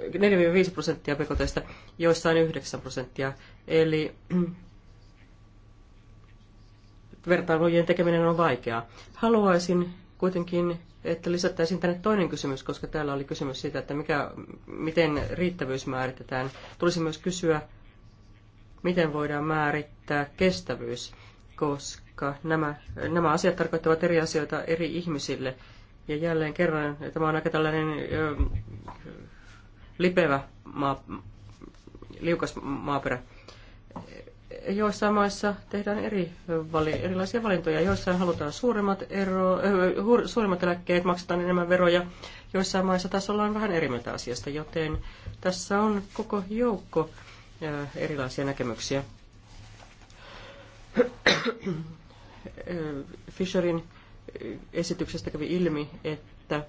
[SPEAKER 1] 4-5 prosenttia BKTstä, joissain 9 prosenttia. Eli [CLEARS THROAT] vertailujen tekeminen on vaikeaa. Haluaisin kuitenkin, että lisättäisiin tänne toinen kysymys, koska täällä oli kysymys siitä, että mikä, miten riittävyys määritetään. Tulisi myös kysyä, miten voidaan määrittää kestävyys, koska nämä, nämä asiat tarkoittavat eri asioita eri ihmisille. Ja jälleen kerran, tämä on aika tällainen ö, lipevä maa, liukas maaperä joissain maissa tehdään eri vali, erilaisia valintoja. Joissain halutaan suuremmat, ero, öö, suuremmat eläkkeet, maksetaan enemmän veroja. Joissain maissa taas ollaan vähän eri mieltä asiasta, joten tässä on koko joukko öö, erilaisia näkemyksiä. Öö, Fisherin esityksestä kävi ilmi, että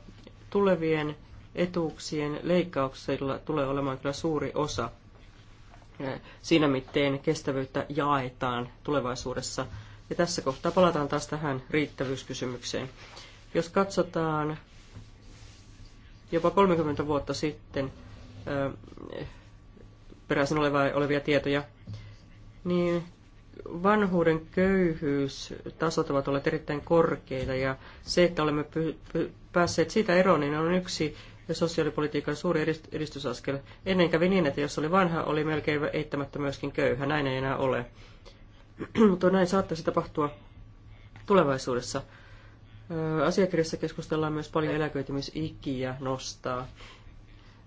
[SPEAKER 1] tulevien etuuksien leikkauksilla tulee olemaan kyllä suuri osa siinä, miten kestävyyttä jaetaan tulevaisuudessa. Ja tässä kohtaa palataan taas tähän riittävyyskysymykseen. Jos katsotaan jopa 30 vuotta sitten peräisin olevia, olevia tietoja, niin vanhuuden köyhyystasot ovat olleet erittäin korkeita ja se, että olemme py- py- päässeet siitä eroon, niin on yksi sosiaalipolitiikan suuri edistysaskel. Ennen kävi niin, että jos oli vanha, oli melkein eittämättä myöskin köyhä. Näin ei enää ole. [CLEARS THROAT] Mutta näin saattaisi tapahtua tulevaisuudessa. Asiakirjassa keskustellaan myös paljon eläköitymisikiä nostaa.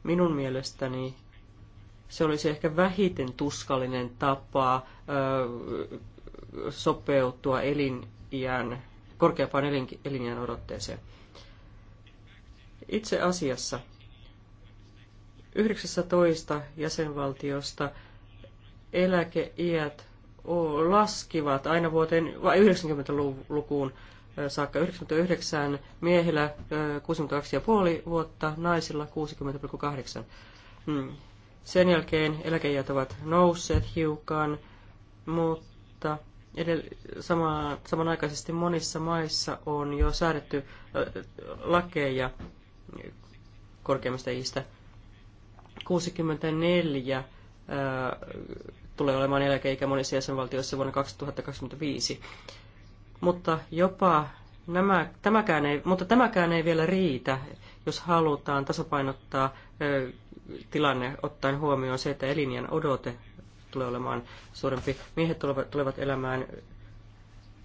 [SPEAKER 1] Minun mielestäni se olisi ehkä vähiten tuskallinen tapa sopeutua eliniän, korkeampaan elin, odotteeseen. Itse asiassa 19 jäsenvaltiosta eläkeiät laskivat aina vuoteen 90-lukuun saakka 99, miehillä 62,5 vuotta, naisilla 60,8. Hmm. Sen jälkeen eläkeijät ovat nousseet hiukan, mutta edell- sama, samanaikaisesti monissa maissa on jo säädetty lakeja korkeimmista iistä. 64 ää, tulee olemaan eläkeikä monissa jäsenvaltioissa vuonna 2025. Mutta jopa nämä, tämäkään ei, mutta tämäkään ei vielä riitä, jos halutaan tasapainottaa ää, tilanne ottaen huomioon se, että elinjän odote tulee olemaan suurempi. Miehet tulevat, tulevat elämään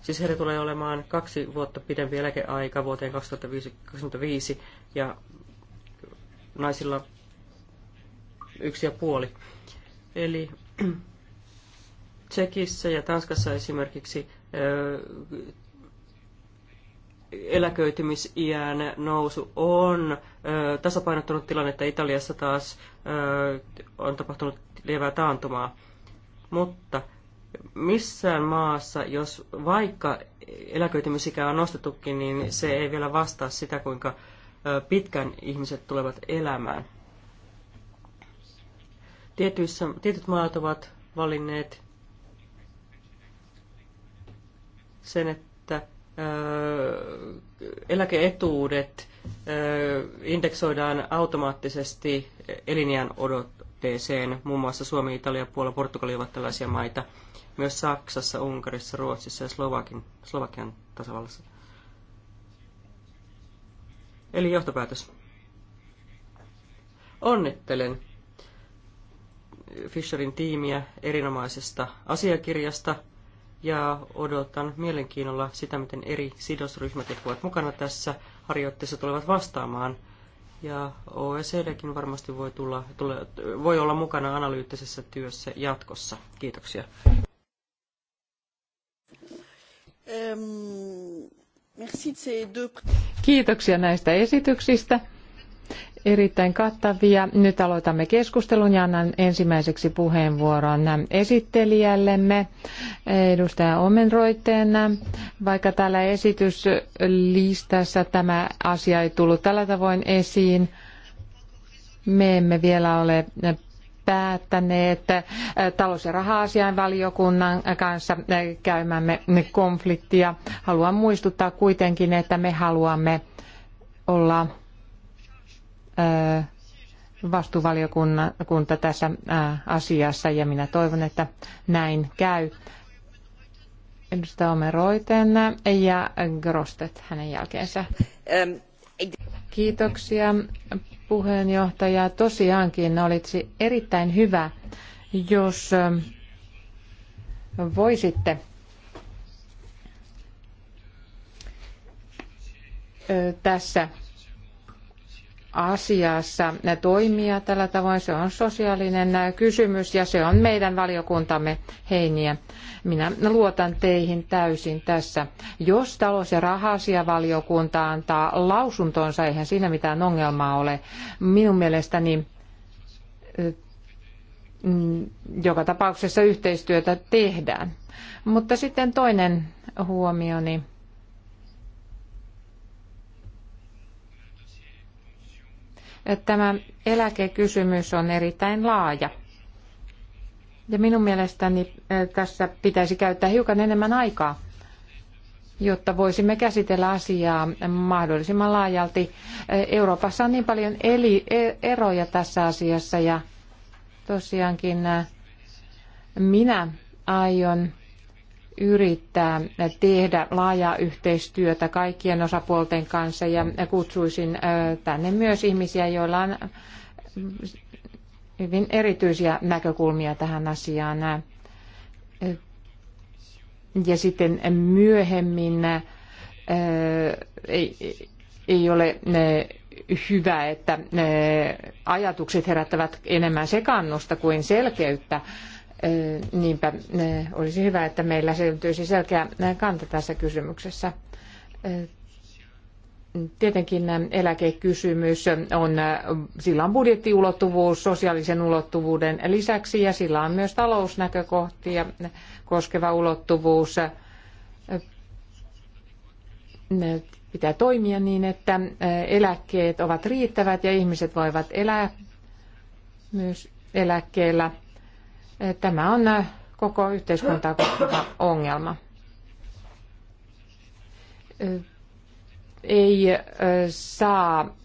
[SPEAKER 1] Siis heillä tulee olemaan kaksi vuotta pidempi eläkeaika vuoteen 2025 ja naisilla yksi ja puoli. Eli [CLEARS THROAT] Tsekissä ja Tanskassa esimerkiksi eläköitymisiän nousu on tasapainottanut tilannetta. Italiassa taas on tapahtunut lievää taantumaa. Mutta missään maassa, jos vaikka eläköitymisikä on nostettukin, niin se ei vielä vastaa sitä, kuinka pitkän ihmiset tulevat elämään. Tietyissä, tietyt maat ovat valinneet sen, että eläkeetuudet indeksoidaan automaattisesti elinjään odotteeseen. Muun muassa Suomi, Italia, Puola, Portugali ovat tällaisia maita – myös Saksassa, Unkarissa, Ruotsissa ja Slovakin, Slovakian tasavallassa. Eli johtopäätös. Onnittelen Fisherin tiimiä erinomaisesta asiakirjasta ja odotan mielenkiinnolla sitä, miten eri sidosryhmät, jotka ovat mukana tässä harjoitteessa, tulevat vastaamaan. Ja OECDkin varmasti voi, tulla, tule, voi olla mukana analyyttisessä työssä jatkossa. Kiitoksia.
[SPEAKER 2] Kiitoksia näistä esityksistä. Erittäin kattavia. Nyt aloitamme keskustelun ja annan ensimmäiseksi puheenvuoron esittelijällemme, edustaja Omenroitteen. Vaikka täällä esityslistassa tämä asia ei tullut tällä tavoin esiin, me emme vielä ole päättäneet talous- ja raha-asiainvaliokunnan kanssa käymämme konfliktia. Haluan muistuttaa kuitenkin, että me haluamme olla vastuuvaliokunta tässä asiassa ja minä toivon, että näin käy. Edustaja Omeroiten ja Grostet hänen jälkeensä. Kiitoksia puheenjohtaja. Tosiaankin olisi erittäin hyvä, jos ähm, voisitte äh, tässä asiassa toimia tällä tavoin. Se on sosiaalinen kysymys ja se on meidän valiokuntamme heiniä. Minä luotan teihin täysin tässä. Jos talous- ja rahasiavaliokunta antaa lausuntonsa, eihän siinä mitään ongelmaa ole. Minun mielestäni mm, joka tapauksessa yhteistyötä tehdään. Mutta sitten toinen huomioni. Niin Tämä eläkekysymys on erittäin laaja. Ja minun mielestäni eh, tässä pitäisi käyttää hiukan enemmän aikaa, jotta voisimme käsitellä asiaa mahdollisimman laajalti. Eh, Euroopassa on niin paljon eli, e, eroja tässä asiassa ja tosiaankin eh, minä aion yrittää tehdä laajaa yhteistyötä kaikkien osapuolten kanssa ja kutsuisin äh, tänne myös ihmisiä, joilla on hyvin erityisiä näkökulmia tähän asiaan. Ja sitten myöhemmin äh, ei, ei ole äh, hyvä, että ajatukset herättävät enemmän sekannusta kuin selkeyttä Niinpä olisi hyvä, että meillä selittyisi selkeä kanta tässä kysymyksessä. Tietenkin eläkekysymys on, sillä on budjettiulottuvuus sosiaalisen ulottuvuuden lisäksi ja sillä on myös talousnäkökohtia koskeva ulottuvuus. Pitää toimia niin, että eläkkeet ovat riittävät ja ihmiset voivat elää myös eläkkeellä Tämä on äh, koko yhteiskuntaa koskeva ongelma. Ei saa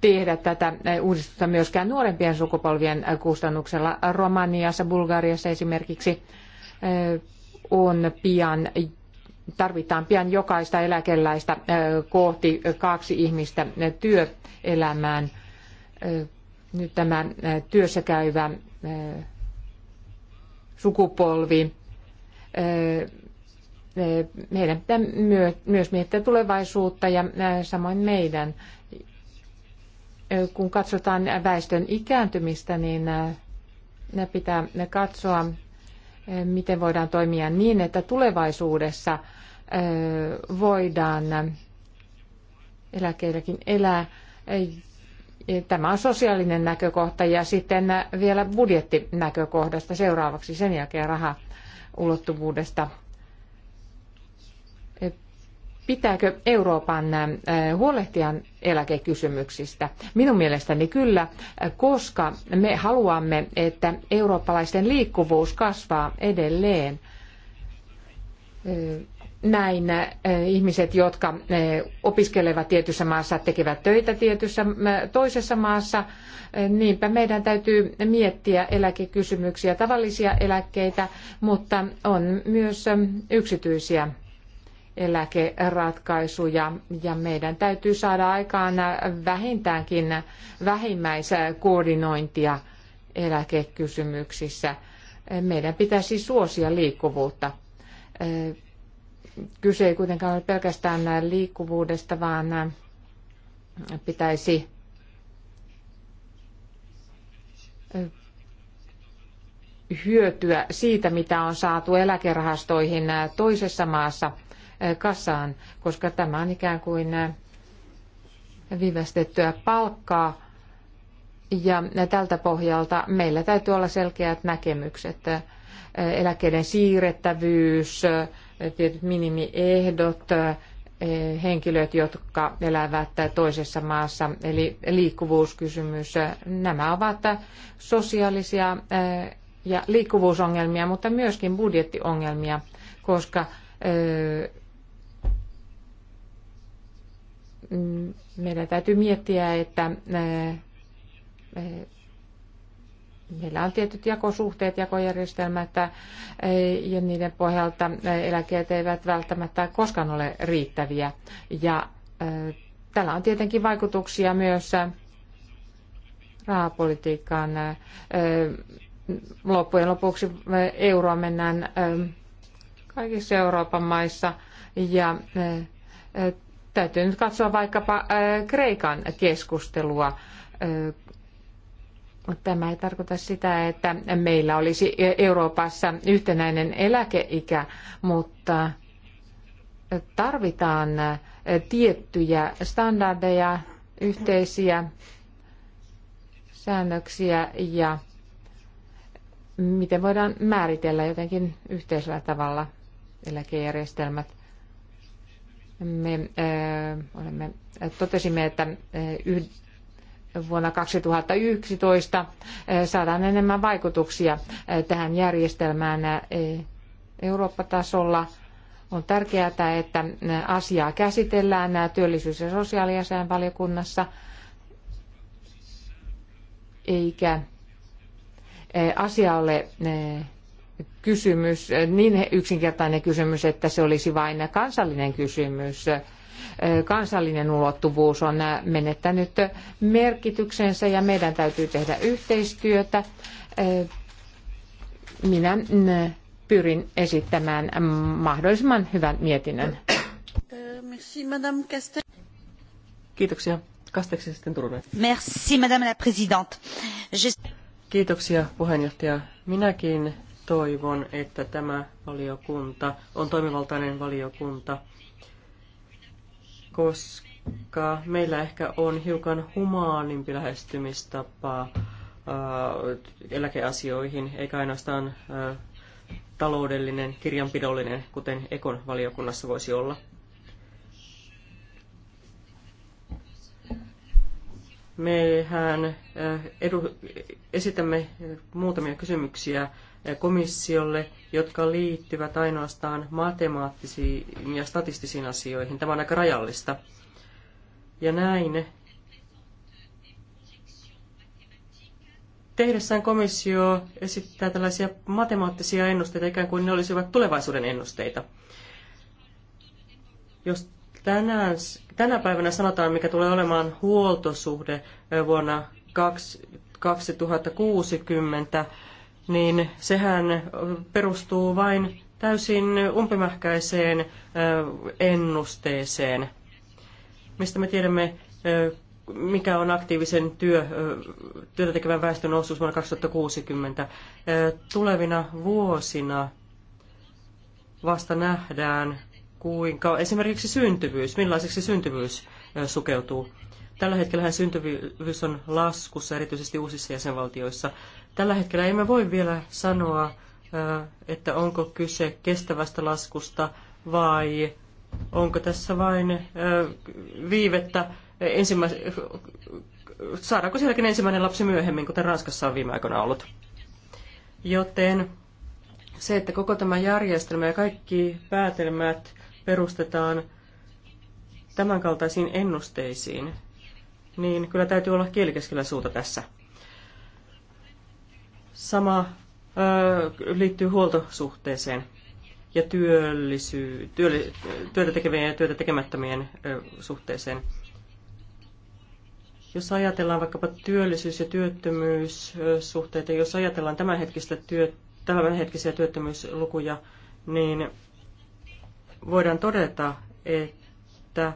[SPEAKER 2] tehdä tätä uudistusta myöskään nuorempien sukupolvien kustannuksella. Romaniassa, Bulgariassa esimerkiksi on pian, tarvitaan pian jokaista eläkeläistä kohti kaksi ihmistä työelämään. Nyt tämä työssä käyvä sukupolvi. Meidän pitää myös miettiä tulevaisuutta ja samoin meidän. Kun katsotaan väestön ikääntymistä, niin pitää katsoa, miten voidaan toimia niin, että tulevaisuudessa voidaan eläkeilläkin elää Tämä on sosiaalinen näkökohta ja sitten vielä budjettinäkökohdasta seuraavaksi, sen jälkeen rahaulottuvuudesta. Pitääkö Euroopan äh, huolehtia eläkekysymyksistä? Minun mielestäni kyllä, koska me haluamme, että eurooppalaisten liikkuvuus kasvaa edelleen äh, näin äh, ihmiset, jotka äh, opiskelevat tietyssä maassa, tekevät töitä tietyssä toisessa maassa. Äh, niinpä meidän täytyy miettiä eläkekysymyksiä, tavallisia eläkkeitä, mutta on myös ähm, yksityisiä eläkeratkaisuja ja meidän täytyy saada aikaan vähintäänkin vähimmäiskoordinointia eläkekysymyksissä. Meidän pitäisi suosia liikkuvuutta kyse ei kuitenkaan ole pelkästään liikkuvuudesta, vaan pitäisi hyötyä siitä, mitä on saatu eläkerahastoihin toisessa maassa kassaan, koska tämä on ikään kuin viivästettyä palkkaa. Ja tältä pohjalta meillä täytyy olla selkeät näkemykset. Eläkkeiden siirrettävyys, tietyt minimiehdot, eh, henkilöt, jotka elävät toisessa maassa, eli liikkuvuuskysymys. Nämä ovat sosiaalisia eh, ja liikkuvuusongelmia, mutta myöskin budjettiongelmia, koska eh, mm, meidän täytyy miettiä, että meillä on tietyt jakosuhteet, jakojärjestelmät eh, ja niiden pohjalta eh, eläkkeet eivät välttämättä koskaan ole riittäviä. Ja eh, tällä on tietenkin vaikutuksia myös rahapolitiikkaan. Loppujen lopuksi euroa mennään kaikissa Euroopan maissa ja täytyy nyt katsoa vaikkapa Kreikan keskustelua Tämä ei tarkoita sitä, että meillä olisi e- Euroopassa yhtenäinen eläkeikä, mutta tarvitaan tiettyjä standardeja, yhteisiä säännöksiä ja miten voidaan määritellä jotenkin yhteisellä tavalla eläkejärjestelmät. Me olemme, totesimme, että vuonna 2011 eh, saadaan enemmän vaikutuksia eh, tähän järjestelmään eh, Eurooppa-tasolla. On tärkeää, että asiaa käsitellään työllisyys- ja sosiaaliasiainvaliokunnassa, eikä asia ole kysymys, niin yksinkertainen kysymys, että se olisi vain kansallinen kysymys. Kansallinen ulottuvuus on menettänyt merkityksensä ja meidän täytyy tehdä yhteistyötä. Minä pyrin esittämään mahdollisimman hyvän mietinnön. Kiitoksia. Kasteksi sitten
[SPEAKER 1] Merci, madame la présidente. Kiitoksia puheenjohtaja. Minäkin toivon, että tämä valiokunta on toimivaltainen valiokunta, koska meillä ehkä on hiukan humaanimpi lähestymistapa äh, eläkeasioihin, eikä ainoastaan äh, taloudellinen, kirjanpidollinen, kuten Ekon valiokunnassa voisi olla. Mehän äh, edu, esitämme muutamia kysymyksiä komissiolle, jotka liittyvät ainoastaan matemaattisiin ja statistisiin asioihin. Tämä on aika rajallista. Ja näin tehdessään komissio esittää tällaisia matemaattisia ennusteita, ikään kuin ne olisivat tulevaisuuden ennusteita. Jos tänään, tänä päivänä sanotaan, mikä tulee olemaan huoltosuhde vuonna 2060, niin sehän perustuu vain täysin umpimähkäiseen ennusteeseen, mistä me tiedämme, mikä on aktiivisen työ, työtä tekevän väestön osuus vuonna 2060. Tulevina vuosina vasta nähdään, kuinka esimerkiksi syntyvyys, millaiseksi syntyvyys sukeutuu. Tällä hetkellä syntyvyys on laskussa, erityisesti uusissa jäsenvaltioissa. Tällä hetkellä emme voi vielä sanoa, että onko kyse kestävästä laskusta vai onko tässä vain viivettä ensimmäis saadaanko sielläkin ensimmäinen lapsi myöhemmin, kuten Ranskassa on viime aikoina ollut. Joten se, että koko tämä järjestelmä ja kaikki päätelmät perustetaan tämänkaltaisiin ennusteisiin, niin kyllä täytyy olla kielikeskellä suuta tässä. Sama liittyy huoltosuhteeseen ja työllisy, työli, työtä tekevien ja työtä tekemättömien suhteeseen. Jos ajatellaan vaikkapa työllisyys- ja työttömyyssuhteita, jos ajatellaan tämänhetkistä työ, tämänhetkisiä työttömyyslukuja, niin voidaan todeta, että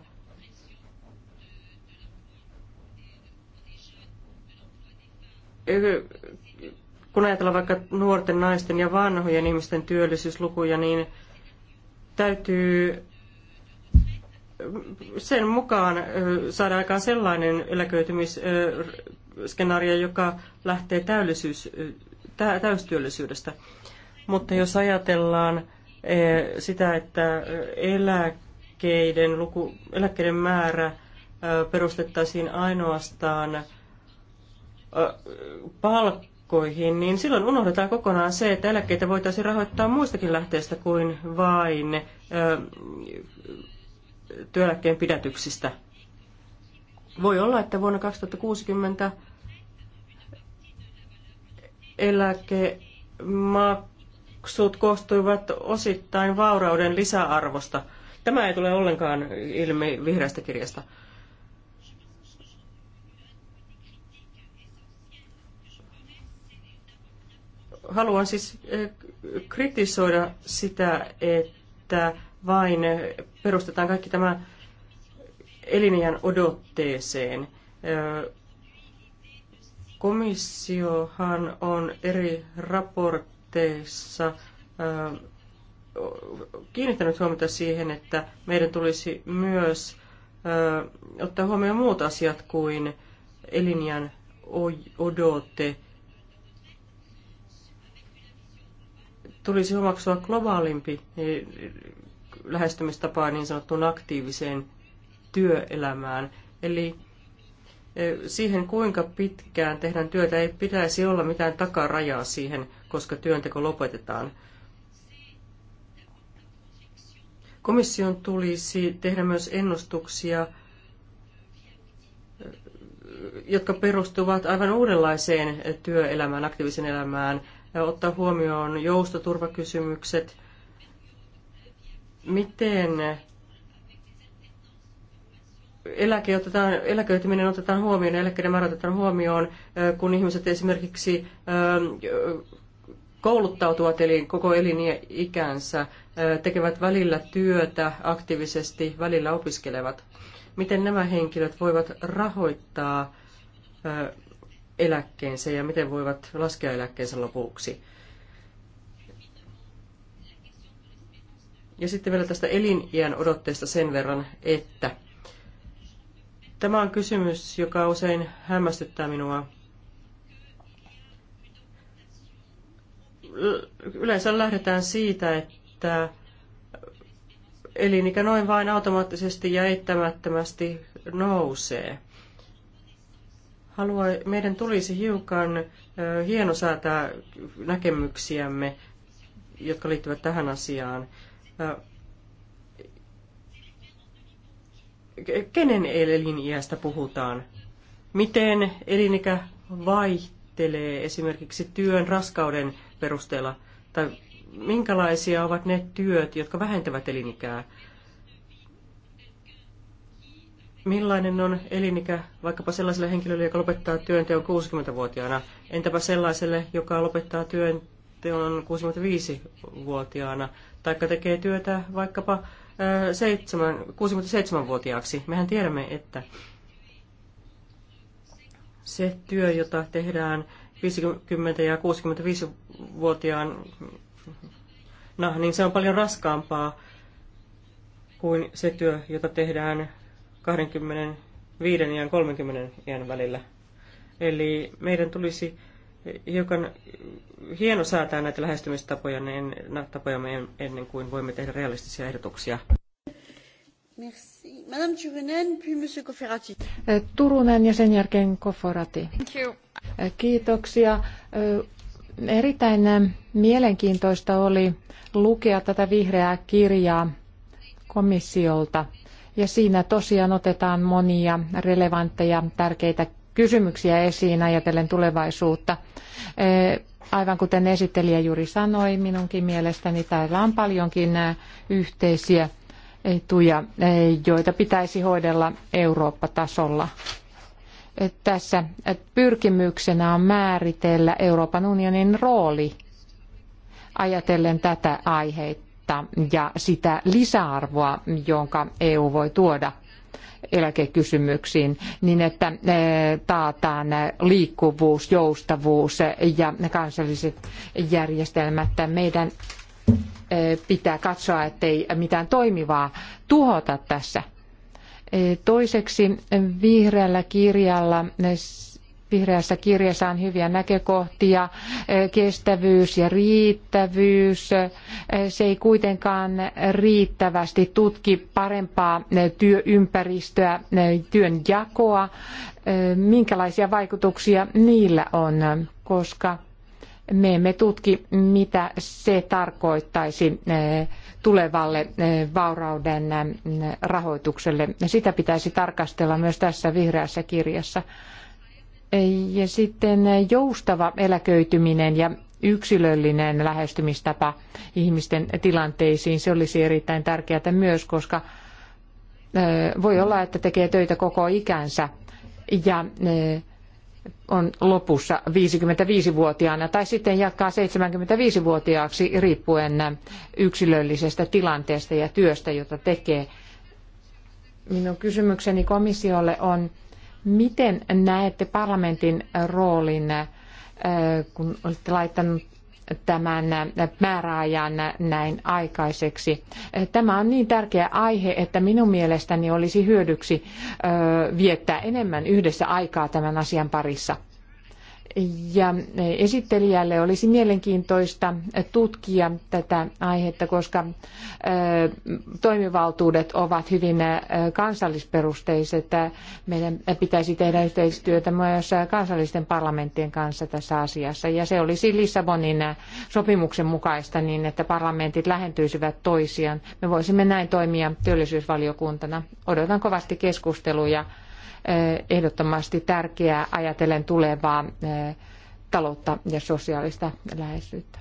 [SPEAKER 1] kun ajatellaan vaikka nuorten naisten ja vanhojen ihmisten työllisyyslukuja, niin täytyy sen mukaan saada aikaan sellainen eläköitymisskenaario, joka lähtee täystyöllisyydestä. Mutta jos ajatellaan sitä, että eläkkeiden, luku, eläkkeiden määrä perustettaisiin ainoastaan palk, palkkoihin, niin silloin unohdetaan kokonaan se, että eläkkeitä voitaisiin rahoittaa muistakin lähteistä kuin vain ö, työeläkkeen pidätyksistä. Voi olla, että vuonna 2060 eläkemaksut koostuivat osittain vaurauden lisäarvosta. Tämä ei tule ollenkaan ilmi vihreästä kirjasta. haluan siis kritisoida sitä, että vain perustetaan kaikki tämä elinajan odotteeseen. Komissiohan on eri raporteissa kiinnittänyt huomiota siihen, että meidän tulisi myös ottaa huomioon muut asiat kuin elinjän odote – tulisi omaksua globaalimpi e, lähestymistapa niin sanottuun aktiiviseen työelämään. Eli e, siihen, kuinka pitkään tehdään työtä, ei pitäisi olla mitään takarajaa siihen, koska työnteko lopetetaan. Komission tulisi tehdä myös ennustuksia, e, jotka perustuvat aivan uudenlaiseen työelämään, aktiiviseen elämään, ottaa huomioon joustoturvakysymykset. Miten eläke otetaan, eläköityminen otetaan huomioon ja eläkkeiden määrä otetaan huomioon, kun ihmiset esimerkiksi kouluttautuvat eli koko elinikänsä, tekevät välillä työtä aktiivisesti, välillä opiskelevat. Miten nämä henkilöt voivat rahoittaa eläkkeensä ja miten voivat laskea eläkkeensä lopuksi. Ja sitten vielä tästä eliniän odotteesta sen verran, että tämä on kysymys, joka usein hämmästyttää minua. Yleensä lähdetään siitä, että elinikä noin vain automaattisesti ja eittämättömästi nousee – halua, meidän tulisi hiukan hienosäätää näkemyksiämme, jotka liittyvät tähän asiaan. Kenen eliniästä puhutaan? Miten elinikä vaihtelee esimerkiksi työn raskauden perusteella? Tai minkälaisia ovat ne työt, jotka vähentävät elinikää? Millainen on elinikä vaikkapa sellaiselle henkilölle, joka lopettaa työnteon 60-vuotiaana? Entäpä sellaiselle, joka lopettaa työnteon 65-vuotiaana? Taikka tekee työtä vaikkapa 7, 67-vuotiaaksi? Mehän tiedämme, että se työ, jota tehdään 50- ja 65-vuotiaan, nah, niin se on paljon raskaampaa kuin se työ, jota tehdään 25 ja 30 iän välillä. Eli meidän tulisi hiukan hieno säätää näitä lähestymistapoja niin, tapoja ennen kuin voimme tehdä realistisia ehdotuksia. Merci. Madame Turunen, puis Monsieur
[SPEAKER 2] Koferati. Turunen ja sen jälkeen Koferati. Thank you. Kiitoksia. Erittäin mielenkiintoista oli lukea tätä vihreää kirjaa komissiolta – ja siinä tosiaan otetaan monia relevantteja, tärkeitä kysymyksiä esiin ajatellen tulevaisuutta. E, aivan kuten esittelijä juuri sanoi, minunkin mielestäni täällä on paljonkin yhteisiä etuja, e, joita pitäisi hoidella Eurooppa-tasolla. E, tässä pyrkimyksenä on määritellä Euroopan unionin rooli ajatellen tätä aihetta osaamista ja sitä lisäarvoa, jonka EU voi tuoda eläkekysymyksiin, niin että eh, taataan liikkuvuus, joustavuus ja kansalliset järjestelmät. Meidän eh, pitää katsoa, ettei mitään toimivaa tuhota tässä. Eh, toiseksi vihreällä kirjalla Vihreässä kirjassa on hyviä näkökohtia, eh, kestävyys ja riittävyys. Eh, se ei kuitenkaan riittävästi tutki parempaa eh, työympäristöä, työn jakoa, minkälaisia vaikutuksia niillä on, koska me emme tutki, mitä se tarkoittaisi tulevalle vaurauden rahoitukselle. Sitä pitäisi tarkastella myös tässä vihreässä kirjassa. Ja sitten joustava eläköityminen ja yksilöllinen lähestymistapa ihmisten tilanteisiin, se olisi erittäin tärkeää myös, koska voi olla, että tekee töitä koko ikänsä ja on lopussa 55-vuotiaana tai sitten jatkaa 75-vuotiaaksi riippuen yksilöllisestä tilanteesta ja työstä, jota tekee. Minun kysymykseni komissiolle on, Miten näette parlamentin roolin, äh, kun olette laittanut tämän äh, määräajan näin aikaiseksi. Äh, tämä on niin tärkeä aihe, että minun mielestäni olisi hyödyksi viettää enemmän yhdessä aikaa tämän asian parissa. Ja esittelijälle olisi mielenkiintoista tutkia tätä aihetta, koska toimivaltuudet ovat hyvin kansallisperusteiset. Meidän pitäisi tehdä yhteistyötä myös kansallisten parlamenttien kanssa tässä asiassa. Ja se olisi Lissabonin sopimuksen mukaista niin, että parlamentit lähentyisivät toisiaan. Me voisimme näin toimia työllisyysvaliokuntana. Odotan kovasti keskusteluja ehdottomasti tärkeää ajatellen tulevaa taloutta ja sosiaalista läheisyyttä.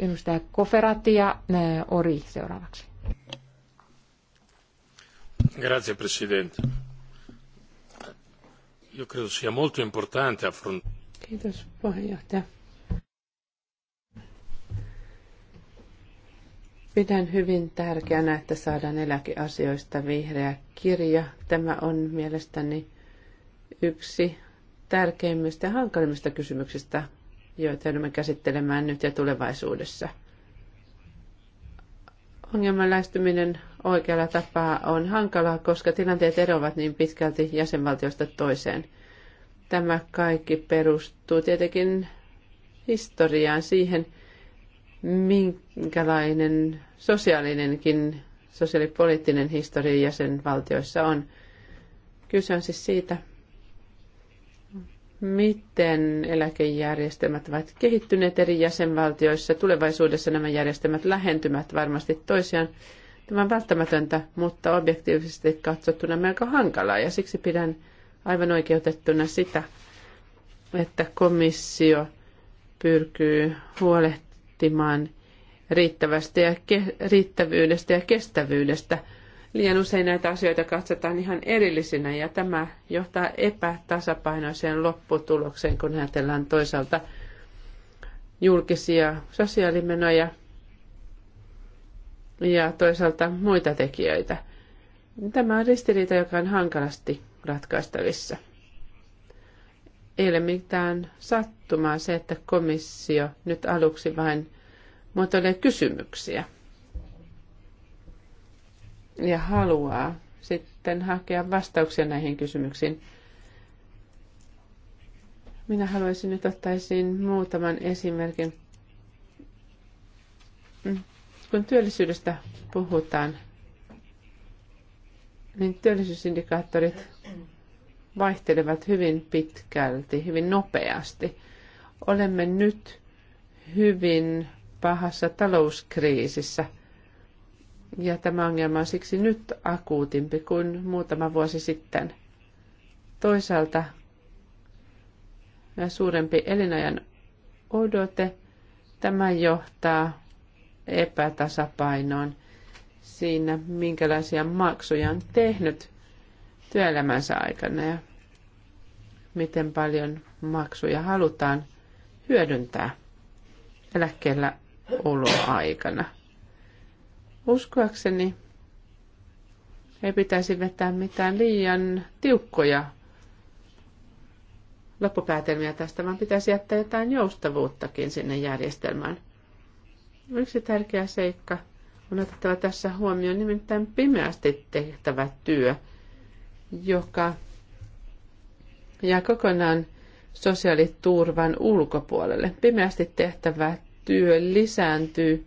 [SPEAKER 2] Edustaja Koferati ja Ori seuraavaksi.
[SPEAKER 3] Grazie Presidente. Io credo sia molto importante affrontare. Kiitos puheenjohtaja. Pidän hyvin tärkeänä, että saadaan eläkeasioista vihreä kirja. Tämä on mielestäni yksi tärkeimmistä ja hankalimmista kysymyksistä, joita joudumme käsittelemään nyt ja tulevaisuudessa. Ongelman lähestyminen oikealla tapaa on hankalaa, koska tilanteet eroavat niin pitkälti jäsenvaltiosta toiseen. Tämä kaikki perustuu tietenkin historiaan siihen, minkälainen sosiaalinenkin, sosiaalipoliittinen historia jäsenvaltioissa on. Kyse on siis siitä, miten eläkejärjestelmät ovat kehittyneet eri jäsenvaltioissa. Tulevaisuudessa nämä järjestelmät lähentymät varmasti toisiaan. Tämä on välttämätöntä, mutta objektiivisesti katsottuna melko hankalaa, ja siksi pidän aivan oikeutettuna sitä, että komissio pyrkyy huolehtimaan huolehtimaan riittävästä ja ke- riittävyydestä ja kestävyydestä. Liian usein näitä asioita katsotaan ihan erillisinä ja tämä johtaa epätasapainoiseen lopputulokseen, kun ajatellaan toisaalta julkisia sosiaalimenoja ja toisaalta muita tekijöitä. Tämä on ristiriita, joka on hankalasti ratkaistavissa. Ei ole mitään sattumaa se, että komissio nyt aluksi vain muotoilee kysymyksiä ja haluaa sitten hakea vastauksia näihin kysymyksiin. Minä haluaisin nyt ottaisin muutaman esimerkin. Kun työllisyydestä puhutaan, niin työllisyysindikaattorit vaihtelevat hyvin pitkälti, hyvin nopeasti. Olemme nyt hyvin pahassa talouskriisissä. Ja tämä ongelma on siksi nyt akuutimpi kuin muutama vuosi sitten. Toisaalta suurempi elinajan odote, tämä johtaa epätasapainoon siinä, minkälaisia maksuja on tehnyt työelämänsä aikana. Ja miten paljon maksuja halutaan hyödyntää eläkkeellä oloaikana. Uskoakseni ei pitäisi vetää mitään liian tiukkoja loppupäätelmiä tästä, vaan pitäisi jättää jotain joustavuuttakin sinne järjestelmään. Yksi tärkeä seikka on otettava tässä huomioon nimittäin pimeästi tehtävä työ, joka ja kokonaan sosiaaliturvan ulkopuolelle. Pimeästi tehtävä työ lisääntyy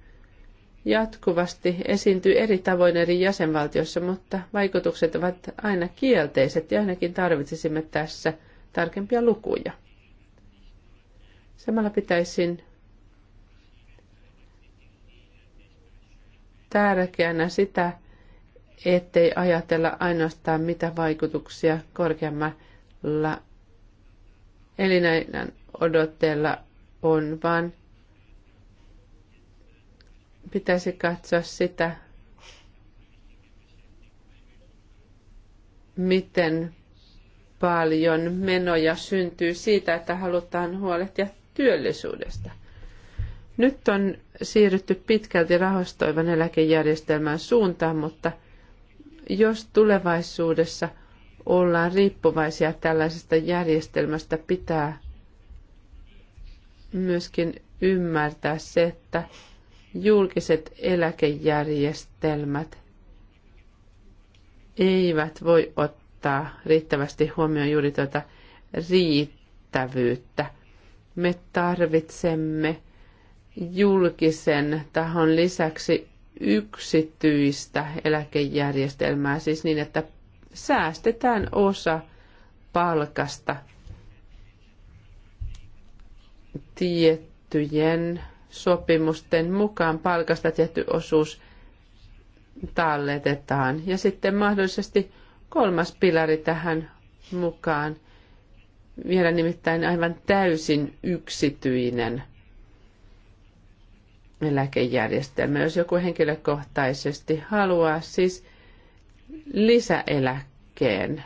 [SPEAKER 3] jatkuvasti, esiintyy eri tavoin eri jäsenvaltioissa, mutta vaikutukset ovat aina kielteiset ja ainakin tarvitsisimme tässä tarkempia lukuja. Samalla pitäisin tärkeänä sitä, ettei ajatella ainoastaan mitä vaikutuksia korkeamman Eli elinäinen odotteella on, vaan pitäisi katsoa sitä, miten paljon menoja syntyy siitä, että halutaan huolehtia työllisyydestä. Nyt on siirrytty pitkälti rahastoivan eläkejärjestelmän suuntaan, mutta jos tulevaisuudessa – ollaan riippuvaisia tällaisesta järjestelmästä, pitää myöskin ymmärtää se, että julkiset eläkejärjestelmät eivät voi ottaa riittävästi huomioon juuri tuota riittävyyttä. Me tarvitsemme julkisen tahon lisäksi yksityistä eläkejärjestelmää, siis niin, että säästetään osa palkasta tiettyjen sopimusten mukaan palkasta tietty osuus talletetaan. Ja sitten mahdollisesti kolmas pilari tähän mukaan, vielä nimittäin aivan täysin yksityinen eläkejärjestelmä. Jos joku henkilökohtaisesti haluaa siis lisäeläkkeen.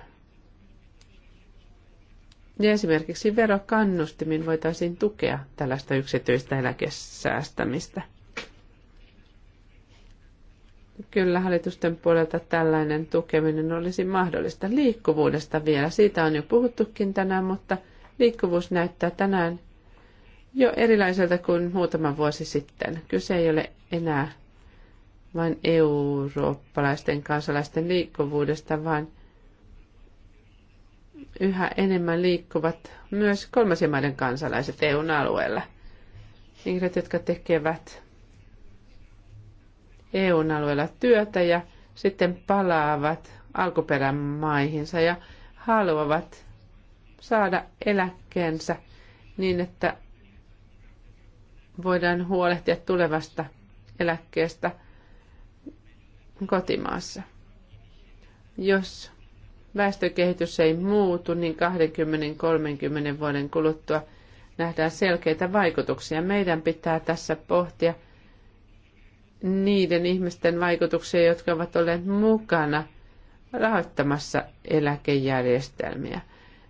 [SPEAKER 3] Ja esimerkiksi verokannustimin voitaisiin tukea tällaista yksityistä eläkesäästämistä. Kyllä hallitusten puolelta tällainen tukeminen olisi mahdollista. Liikkuvuudesta vielä, siitä on jo puhuttukin tänään, mutta liikkuvuus näyttää tänään jo erilaiselta kuin muutama vuosi sitten. Kyse ei ole enää vain eurooppalaisten kansalaisten liikkuvuudesta, vaan yhä enemmän liikkuvat myös kolmansien maiden kansalaiset EUn alueella. Ihmiset, jotka tekevät EUn alueella työtä ja sitten palaavat alkuperän maihinsa ja haluavat saada eläkkeensä niin, että voidaan huolehtia tulevasta eläkkeestä – kotimaassa. Jos väestökehitys ei muutu, niin 20-30 vuoden kuluttua nähdään selkeitä vaikutuksia. Meidän pitää tässä pohtia niiden ihmisten vaikutuksia, jotka ovat olleet mukana rahoittamassa eläkejärjestelmiä.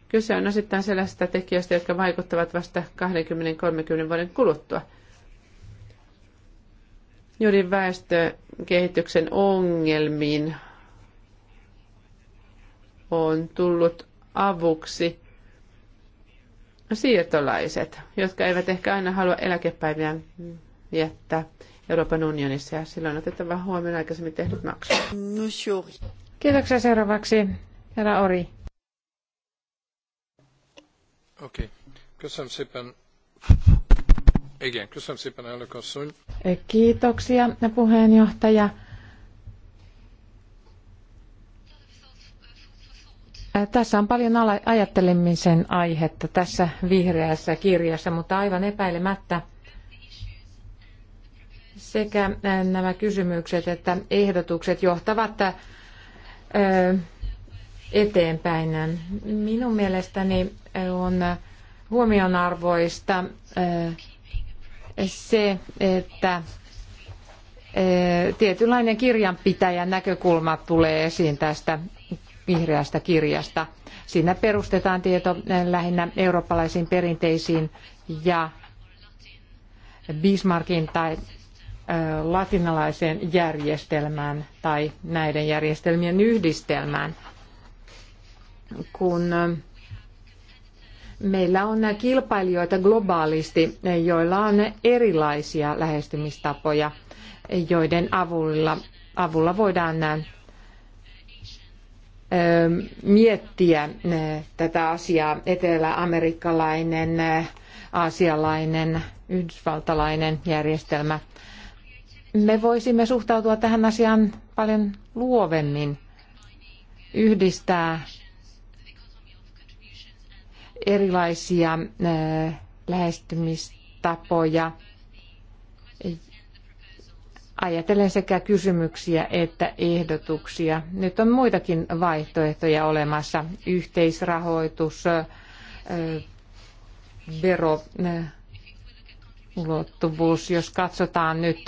[SPEAKER 3] Kyse on osittain sellaisista tekijöistä, jotka vaikuttavat vasta 20-30 vuoden kuluttua – juuri väestökehityksen ongelmiin on tullut avuksi siirtolaiset, jotka eivät ehkä aina halua eläkepäiviä jättää Euroopan unionissa ja silloin otetaan huomioon aikaisemmin tehdyt maksut.
[SPEAKER 2] Kiitoksia seuraavaksi. Herra Ori.
[SPEAKER 3] Okei. Okay. Kysymys sitten. Igen, kysymys sitten elnök asszony.
[SPEAKER 2] Kiitoksia puheenjohtaja. Tässä on paljon ajattelemisen aihetta tässä vihreässä kirjassa, mutta aivan epäilemättä sekä nämä kysymykset että ehdotukset johtavat eteenpäin. Minun mielestäni on huomionarvoista se, että e, tietynlainen kirjanpitäjän näkökulma tulee esiin tästä vihreästä kirjasta. Siinä perustetaan tieto e, lähinnä eurooppalaisiin perinteisiin ja Bismarckin tai e, latinalaiseen järjestelmään tai näiden järjestelmien yhdistelmään. Kun Meillä on kilpailijoita globaalisti, joilla on erilaisia lähestymistapoja, joiden avulla, avulla voidaan miettiä tätä asiaa eteläamerikkalainen, aasialainen, yhdysvaltalainen järjestelmä. Me voisimme suhtautua tähän asiaan paljon luovemmin, yhdistää erilaisia lähestymistapoja ajatellen sekä kysymyksiä että ehdotuksia. Nyt on muitakin vaihtoehtoja olemassa. Yhteisrahoitus, ulottuvuus. Jos katsotaan nyt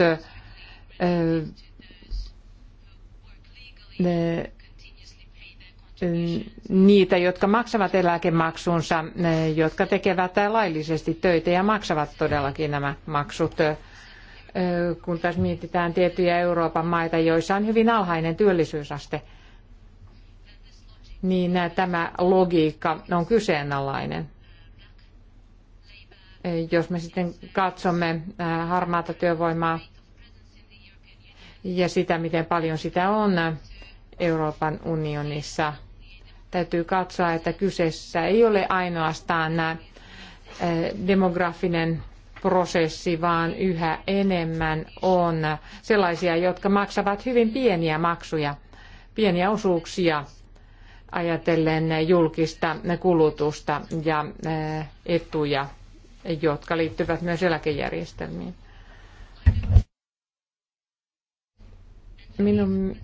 [SPEAKER 2] niitä, jotka maksavat eläkemaksunsa, jotka tekevät laillisesti töitä ja maksavat todellakin nämä maksut. Kun taas mietitään tiettyjä Euroopan maita, joissa on hyvin alhainen työllisyysaste, niin tämä logiikka on kyseenalainen. Jos me sitten katsomme harmaata työvoimaa ja sitä, miten paljon sitä on Euroopan unionissa – täytyy katsoa, että kyseessä ei ole ainoastaan nämä eh, demografinen prosessi, vaan yhä enemmän on sellaisia, jotka maksavat hyvin pieniä maksuja, pieniä osuuksia ajatellen julkista kulutusta ja eh, etuja, jotka liittyvät myös eläkejärjestelmiin. Minun,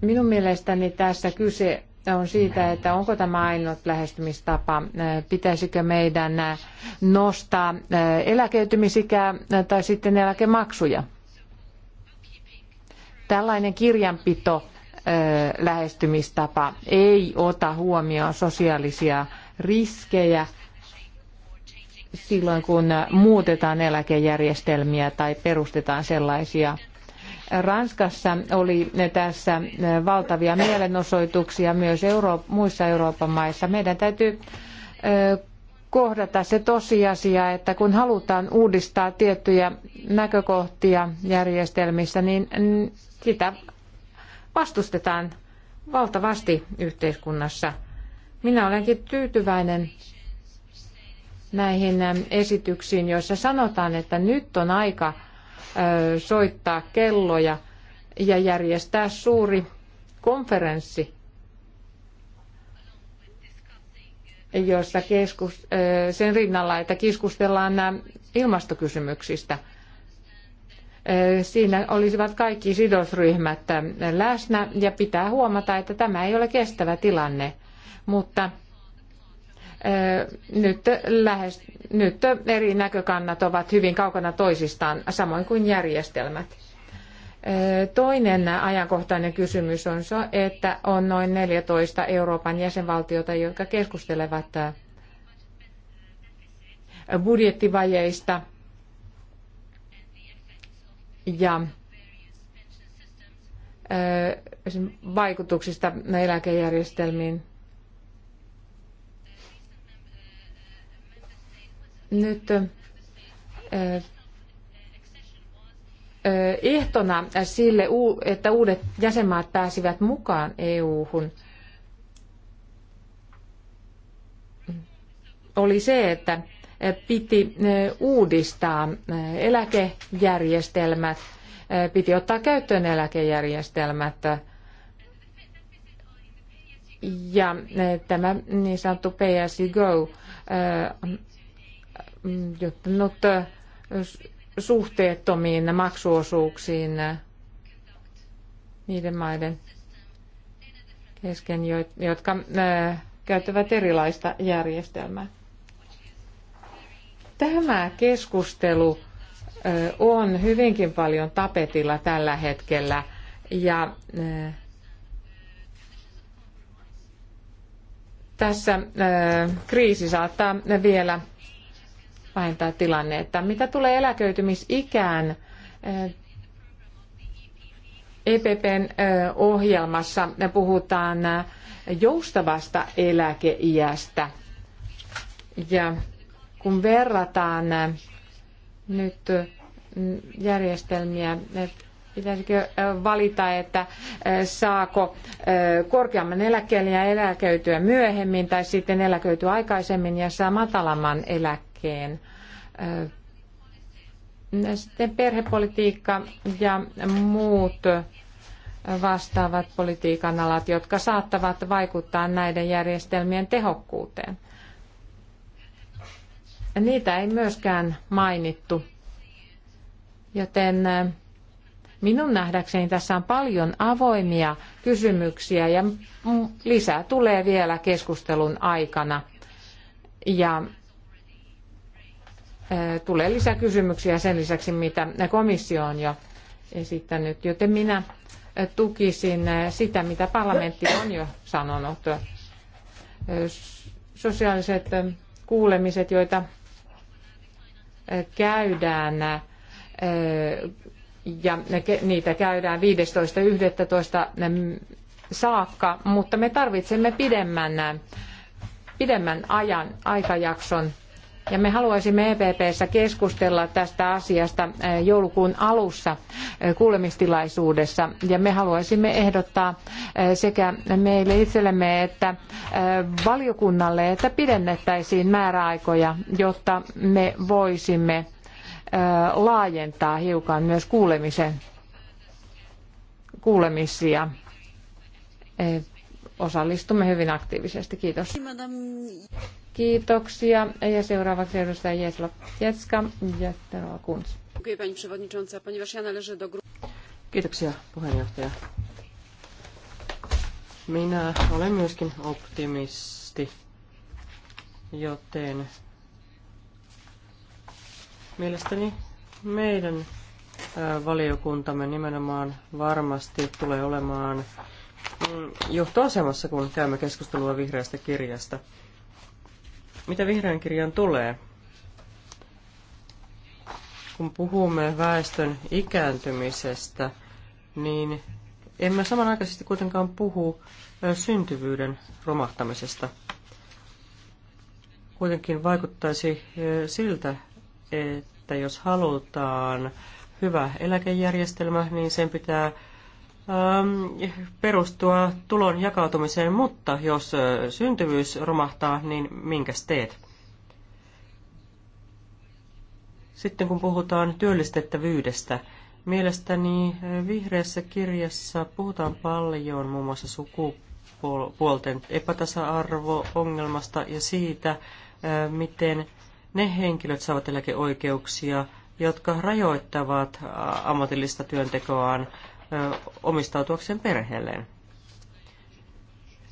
[SPEAKER 2] minun mielestäni tässä kyse on siitä, että onko tämä ainut lähestymistapa. Äh, pitäisikö meidän äh, nostaa äh, eläkeytymisikää tai sitten eläkemaksuja? Tällainen kirjanpito lähestymistapa ei ota huomioon sosiaalisia riskejä silloin, kun muutetaan eläkejärjestelmiä tai perustetaan sellaisia – Ranskassa oli tässä valtavia mielenosoituksia myös Euro- muissa Euroopan maissa. Meidän täytyy kohdata se tosiasia, että kun halutaan uudistaa tiettyjä näkökohtia järjestelmissä, niin mm, sitä vastustetaan valtavasti yhteiskunnassa. Minä olenkin tyytyväinen näihin esityksiin, joissa sanotaan, että nyt on aika soittaa kelloja ja järjestää suuri konferenssi, jossa keskus, sen rinnalla, että keskustellaan ilmastokysymyksistä. Siinä olisivat kaikki sidosryhmät läsnä ja pitää huomata, että tämä ei ole kestävä tilanne, mutta nyt, lähes, nyt eri näkökannat ovat hyvin kaukana toisistaan, samoin kuin järjestelmät. Toinen ajankohtainen kysymys on se, että on noin 14 Euroopan jäsenvaltiota, jotka keskustelevat budjettivajeista ja vaikutuksista eläkejärjestelmiin Nyt ehtona sille, että uudet jäsenmaat pääsivät mukaan EU-hun, oli se, että piti uudistaa eläkejärjestelmät, piti ottaa käyttöön eläkejärjestelmät. Ja tämä niin sanottu pay as you go johtanut suhteettomiin maksuosuuksiin niiden maiden kesken, jotka käyttävät erilaista järjestelmää. Tämä keskustelu on hyvinkin paljon tapetilla tällä hetkellä ja tässä kriisi saattaa vielä vähentää että Mitä tulee eläköitymisikään, EPPn eh, e eh, ohjelmassa puhutaan eh, joustavasta eläkeiästä. Ja kun verrataan nyt järjestelmiä, pitäisikö valita, että saako korkeamman eläkkeen ja eläköityä myöhemmin tai sitten eläköityä aikaisemmin ja saa matalamman eläkkeen jälkeen. Sitten perhepolitiikka ja muut vastaavat politiikan alat, jotka saattavat vaikuttaa näiden järjestelmien tehokkuuteen. Niitä ei myöskään mainittu, joten minun nähdäkseni tässä on paljon avoimia kysymyksiä ja lisää tulee vielä keskustelun aikana. Ja tulee lisäkysymyksiä sen lisäksi, mitä komissio on jo esittänyt, joten minä tukisin sitä, mitä parlamentti on jo sanonut. Sosiaaliset kuulemiset, joita käydään ja niitä käydään 15.11. saakka, mutta me tarvitsemme pidemmän, pidemmän ajan, aikajakson ja me haluaisimme EPPssä keskustella tästä asiasta eh, joulukuun alussa eh, kuulemistilaisuudessa. Ja me haluaisimme ehdottaa eh, sekä meille itsellemme että valiokunnalle, että pidennettäisiin määräaikoja, jotta me voisimme laajentaa hiukan myös kuulemisen, kuulemisia. Osallistumme hyvin aktiivisesti. Kiitos. Kiitoksia. Ja seuraavaksi edustaja Jeslo Jetska ja Terva Kunz. Kiitoksia puheenjohtaja.
[SPEAKER 1] Minä olen myöskin optimisti, joten mielestäni meidän valiokuntamme nimenomaan varmasti tulee olemaan mm, johtoasemassa, kun käymme keskustelua vihreästä kirjasta. Mitä vihreän kirjan tulee? Kun puhumme väestön ikääntymisestä, niin emme samanaikaisesti kuitenkaan puhu syntyvyyden romahtamisesta. Kuitenkin vaikuttaisi siltä, että jos halutaan hyvä eläkejärjestelmä, niin sen pitää Ähm, perustua tulon jakautumiseen, mutta jos äh, syntyvyys romahtaa, niin minkäs teet? Sitten kun puhutaan työllistettävyydestä, mielestäni äh, vihreässä kirjassa puhutaan paljon muun muassa sukupuolten epätasa-arvo-ongelmasta ja siitä, äh, miten ne henkilöt saavat eläkeoikeuksia, jotka rajoittavat ammatillista työntekoaan omistautuakseen perheelleen.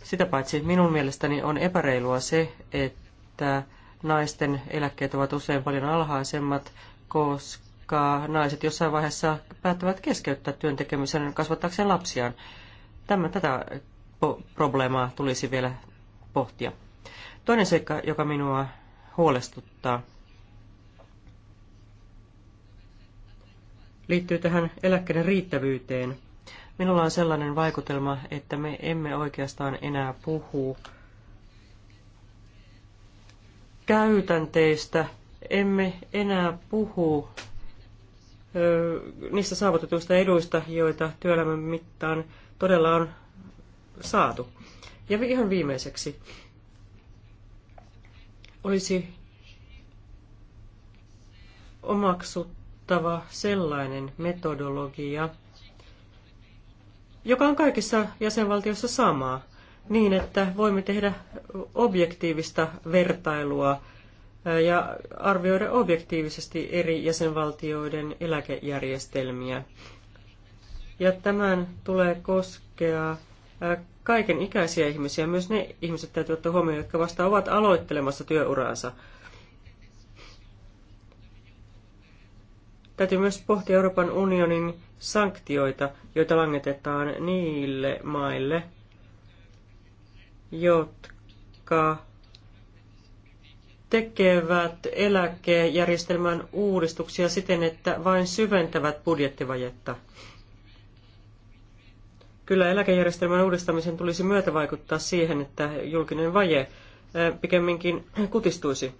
[SPEAKER 1] Sitä paitsi minun mielestäni on epäreilua se, että naisten eläkkeet ovat usein paljon alhaisemmat, koska naiset jossain vaiheessa päättävät keskeyttää työntekemisen kasvattaakseen lapsiaan. Tämä, tätä probleemaa tulisi vielä pohtia. Toinen seikka, joka minua huolestuttaa, liittyy tähän eläkkeiden riittävyyteen. Minulla on sellainen vaikutelma, että me emme oikeastaan enää puhu käytänteistä, emme enää puhu ö, niistä saavutetuista eduista, joita työelämän mittaan todella on saatu. Ja ihan viimeiseksi olisi omaksuttu vaikuttava sellainen metodologia, joka on kaikissa jäsenvaltioissa sama, niin että voimme tehdä objektiivista vertailua ja arvioida objektiivisesti eri jäsenvaltioiden eläkejärjestelmiä. Ja tämän tulee koskea kaiken ikäisiä ihmisiä, myös ne ihmiset täytyy ottaa huomioon, jotka vasta ovat aloittelemassa työuraansa. Täytyy myös pohtia Euroopan unionin sanktioita, joita langetetaan niille maille, jotka tekevät eläkejärjestelmän uudistuksia siten, että vain syventävät budjettivajetta. Kyllä eläkejärjestelmän uudistamisen tulisi myötävaikuttaa siihen, että julkinen vaje pikemminkin kutistuisi.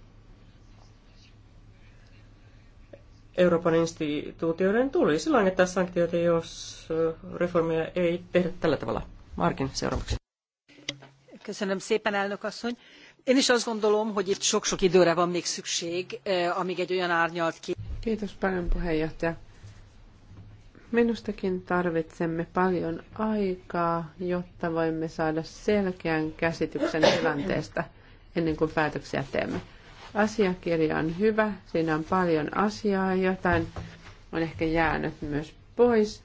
[SPEAKER 1] Euroopan instituutioiden tulisi langettaa sanktioita, jos reformia ei tehdä tällä tavalla. Markin seuraavaksi.
[SPEAKER 2] Köszönöm szépen, elnök asszony. Én is azt gondolom, hogy itt sok-sok időre van még szükség, amíg egy olyan árnyalt ki. Kiitos paljon puheenjohtaja.
[SPEAKER 3] Minustakin tarvitsemme paljon aikaa, jotta voimme saada selkeän käsityksen tilanteesta ennen kuin päätöksiä teemme. Asiakirja on hyvä, siinä on paljon asiaa, jotain on ehkä jäänyt myös pois.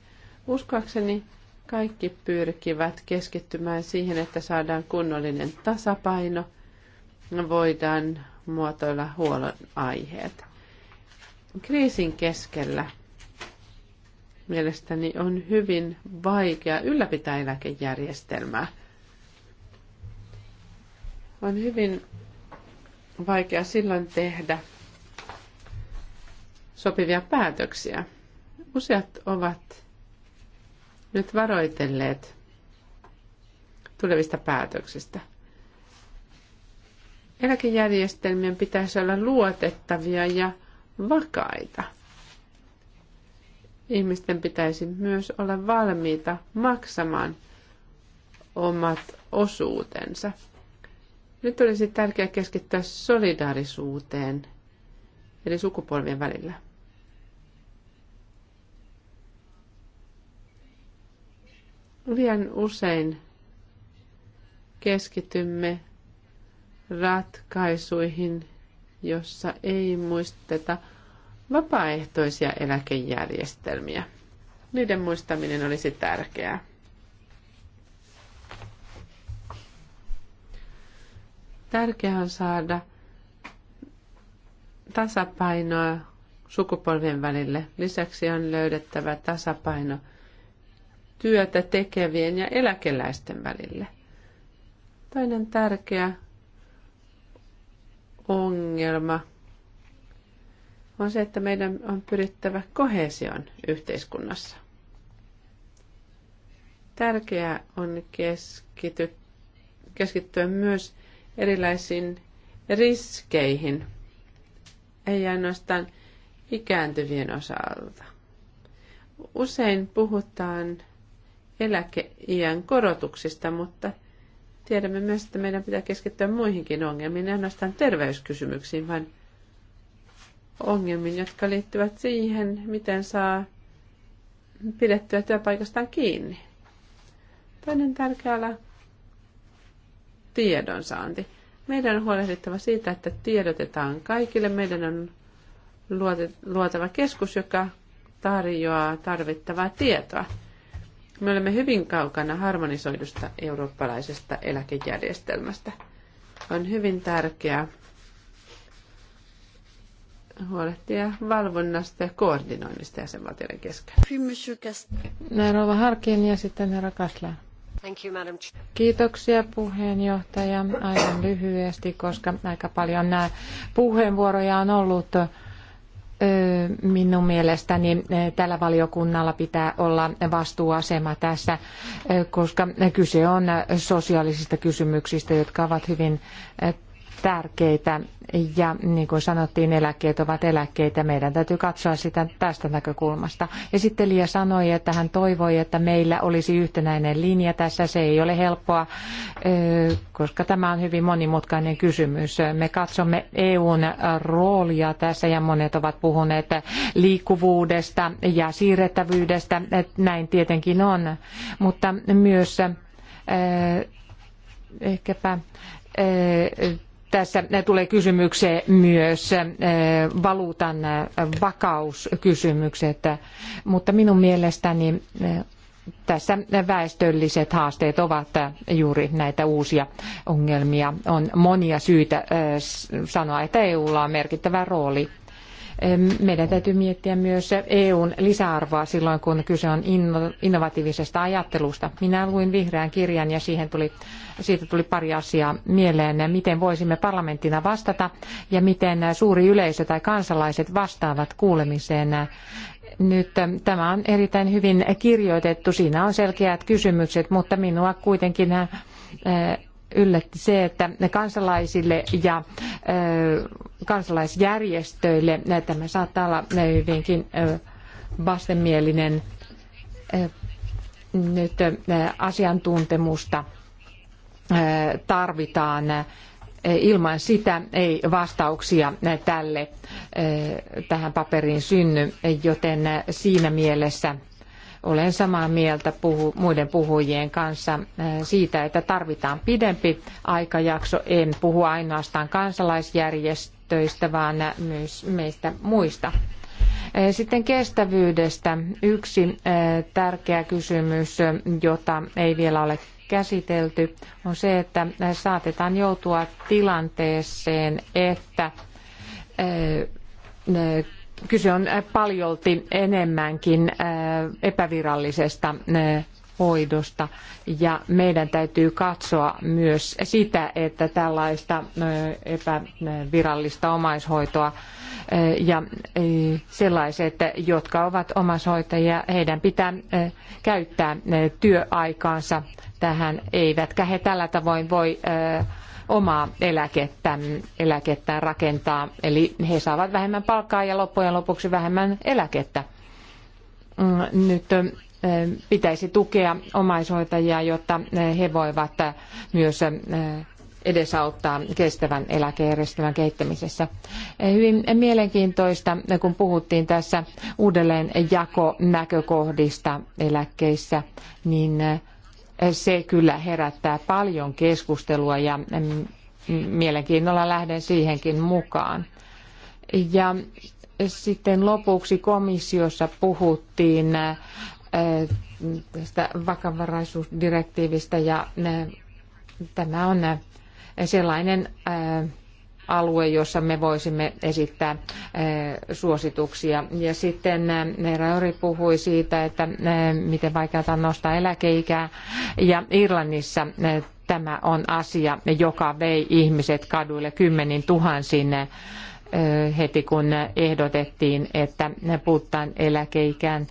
[SPEAKER 3] Uskoakseni kaikki pyrkivät keskittymään siihen, että saadaan kunnollinen tasapaino, voidaan muotoilla huolon aiheet. Kriisin keskellä mielestäni on hyvin vaikea ylläpitää eläkejärjestelmää. On hyvin vaikea silloin tehdä sopivia päätöksiä. Useat ovat nyt varoitelleet tulevista päätöksistä. Eläkejärjestelmien pitäisi olla luotettavia ja vakaita. Ihmisten pitäisi myös olla valmiita maksamaan omat osuutensa. Nyt olisi tärkeää keskittyä solidaarisuuteen, eli sukupolvien välillä. Liian usein keskitymme ratkaisuihin, jossa ei muisteta vapaaehtoisia eläkejärjestelmiä. Niiden muistaminen olisi tärkeää. Tärkeää on saada tasapainoa sukupolvien välille. Lisäksi on löydettävä tasapaino työtä tekevien ja eläkeläisten välille. Toinen tärkeä ongelma on se, että meidän on pyrittävä kohesion yhteiskunnassa. Tärkeää on keskity, keskittyä myös erilaisiin riskeihin, ei ainoastaan ikääntyvien osalta. Usein puhutaan eläkeiän korotuksista, mutta tiedämme myös, että meidän pitää keskittyä muihinkin ongelmiin, ei ainoastaan terveyskysymyksiin, vaan ongelmiin, jotka liittyvät siihen, miten saa pidettyä työpaikastaan kiinni. Toinen tärkeä ala tiedonsaanti. Meidän on huolehdittava siitä, että tiedotetaan kaikille. Meidän on luotava keskus, joka tarjoaa tarvittavaa tietoa. Me olemme hyvin kaukana harmonisoidusta eurooppalaisesta eläkejärjestelmästä. On hyvin tärkeää huolehtia valvonnasta ja koordinoinnista jäsenvaltioiden kesken. Näin Rova Harkin ja sitten herra
[SPEAKER 2] Kaslan. Thank you, Kiitoksia puheenjohtaja. Aivan lyhyesti, koska aika paljon nämä puheenvuoroja on ollut. Minun mielestäni tällä valiokunnalla pitää olla vastuuasema tässä, koska kyse on sosiaalisista kysymyksistä, jotka ovat hyvin tärkeitä ja niin kuin sanottiin, eläkkeet ovat eläkkeitä. Meidän täytyy katsoa sitä tästä näkökulmasta. Esittelijä sanoi, että hän toivoi, että meillä olisi yhtenäinen linja tässä. Se ei ole helppoa, koska tämä on hyvin monimutkainen kysymys. Me katsomme EUn roolia tässä ja monet ovat puhuneet liikkuvuudesta ja siirrettävyydestä. Näin tietenkin on, mutta myös ehkäpä tässä tulee kysymykseen myös eh, valuutan eh, vakauskysymykset, mutta minun mielestäni eh, tässä väestölliset haasteet ovat juuri näitä uusia ongelmia. On monia syitä sanoa, että EUlla on merkittävä rooli meidän täytyy miettiä myös EUn lisäarvoa silloin, kun kyse on innovatiivisesta ajattelusta. Minä luin vihreän kirjan ja siihen tuli, siitä tuli pari asiaa mieleen, miten voisimme parlamenttina vastata ja miten suuri yleisö tai kansalaiset vastaavat kuulemiseen nyt tämä on erittäin hyvin kirjoitettu, siinä on selkeät kysymykset, mutta minua kuitenkin yllätti se, että kansalaisille ja kansalaisjärjestöille tämä saattaa olla hyvinkin vastenmielinen nyt asiantuntemusta tarvitaan. Ilman sitä ei vastauksia tälle tähän paperiin synny, joten siinä mielessä olen samaa mieltä puhu, muiden puhujien kanssa äh, siitä, että tarvitaan pidempi aikajakso. En puhu ainoastaan kansalaisjärjestöistä, vaan myös meistä muista. Äh, sitten kestävyydestä. Yksi äh, tärkeä kysymys, jota ei vielä ole käsitelty, on se, että saatetaan joutua tilanteeseen, että kyse on äh, paljolti enemmänkin äh, epävirallisesta äh, hoidosta ja meidän täytyy katsoa myös sitä, että tällaista epävirallista omaishoitoa ja sellaiset, jotka ovat omaishoitajia, heidän pitää käyttää työaikaansa tähän, eivätkä he tällä tavoin voi omaa eläkettä, eläkettään rakentaa. Eli he saavat vähemmän palkkaa ja loppujen lopuksi vähemmän eläkettä. Mm, nyt pitäisi tukea omaishoitajia, jotta he voivat myös edesauttaa kestävän eläkejärjestelmän kehittämisessä. Hyvin mielenkiintoista, kun puhuttiin tässä uudelleen jako näkökohdista eläkkeissä, niin se kyllä herättää paljon keskustelua ja mielenkiinnolla lähden siihenkin mukaan. Ja sitten lopuksi komissiossa puhuttiin tästä vakavaraisuusdirektiivistä ja tämä on sellainen alue, jossa me voisimme esittää eh, suosituksia. Ja sitten eh, Rauri puhui siitä, että eh, miten vaikeaa on nostaa eläkeikää. Ja Irlannissa tämä on asia, joka vei ihmiset kaduille kymmenin tuhansin heti kun ehdotettiin, että puhutaan eläkeikään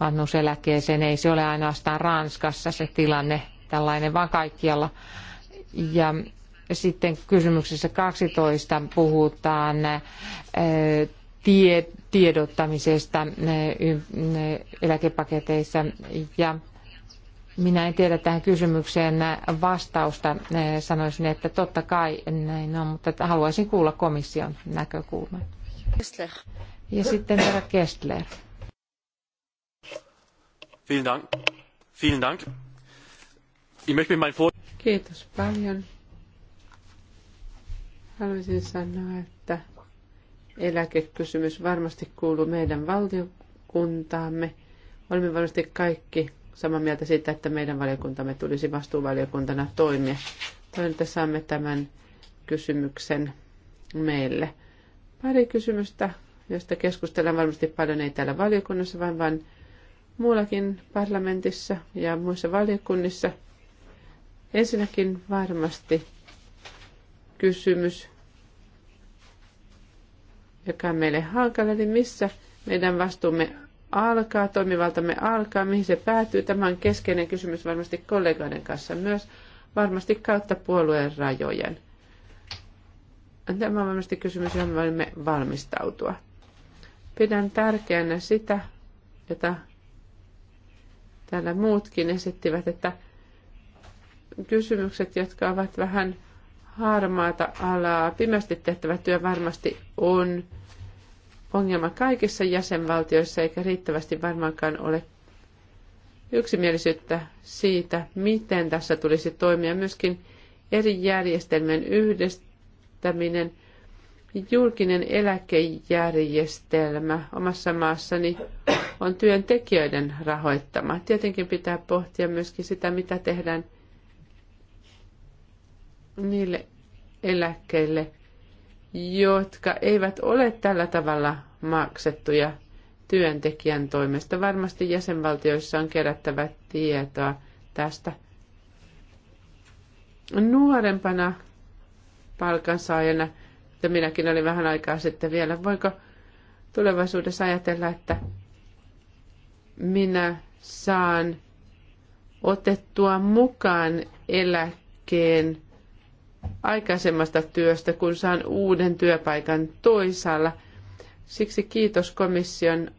[SPEAKER 2] vanhuseläkkeeseen. Ei se ole ainoastaan Ranskassa se tilanne tällainen, vaan kaikkialla. Ja sitten kysymyksessä 12 puhutaan tie, tiedottamisesta eläkepaketeissa ja minä en tiedä tähän kysymykseen vastausta. Sanoisin, että totta kai näin on, mutta haluaisin kuulla komission näkökulman. Ja sitten herra Kestler.
[SPEAKER 1] Vielen Dank. Vielen Dank. Ich
[SPEAKER 3] möchte meinen Vor- Kiitos paljon. Haluaisin sanoa, että eläkekysymys varmasti kuuluu meidän valtiokuntaamme. Olemme varmasti kaikki samaa mieltä siitä, että meidän valiokuntamme tulisi vastuuvaliokuntana toimia. Toivon, että saamme tämän kysymyksen meille. Pari kysymystä, josta keskustellaan varmasti paljon, ei täällä valiokunnassa, vaan, vaan muullakin parlamentissa ja muissa valiokunnissa. Ensinnäkin varmasti kysymys, joka on meille hankala, eli niin missä meidän vastuumme alkaa, toimivaltamme alkaa, mihin se päätyy. Tämä on keskeinen kysymys varmasti kollegoiden kanssa myös, varmasti kautta puolueen rajojen. Tämä on varmasti kysymys, johon voimme valmistautua. Pidän tärkeänä sitä, jota täällä muutkin esittivät, että kysymykset, jotka ovat vähän – harmaata alaa. Pimeästi tehtävä työ varmasti on ongelma kaikissa jäsenvaltioissa, eikä riittävästi varmaankaan ole yksimielisyyttä siitä, miten tässä tulisi toimia. Myöskin eri järjestelmien yhdistäminen, julkinen eläkejärjestelmä omassa maassani on työntekijöiden rahoittama. Tietenkin pitää pohtia myöskin sitä, mitä tehdään – niille eläkkeille, jotka eivät ole tällä tavalla maksettuja työntekijän toimesta. Varmasti jäsenvaltioissa on kerättävä tietoa tästä. Nuorempana palkansaajana, että minäkin olin vähän aikaa sitten vielä, voiko tulevaisuudessa ajatella, että minä saan otettua mukaan eläkkeen aikaisemmasta työstä, kun saan uuden työpaikan toisaalla. Siksi kiitos komission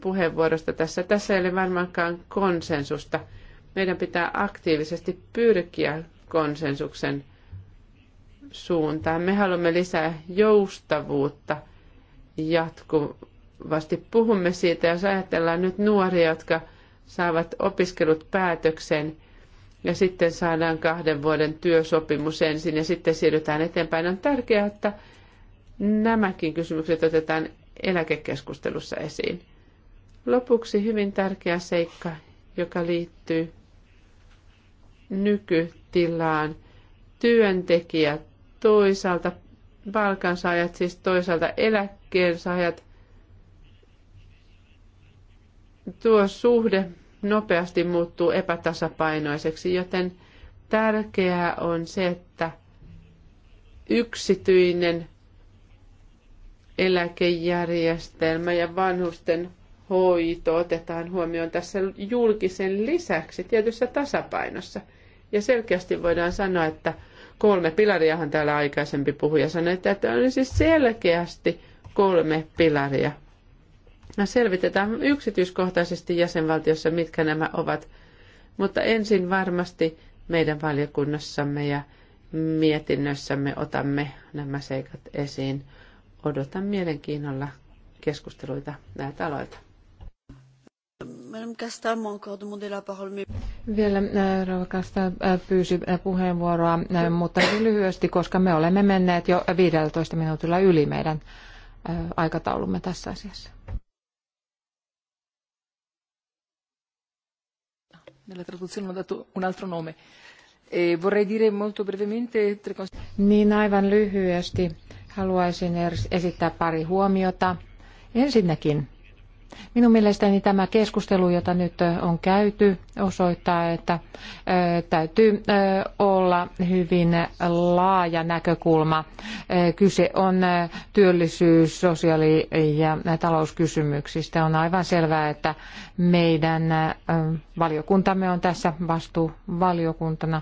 [SPEAKER 3] puheenvuorosta tässä. Tässä ei ole varmaankaan konsensusta. Meidän pitää aktiivisesti pyrkiä konsensuksen suuntaan. Me haluamme lisää joustavuutta jatkuvasti. Puhumme siitä, jos ajatellaan nyt nuoria, jotka saavat opiskelut päätökseen – ja sitten saadaan kahden vuoden työsopimus ensin ja sitten siirrytään eteenpäin. On tärkeää, että nämäkin kysymykset otetaan eläkekeskustelussa esiin. Lopuksi hyvin tärkeä seikka, joka liittyy nykytilaan. Työntekijät toisaalta, palkansaajat siis toisaalta, eläkkeensaajat. Tuo suhde nopeasti muuttuu epätasapainoiseksi, joten tärkeää on se, että yksityinen eläkejärjestelmä ja vanhusten hoito otetaan huomioon tässä julkisen lisäksi tietyssä tasapainossa. Ja selkeästi voidaan sanoa, että kolme pilariahan täällä aikaisempi puhuja sanoi, että on siis selkeästi kolme pilaria – No selvitetään yksityiskohtaisesti jäsenvaltiossa, mitkä nämä ovat. Mutta ensin varmasti meidän valiokunnassamme ja mietinnössämme otamme nämä seikat esiin. Odotan mielenkiinnolla keskusteluita näitä aloilta. Vielä äh, Rauha
[SPEAKER 2] äh, pyysi äh, puheenvuoroa, mutta lyhyesti, koska me olemme menneet jo 15 minuutilla yli meidän aikataulumme tässä asiassa. nella traduzione hanno dato un altro nome. E vorrei dire molto brevemente tre cose. Niin aivan lyhyesti haluaisin esittää pari huomiota. Ensinnäkin Minun mielestäni tämä keskustelu, jota nyt on käyty, osoittaa, että täytyy olla hyvin laaja näkökulma. Kyse on työllisyys-, sosiaali- ja talouskysymyksistä. On aivan selvää, että meidän valiokuntamme on tässä vastuuvaliokuntana.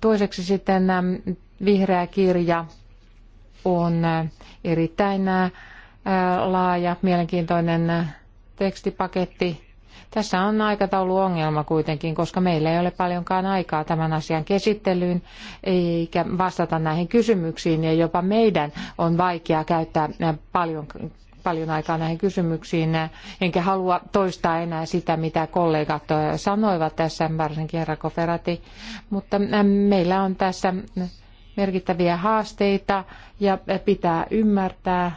[SPEAKER 2] Toiseksi sitten vihreä kirja on erittäin laaja, mielenkiintoinen tekstipaketti. Tässä on aikatauluongelma kuitenkin, koska meillä ei ole paljonkaan aikaa tämän asian käsittelyyn eikä vastata näihin kysymyksiin ja jopa meidän on vaikea käyttää paljon paljon aikaa näihin kysymyksiin, enkä halua toistaa enää sitä, mitä kollegat sanoivat tässä, varsinkin Rakoferati, mutta meillä on tässä merkittäviä haasteita ja pitää ymmärtää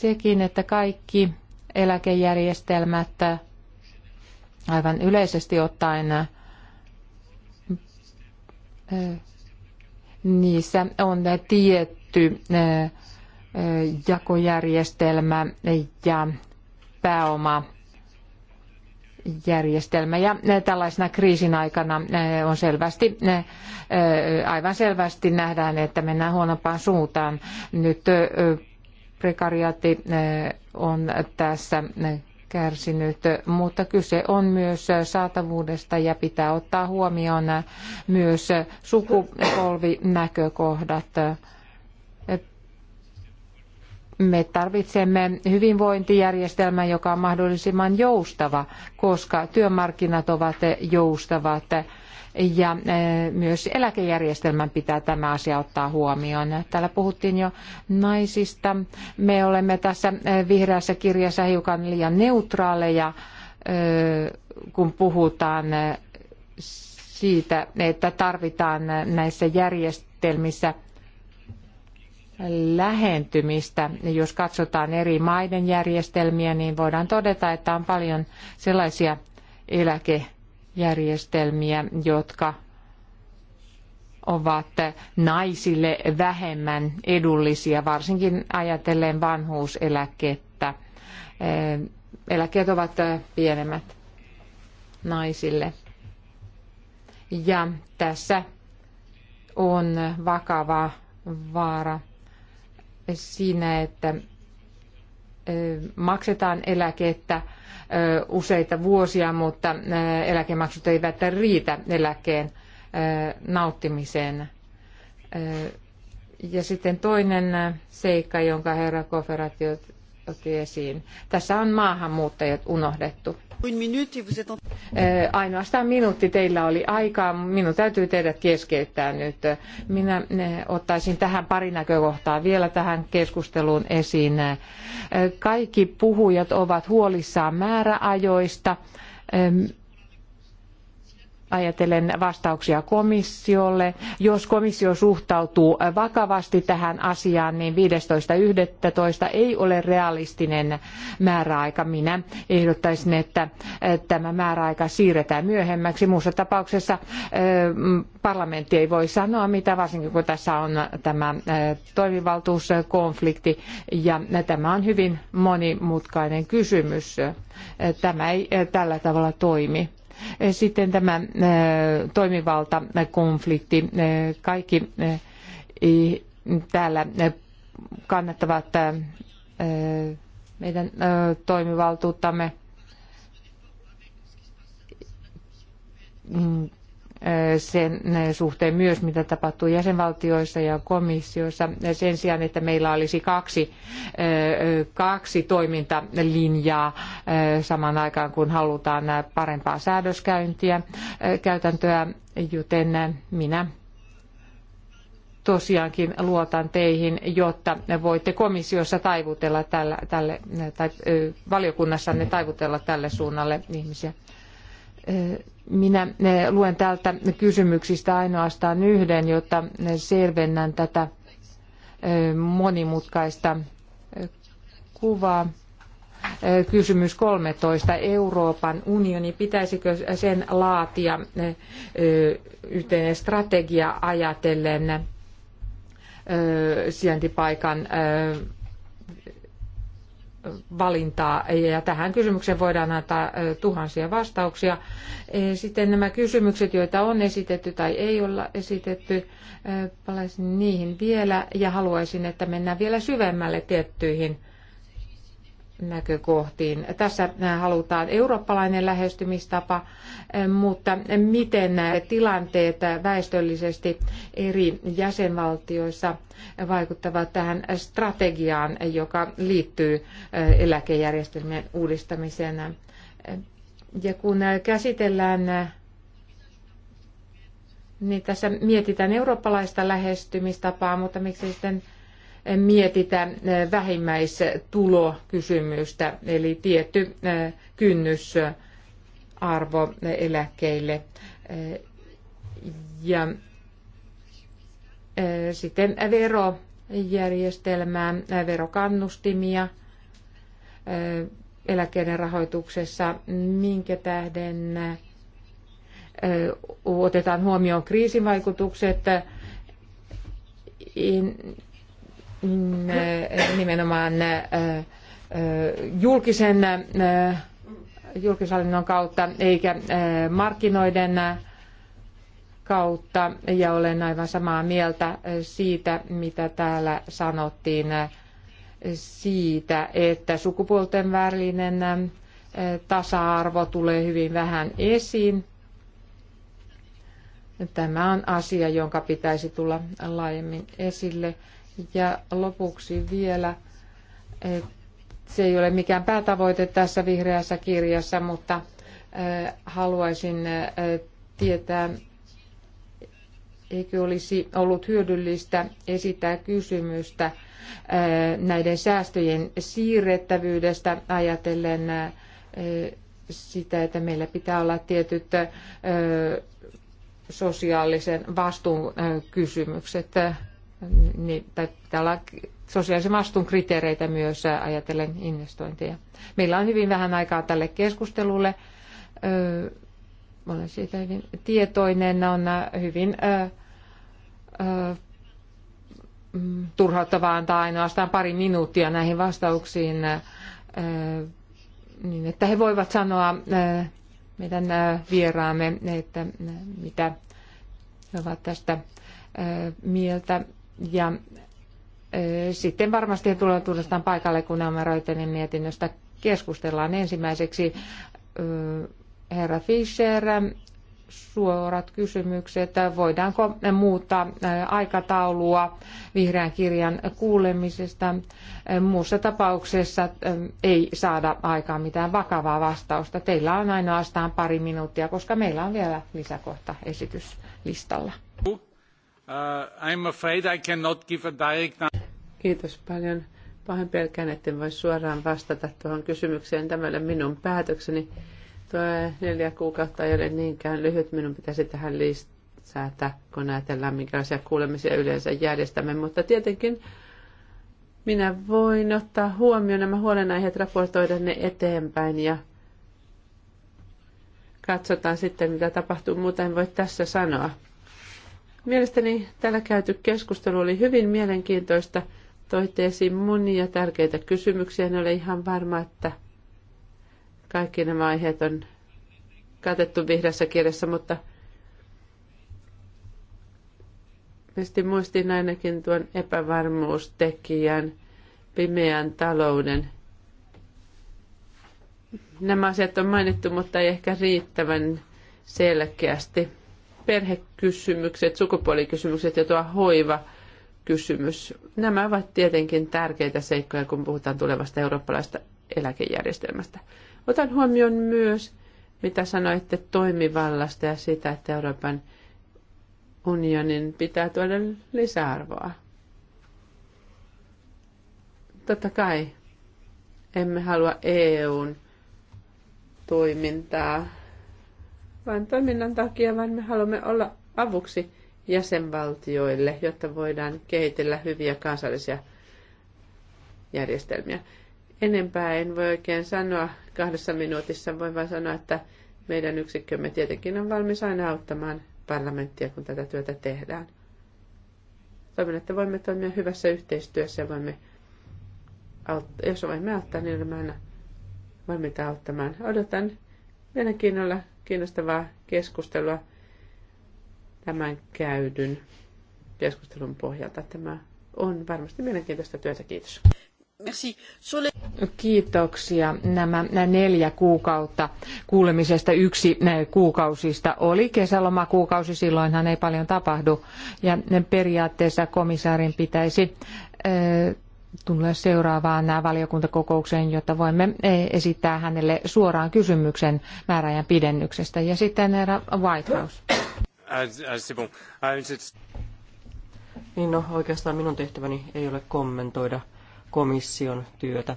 [SPEAKER 2] sekin, että kaikki eläkejärjestelmät aivan yleisesti ottaen niissä on tietty jakojärjestelmä ja pääoma järjestelmä. Ja tällaisena kriisin aikana on selvästi, aivan selvästi nähdään, että mennään huonompaan suuntaan. Nyt prekariaatti eh, on tässä eh, kärsinyt, mutta kyse on myös eh, saatavuudesta ja pitää ottaa huomioon myös sukupolvinäkökohdat. Me tarvitsemme hyvinvointijärjestelmän, joka on mahdollisimman joustava, koska työmarkkinat ovat joustavat ja eh, myös eläkejärjestelmän pitää tämä asia ottaa huomioon. Täällä puhuttiin jo naisista. Me olemme tässä eh, vihreässä kirjassa hiukan liian neutraaleja, eh, kun puhutaan siitä, että tarvitaan näissä järjestelmissä lähentymistä. Jos katsotaan eri maiden järjestelmiä, niin voidaan todeta, että on paljon sellaisia eläke järjestelmiä, jotka ovat naisille vähemmän edullisia, varsinkin ajatellen vanhuuseläkettä. Eh, eläkkeet ovat pienemmät naisille. Ja tässä on vakava vaara siinä, että eh, maksetaan eläkettä useita vuosia, mutta eläkemaksut eivät riitä eläkkeen nauttimiseen. Ja sitten toinen seikka, jonka herra Koferatiot otti esiin. Tässä on maahanmuuttajat unohdettu. Ainoastaan minuutti teillä oli aikaa. Minun täytyy teidät keskeyttää nyt. Minä ottaisin tähän pari näkökohtaa vielä tähän keskusteluun esiin. Kaikki puhujat ovat huolissaan määräajoista ajatellen vastauksia komissiolle. Jos komissio suhtautuu vakavasti tähän asiaan, niin 15.11. ei ole realistinen määräaika. Minä ehdottaisin, että tämä määräaika siirretään myöhemmäksi. Muussa tapauksessa parlamentti ei voi sanoa mitä, varsinkin kun tässä on tämä toimivaltuuskonflikti ja tämä on hyvin monimutkainen kysymys. Tämä ei tällä tavalla toimi Eh, sitten tämä toimivaltakonflikti. Kaikki täällä kannattavat meidän toimivaltuuttamme sen suhteen myös, mitä tapahtuu jäsenvaltioissa ja komissiossa, sen sijaan, että meillä olisi kaksi, kaksi toimintalinjaa samaan aikaan, kun halutaan parempaa säädöskäyntiä, käytäntöä, joten minä tosiaankin luotan teihin, jotta voitte komissiossa taivutella tälle, tälle tai valiokunnassanne taivutella tälle suunnalle ihmisiä. Minä eh, luen täältä kysymyksistä ainoastaan yhden, jotta eh, selvennän tätä eh, monimutkaista kuvaa. Kysymys 13. Euroopan unioni, pitäisikö sen laatia yhteinen strategia ajatellen sijaintipaikan valintaa ja tähän kysymykseen voidaan antaa tuhansia vastauksia. E, sitten nämä kysymykset, joita on esitetty tai ei olla esitetty, palaisin niihin vielä ja haluaisin, että mennään vielä syvemmälle tiettyihin näkökohtiin. Tässä äh, halutaan eurooppalainen lähestymistapa, äh, mutta miten tilanteet väestöllisesti eri jäsenvaltioissa vaikuttavat tähän strategiaan, joka liittyy äh, eläkejärjestelmien uudistamiseen. Ja kun käsitellään niin tässä mietitään eurooppalaista lähestymistapaa, mutta miksi sitten mietitä vähimmäistulokysymystä, eli tietty kynnysarvo eläkkeille. Ja sitten verojärjestelmää, verokannustimia eläkkeiden rahoituksessa, minkä tähden otetaan huomioon kriisivaikutukset nimenomaan julkisen julkishallinnon kautta eikä markkinoiden kautta. Ja olen aivan samaa mieltä siitä, mitä täällä sanottiin siitä, että sukupuolten välinen tasa-arvo tulee hyvin vähän esiin. Tämä on asia, jonka pitäisi tulla laajemmin esille. Ja lopuksi vielä, se ei ole mikään päätavoite tässä vihreässä kirjassa, mutta haluaisin tietää, eikö olisi ollut hyödyllistä esittää kysymystä näiden säästöjen siirrettävyydestä ajatellen sitä, että meillä pitää olla tietyt sosiaalisen vastuun kysymykset niin, tai täällä sosiaalisen vastuun kriteereitä myös ajatellen investointeja. Meillä on hyvin vähän aikaa tälle keskustelulle. Öö, olen siitä hyvin tietoinen. On hyvin öö, öö, turhauttavaa antaa ainoastaan pari minuuttia näihin vastauksiin, öö, niin että he voivat sanoa öö, meidän vieraamme, että mitä he ovat tästä mieltä. Ja sitten varmasti he tulevat uudestaan paikalle, kun nämä Reutenin mietinnöstä keskustellaan ensimmäiseksi. Herra Fischer, suorat kysymykset. Voidaanko muuttaa aikataulua vihreän kirjan kuulemisesta? Muussa tapauksessa ei saada aikaan mitään vakavaa vastausta. Teillä on ainoastaan pari minuuttia, koska meillä on vielä lisäkohta
[SPEAKER 3] esityslistalla. Uh, I'm afraid I cannot give a direct answer. Kiitos paljon. Pahoin pelkään, etten voi suoraan vastata tuohon kysymykseen. Tämä ei minun päätökseni. Tuo neljä kuukautta ei ole niinkään lyhyt. Minun pitäisi tähän lisätä, kun ajatellaan, minkälaisia kuulemisia yleensä järjestämme. Mutta tietenkin minä voin ottaa huomioon nämä huolenaiheet, raportoida ne eteenpäin ja katsotaan sitten, mitä tapahtuu. Muuta en voi tässä sanoa. Mielestäni täällä käyty keskustelu oli hyvin mielenkiintoista. Toitte esiin monia tärkeitä kysymyksiä. En ole ihan varma, että kaikki nämä aiheet on katettu vihreässä kirjassa, mutta Pesti muistin ainakin tuon epävarmuustekijän, pimeän talouden. Nämä asiat on mainittu, mutta ei ehkä riittävän selkeästi perhekysymykset, sukupuolikysymykset ja tuo hoiva kysymys. Nämä ovat tietenkin tärkeitä seikkoja, kun puhutaan tulevasta eurooppalaista eläkejärjestelmästä. Otan huomioon myös, mitä sanoitte toimivallasta ja sitä, että Euroopan unionin pitää tuoda lisäarvoa. Totta kai emme halua EUn toimintaa vain toiminnan takia, vaan me haluamme olla avuksi jäsenvaltioille, jotta voidaan kehitellä hyviä kansallisia järjestelmiä. Enempää en voi oikein sanoa kahdessa minuutissa, voin vain sanoa, että meidän yksikkömme tietenkin on valmis aina auttamaan parlamenttia, kun tätä työtä tehdään. Toivon, että voimme toimia hyvässä yhteistyössä ja voimme auttaa, jos voimme auttaa, niin olemme aina valmiita auttamaan. Odotan mielenkiinnolla kiinnostavaa keskustelua tämän käydyn keskustelun pohjalta. Tämä on varmasti mielenkiintoista työtä. Kiitos. Kiitoksia. Nämä neljä
[SPEAKER 2] kuukautta kuulemisesta yksi kuukausista oli kesälomakuukausi, silloinhan ei paljon tapahdu. Ja periaatteessa komissaarin pitäisi tulla seuraavaan valiokuntakokoukseen, jotta voimme e, esittää hänelle suoraan kysymyksen määräajan pidennyksestä. Ja sitten herra Whitehouse.
[SPEAKER 1] Ah,
[SPEAKER 3] ah, ah,
[SPEAKER 2] niin no, oikeastaan minun
[SPEAKER 1] tehtäväni ei ole kommentoida komission työtä.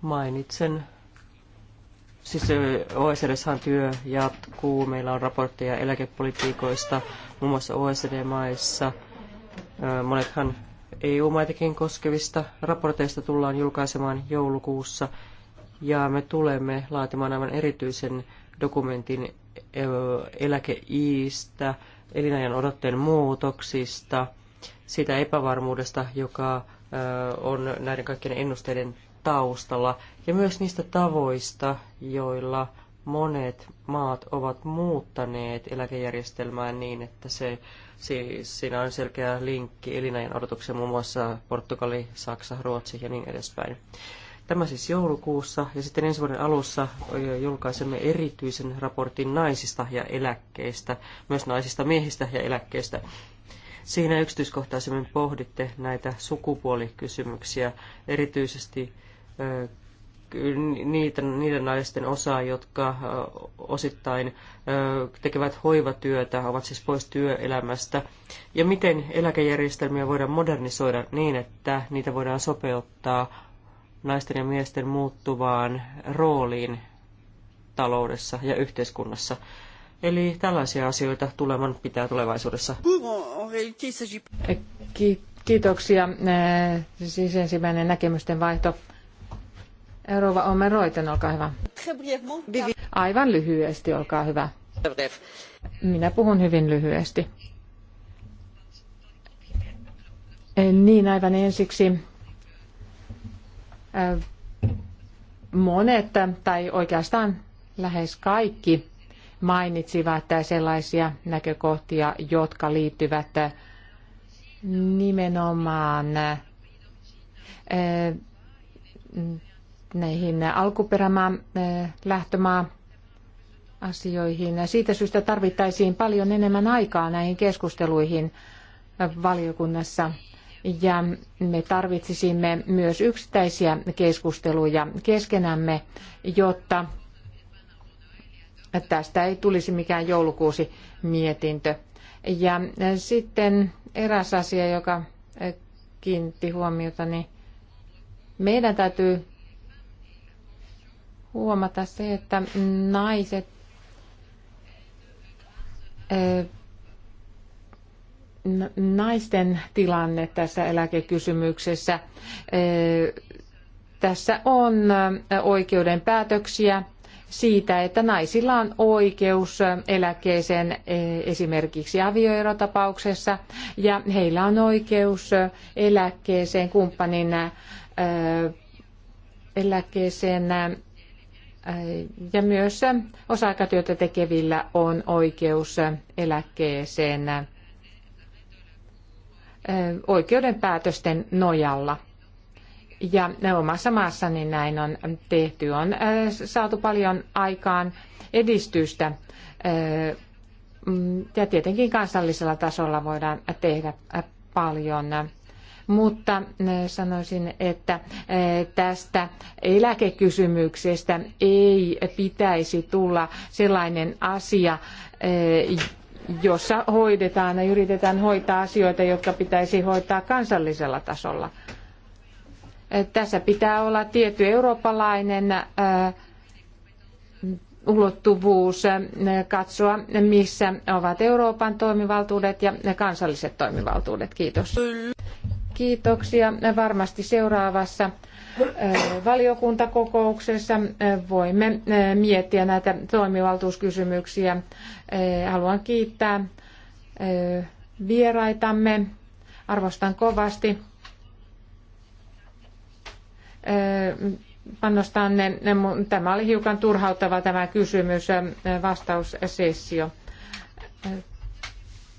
[SPEAKER 1] Mainitsen. Siis OECDshan työ jatkuu. Meillä on raportteja eläkepolitiikoista, muun muassa OECD-maissa. Monethan EU-maitakin koskevista raporteista tullaan julkaisemaan joulukuussa ja me tulemme laatimaan aivan erityisen dokumentin eläkeiistä, elinajan odotteen muutoksista, sitä epävarmuudesta, joka on näiden kaikkien ennusteiden taustalla ja myös niistä tavoista, joilla monet maat ovat muuttaneet eläkejärjestelmää niin, että se, siis siinä on selkeä linkki elinajan odotukseen muun muassa Portugali, Saksa, Ruotsi ja niin edespäin. Tämä siis joulukuussa ja sitten ensi vuoden alussa julkaisemme erityisen raportin naisista ja eläkkeistä, myös naisista, miehistä ja eläkkeistä. Siinä yksityiskohtaisemmin pohditte näitä sukupuolikysymyksiä, erityisesti niitä, niiden naisten osaa, jotka osittain tekevät hoivatyötä, ovat siis pois työelämästä. Ja miten eläkejärjestelmiä voidaan modernisoida niin, että niitä voidaan sopeuttaa naisten ja miesten muuttuvaan rooliin taloudessa ja yhteiskunnassa. Eli tällaisia asioita tuleman pitää tulevaisuudessa.
[SPEAKER 2] Kiitoksia. Siis ensimmäinen näkemysten vaihto Rouva Omeroiten, olkaa hyvä. Aivan lyhyesti, olkaa hyvä. Minä puhun hyvin lyhyesti. Niin, aivan ensiksi monet, tai oikeastaan lähes kaikki, mainitsivat sellaisia näkökohtia, jotka liittyvät nimenomaan näihin alkuperämaa lähtömaa asioihin. Siitä syystä tarvittaisiin paljon enemmän aikaa näihin keskusteluihin valiokunnassa. Ja me tarvitsisimme myös yksittäisiä keskusteluja keskenämme, jotta tästä ei tulisi mikään joulukuusi mietintö. Ja sitten eräs asia, joka kiinnitti huomiota, niin meidän täytyy huomata se, että naiset naisten tilanne tässä eläkekysymyksessä. Tässä on oikeuden päätöksiä siitä, että naisilla on oikeus eläkkeeseen e, esimerkiksi avioerotapauksessa ja heillä on oikeus eläkkeeseen kumppanin eläkkeeseen ja myös osa-aikatyötä tekevillä on oikeus eläkkeeseen oikeuden päätösten nojalla. Ja omassa maassani näin on tehty. On saatu paljon aikaan edistystä. Mm, ja tietenkin kansallisella tasolla voidaan tehdä paljon mutta eh, sanoisin, että eh, tästä eläkekysymyksestä ei pitäisi tulla sellainen asia, eh, jossa hoidetaan ja yritetään hoitaa asioita, jotka pitäisi hoitaa kansallisella tasolla. Tässä pitää olla tietty eurooppalainen ulottuvuus, katsoa missä ovat Euroopan toimivaltuudet ja kansalliset toimivaltuudet. Kiitos. Kiitoksia. Varmasti seuraavassa valiokuntakokouksessa voimme miettiä näitä toimivaltuuskysymyksiä. Haluan kiittää vieraitamme. Arvostan kovasti panostanne. Tämä oli hiukan turhauttava tämä kysymys, vastaussessio.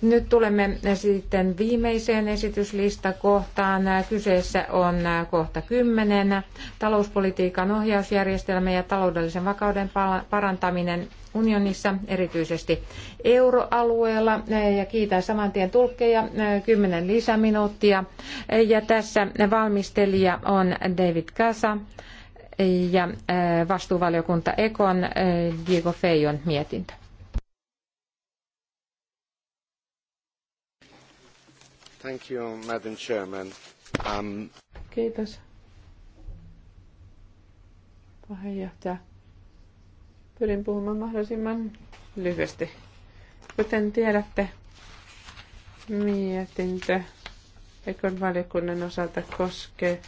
[SPEAKER 2] Nyt tulemme sitten viimeiseen esityslistakohtaan. Kyseessä on kohta 10. Talouspolitiikan ohjausjärjestelmä ja taloudellisen vakauden parantaminen unionissa, erityisesti euroalueella. Ja kiitän saman tien tulkkeja 10 lisäminuuttia. Ja tässä valmistelija on David Kasa ja vastuuvaliokunta Ekon Diego Feijon mietintö.
[SPEAKER 3] Thank you, Madam Chairman. Um... Kiitos. Puheenjohtaja. Pyrin puhumaan mahdollisimman lyhyesti. Kuten tiedätte, mietintö Ekon valiokunnan osalta koskee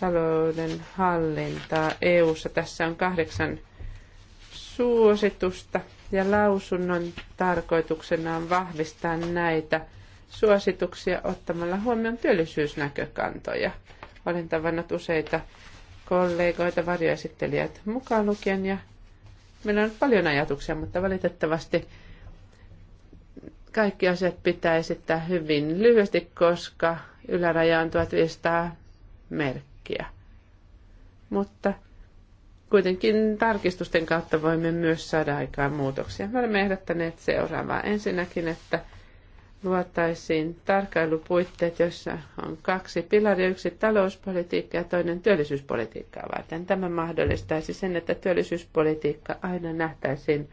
[SPEAKER 3] talouden hallintaa EU:ssa. Tässä on kahdeksan suositusta ja lausunnon tarkoituksena on vahvistaa näitä suosituksia ottamalla huomioon työllisyysnäkökantoja. Olen tavannut useita kollegoita, varjoesittelijät mukaan lukien ja meillä on paljon ajatuksia, mutta valitettavasti kaikki asiat pitää esittää hyvin lyhyesti, koska yläraja on 1500 merkkiä. Mutta kuitenkin tarkistusten kautta voimme myös saada aikaan muutoksia. Me olemme ehdottaneet seuraavaa. Ensinnäkin, että luotaisiin tarkkailupuitteet, joissa on kaksi pilaria, yksi talouspolitiikka ja toinen työllisyyspolitiikkaa varten. Tämä mahdollistaisi sen, että työllisyyspolitiikka aina nähtäisiin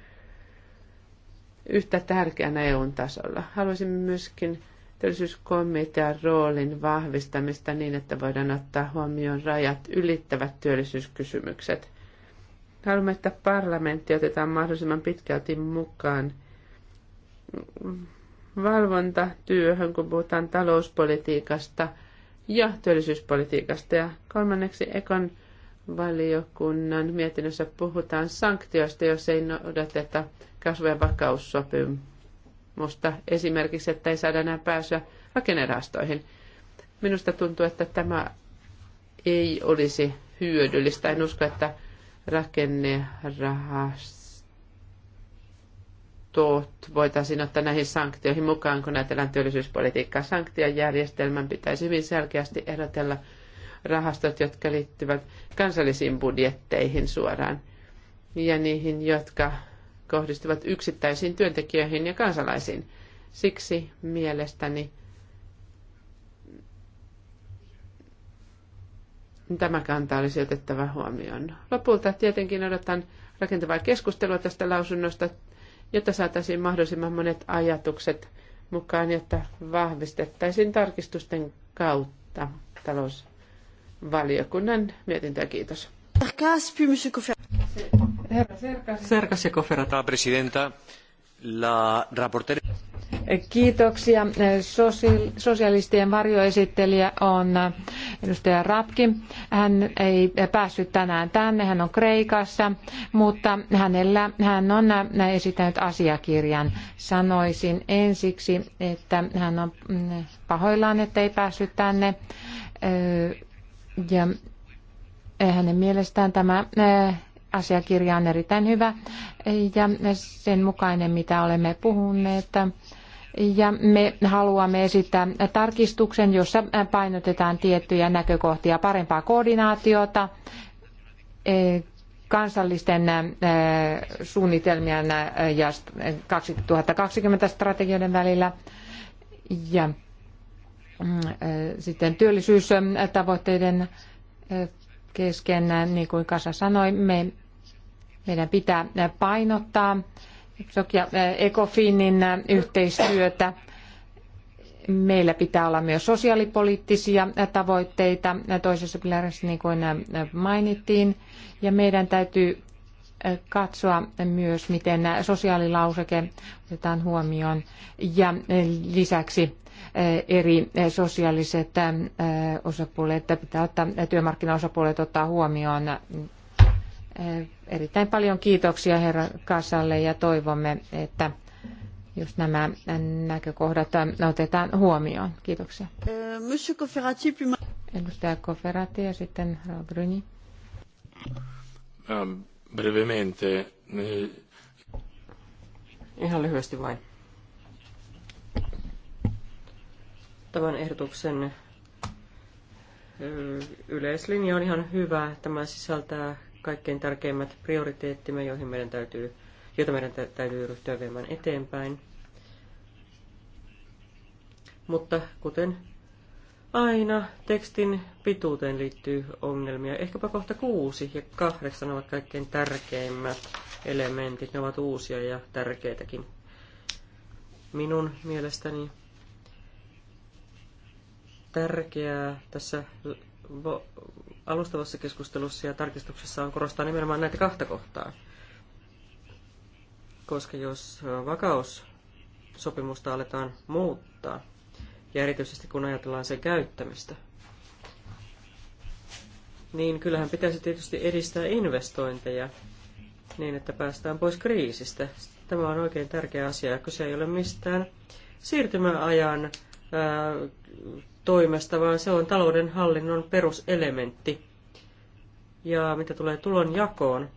[SPEAKER 3] yhtä tärkeänä EUn tasolla. Haluaisin myöskin työllisyyskomitean roolin vahvistamista niin, että voidaan ottaa huomioon rajat ylittävät työllisyyskysymykset. Haluamme, että parlamentti otetaan mahdollisimman pitkälti mukaan valvontatyöhön, kun puhutaan talouspolitiikasta ja työllisyyspolitiikasta. Ja kolmanneksi Ekon valiokunnan mietinnössä puhutaan sanktioista, jos ei noudateta kasvu- ja vakaussopimusta. Esimerkiksi, että ei saada enää pääsyä rakennerastoihin. Minusta tuntuu, että tämä ei olisi hyödyllistä. En usko, että rakennerahasto tuot voitaisiin ottaa näihin sanktioihin mukaan, kun ajatellaan työllisyyspolitiikkaa. Sanktiojärjestelmän pitäisi hyvin selkeästi erotella rahastot, jotka liittyvät kansallisiin budjetteihin suoraan, ja niihin, jotka kohdistuvat yksittäisiin työntekijöihin ja kansalaisiin. Siksi mielestäni tämä kanta olisi otettava huomioon. Lopulta tietenkin odotan rakentavaa keskustelua tästä lausunnosta jotta saataisiin mahdollisimman monet ajatukset mukaan, jotta vahvistettaisiin tarkistusten kautta talousvaliokunnan mietintöä. Kiitos. Serkas
[SPEAKER 1] ja Presidenta, la raporteri...
[SPEAKER 2] Kiitoksia. Sosialistien varjoesittelijä on edustaja Rapki. Hän ei päässyt tänään tänne, hän on Kreikassa, mutta hänellä, hän on esittänyt asiakirjan. Sanoisin ensiksi, että hän on pahoillaan, että ei päässyt tänne. Ja hänen mielestään tämä asiakirja on erittäin hyvä ja sen mukainen, mitä olemme puhuneet ja me haluamme esittää tarkistuksen, jossa painotetaan tiettyjä näkökohtia, parempaa koordinaatiota, e, kansallisten e, suunnitelmien e, ja 2020 strategioiden välillä ja mm, sitten työllisyystavoitteiden kesken, niin kuin Kasa sanoi, me, meidän pitää painottaa ECOSOC ja ECOFINin yhteistyötä. Meillä pitää olla myös sosiaalipoliittisia tavoitteita toisessa pilarissa, niin kuin mainittiin. Ja meidän täytyy katsoa myös, miten sosiaalilauseke otetaan huomioon ja lisäksi eri sosiaaliset osapuolet, pitää ottaa, työmarkkinaosapuolet ottaa huomioon Erittäin paljon kiitoksia herra Kasalle ja toivomme, että just nämä näkökohdat otetaan huomioon. Kiitoksia. Monsieur Edustaja Koferati ja sitten Bruni. Ähm, brevemente. Ihan lyhyesti vain.
[SPEAKER 1] Tämän ehdotuksen yleislinja on ihan hyvä. Tämä sisältää kaikkein tärkeimmät prioriteettimme, joihin meidän täytyy, joita meidän täytyy ryhtyä viemään eteenpäin. Mutta kuten aina tekstin pituuteen liittyy ongelmia. Ehkäpä kohta kuusi ja kahdeksan ovat kaikkein tärkeimmät elementit. Ne ovat uusia ja tärkeitäkin minun mielestäni. Tärkeää tässä alustavassa keskustelussa ja tarkistuksessa on korostaa nimenomaan näitä kahta kohtaa. Koska jos vakaussopimusta aletaan muuttaa, ja erityisesti kun ajatellaan sen käyttämistä, niin kyllähän pitäisi tietysti edistää investointeja niin, että päästään pois kriisistä. Tämä on oikein tärkeä asia, ja kyse ei ole mistään siirtymäajan ää, toimesta, vaan se on talouden hallinnon peruselementti. Ja mitä tulee tulon jakoon,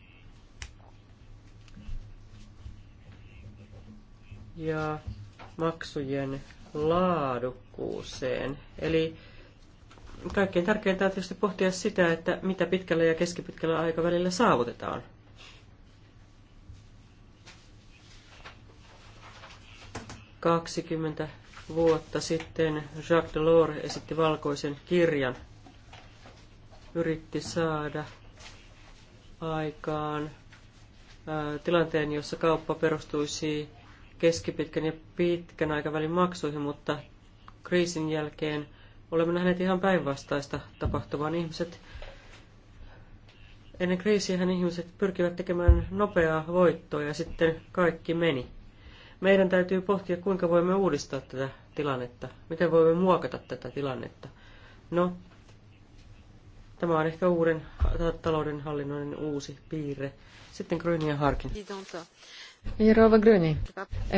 [SPEAKER 1] ja maksujen laadukkuuseen. Eli kaikkein tärkeintä on tietysti pohtia sitä, että mitä pitkällä ja keskipitkällä aikavälillä saavutetaan. Kaksikymmentä vuotta sitten Jacques Delors esitti valkoisen kirjan. Yritti saada aikaan tilanteen, jossa kauppa perustuisi keskipitkän ja pitkän aikavälin maksuihin, mutta kriisin jälkeen olemme nähneet ihan päinvastaista tapahtuvan. Ihmiset, ennen kriisiä ihmiset pyrkivät tekemään nopeaa voittoa ja sitten kaikki meni. Meidän täytyy pohtia, kuinka voimme uudistaa tätä tilannetta? Miten voimme muokata tätä tilannetta? No, tämä on ehkä uuden talouden hallinnoinnin uusi piirre. Sitten Gröni ja Harkin.
[SPEAKER 2] Niin, Rova Gryni.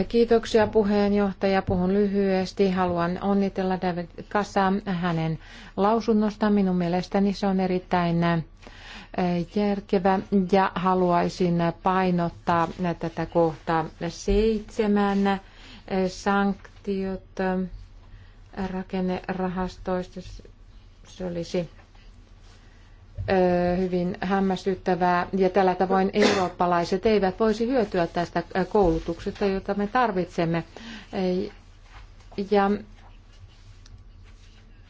[SPEAKER 2] Kiitoksia puheenjohtaja. Puhun lyhyesti. Haluan onnitella David Kassa hänen lausunnostaan. Minun mielestäni se on erittäin järkevä ja haluaisin painottaa tätä kohtaa seitsemän sank- transaktiot äh, rakennerahastoista, se olisi äh, hyvin hämmästyttävää. Ja tällä tavoin eurooppalaiset eivät voisi hyötyä tästä äh, koulutuksesta, jota me tarvitsemme. Ja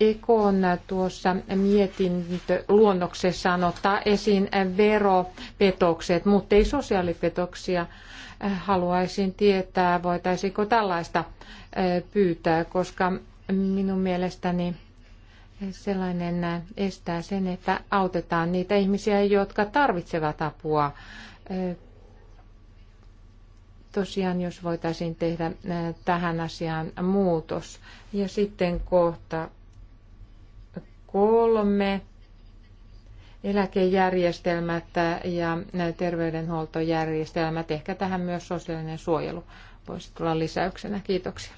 [SPEAKER 2] Ekon tuossa mietintöluonnoksessaan ottaa esiin veropetokset, mutta ei sosiaalipetoksia. Haluaisin tietää, voitaisiinko tällaista pyytää, koska minun mielestäni sellainen estää sen, että autetaan niitä ihmisiä, jotka tarvitsevat apua. Tosiaan, jos voitaisiin tehdä tähän asiaan muutos. Ja sitten kohta kolme eläkejärjestelmät ja terveydenhuoltojärjestelmät, ehkä tähän myös sosiaalinen suojelu voisi tulla lisäyksenä. Kiitoksia.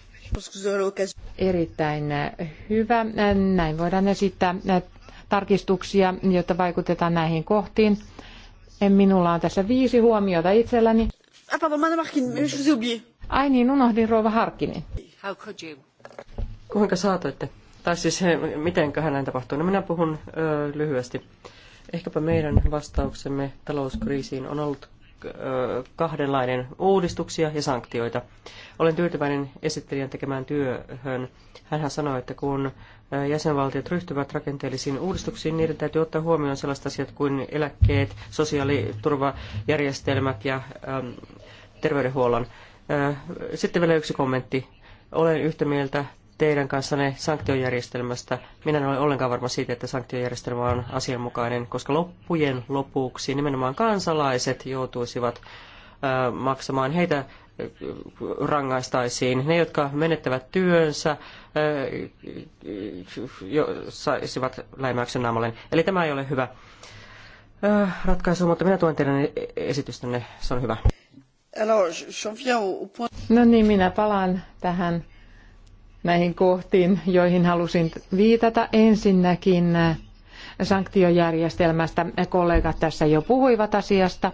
[SPEAKER 2] Erittäin äh, hyvä. Äh, näin voidaan esittää äh, tarkistuksia, jotta vaikutetaan näihin kohtiin. Minulla on tässä viisi huomiota itselläni. Ah, ai niin, unohdin rouva Harkkinen. Kuinka saatoitte?
[SPEAKER 1] Tai siis mitenköhän näin tapahtuu? No minä puhun ö, lyhyesti. Ehkäpä meidän vastauksemme talouskriisiin on ollut kahdenlainen uudistuksia ja sanktioita. Olen tyytyväinen esittelijän tekemään työhön. hän sanoi, että kun jäsenvaltiot ryhtyvät rakenteellisiin uudistuksiin, niiden täytyy ottaa huomioon sellaiset asiat kuin eläkkeet, sosiaaliturvajärjestelmät ja terveydenhuollon. Sitten vielä yksi kommentti. Olen yhtä mieltä teidän kanssanne sanktiojärjestelmästä. Minä en ole ollenkaan varma siitä, että sanktiojärjestelmä on asianmukainen, koska loppujen lopuksi nimenomaan kansalaiset joutuisivat maksamaan. Heitä rangaistaisiin. Ne, jotka menettävät työnsä, saisivat läimäyksen naamalle. Eli tämä ei ole hyvä ratkaisu, mutta minä tuen teidän esitystänne. Se on hyvä.
[SPEAKER 2] No niin, minä palaan tähän näihin kohtiin, joihin halusin viitata. Ensinnäkin sanktiojärjestelmästä. Kollegat tässä jo puhuivat asiasta.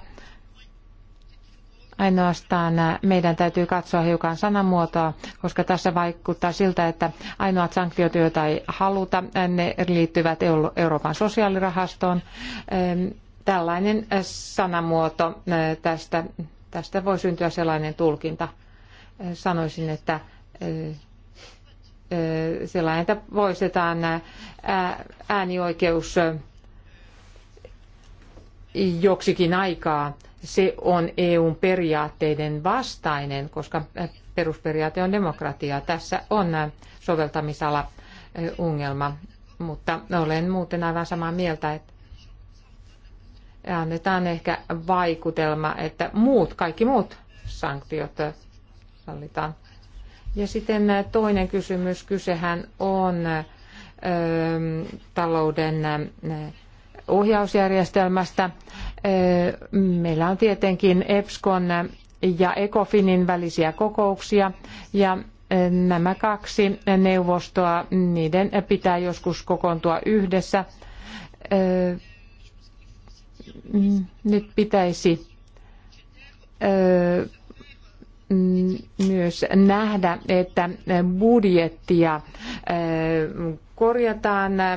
[SPEAKER 2] Ainoastaan meidän täytyy katsoa hiukan sanamuotoa, koska tässä vaikuttaa siltä, että ainoat sanktiot, joita ei haluta, ne liittyvät Euroopan sosiaalirahastoon. Tällainen sanamuoto tästä, tästä voi syntyä sellainen tulkinta. Sanoisin, että sellainen, että poistetaan äänioikeus joksikin aikaa. Se on EUn periaatteiden vastainen, koska perusperiaate on demokratia. Tässä on soveltamisala ongelma, mutta olen muuten aivan samaa mieltä, että annetaan ehkä vaikutelma, että muut, kaikki muut sanktiot sallitaan. Ja sitten äh, toinen kysymys, kysehän on ö, ähm, talouden äh, ohjausjärjestelmästä. Äh, meillä on tietenkin EPSCON ja ECOFINin välisiä kokouksia ja nämä kaksi neuvostoa, niiden pitää joskus kokoontua yhdessä. Mm, nyt pitäisi Mm, myös nähdä, että budjettia äh, korjataan äh,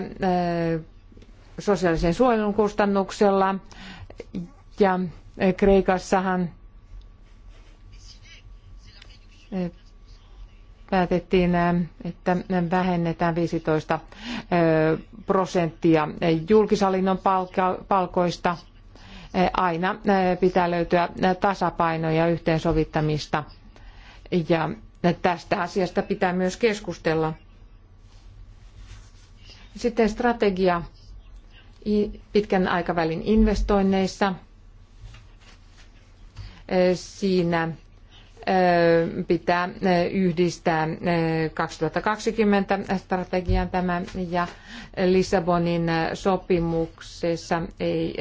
[SPEAKER 2] sosiaalisen suojelun kustannuksella ja äh, Kreikassahan päätettiin, että vähennetään 15 prosenttia julkisalinnon palkoista – aina eh, pitää löytyä eh, tasapaino ja yhteensovittamista. Ja eh, tästä asiasta pitää myös keskustella. Sitten strategia pitkän aikavälin investoinneissa. Siinä pitää yhdistää 2020 strategian tämä ja Lissabonin sopimuksessa ei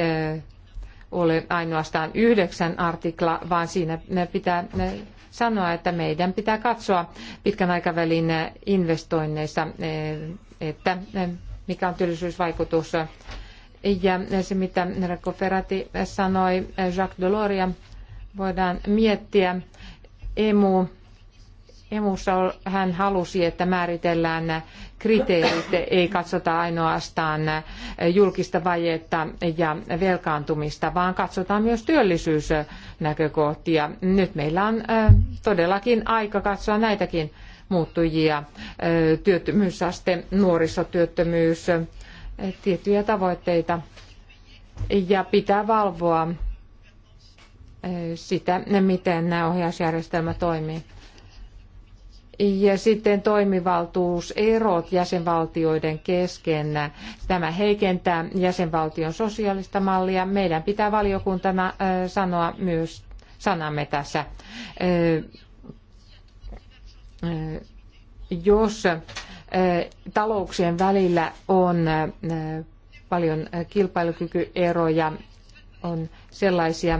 [SPEAKER 2] ole ainoastaan yhdeksän artikla, vaan siinä pitää sanoa, että meidän pitää katsoa pitkän aikavälin investoinneissa, että mikä on työllisyysvaikutus. Ja se, mitä Rekko Ferrati sanoi, Jacques Deloria, voidaan miettiä. Emu, emussa hän halusi, että määritellään kriteerit, ei katsota ainoastaan julkista vajetta ja velkaantumista, vaan katsotaan myös työllisyysnäkökohtia. Nyt meillä on todellakin aika katsoa näitäkin muuttujia, työttömyysaste, nuorisotyöttömyys, tiettyjä tavoitteita ja pitää valvoa sitä, miten nämä ohjausjärjestelmä toimii. Ja sitten toimivaltuuserot jäsenvaltioiden kesken. Tämä heikentää jäsenvaltion sosiaalista mallia. Meidän pitää valiokuntana sanoa myös sanamme tässä. Jos talouksien välillä on paljon kilpailukykyeroja, on sellaisia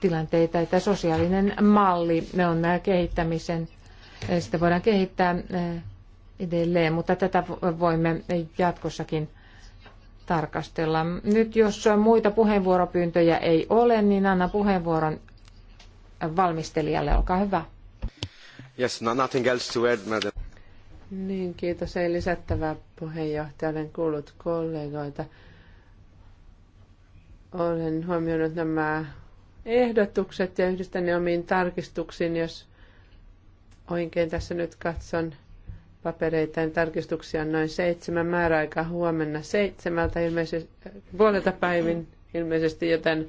[SPEAKER 2] tilanteita, että sosiaalinen malli ne on äh, kehittämisen, äh, sitä voidaan kehittää äh, edelleen, mutta tätä voimme jatkossakin tarkastella. Nyt jos muita puheenvuoropyyntöjä ei ole, niin anna puheenvuoron valmistelijalle, olkaa hyvä. Yes, no, nothing else to add, madam.
[SPEAKER 3] Niin, kiitos. Ei lisättävää puheenjohtaja. Olen kuullut kollegoita. Olen huomioinut nämä ehdotukset ja yhdistän ne omiin tarkistuksiin, jos oikein tässä nyt katson papereita ja tarkistuksia on noin seitsemän määräaika huomenna seitsemältä ilmeisesti, puolelta päivin ilmeisesti, joten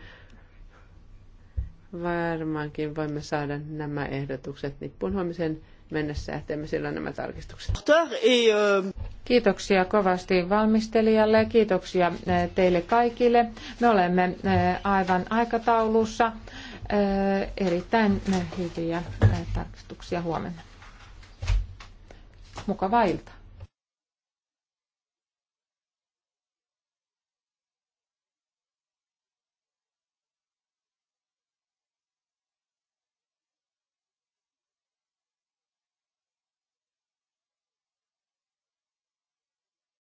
[SPEAKER 3] varmaankin voimme saada nämä ehdotukset nippuun huomisen mennessä ja teemme silloin nämä tarkistukset.
[SPEAKER 2] Euh, kiitoksia kovasti valmistelijalle ja kiitoksia äh, teille kaikille. Me olemme äh, aivan aikataulussa. Äh, erittäin hyviä tarkistuksia huomenna. Mukavaa iltaa.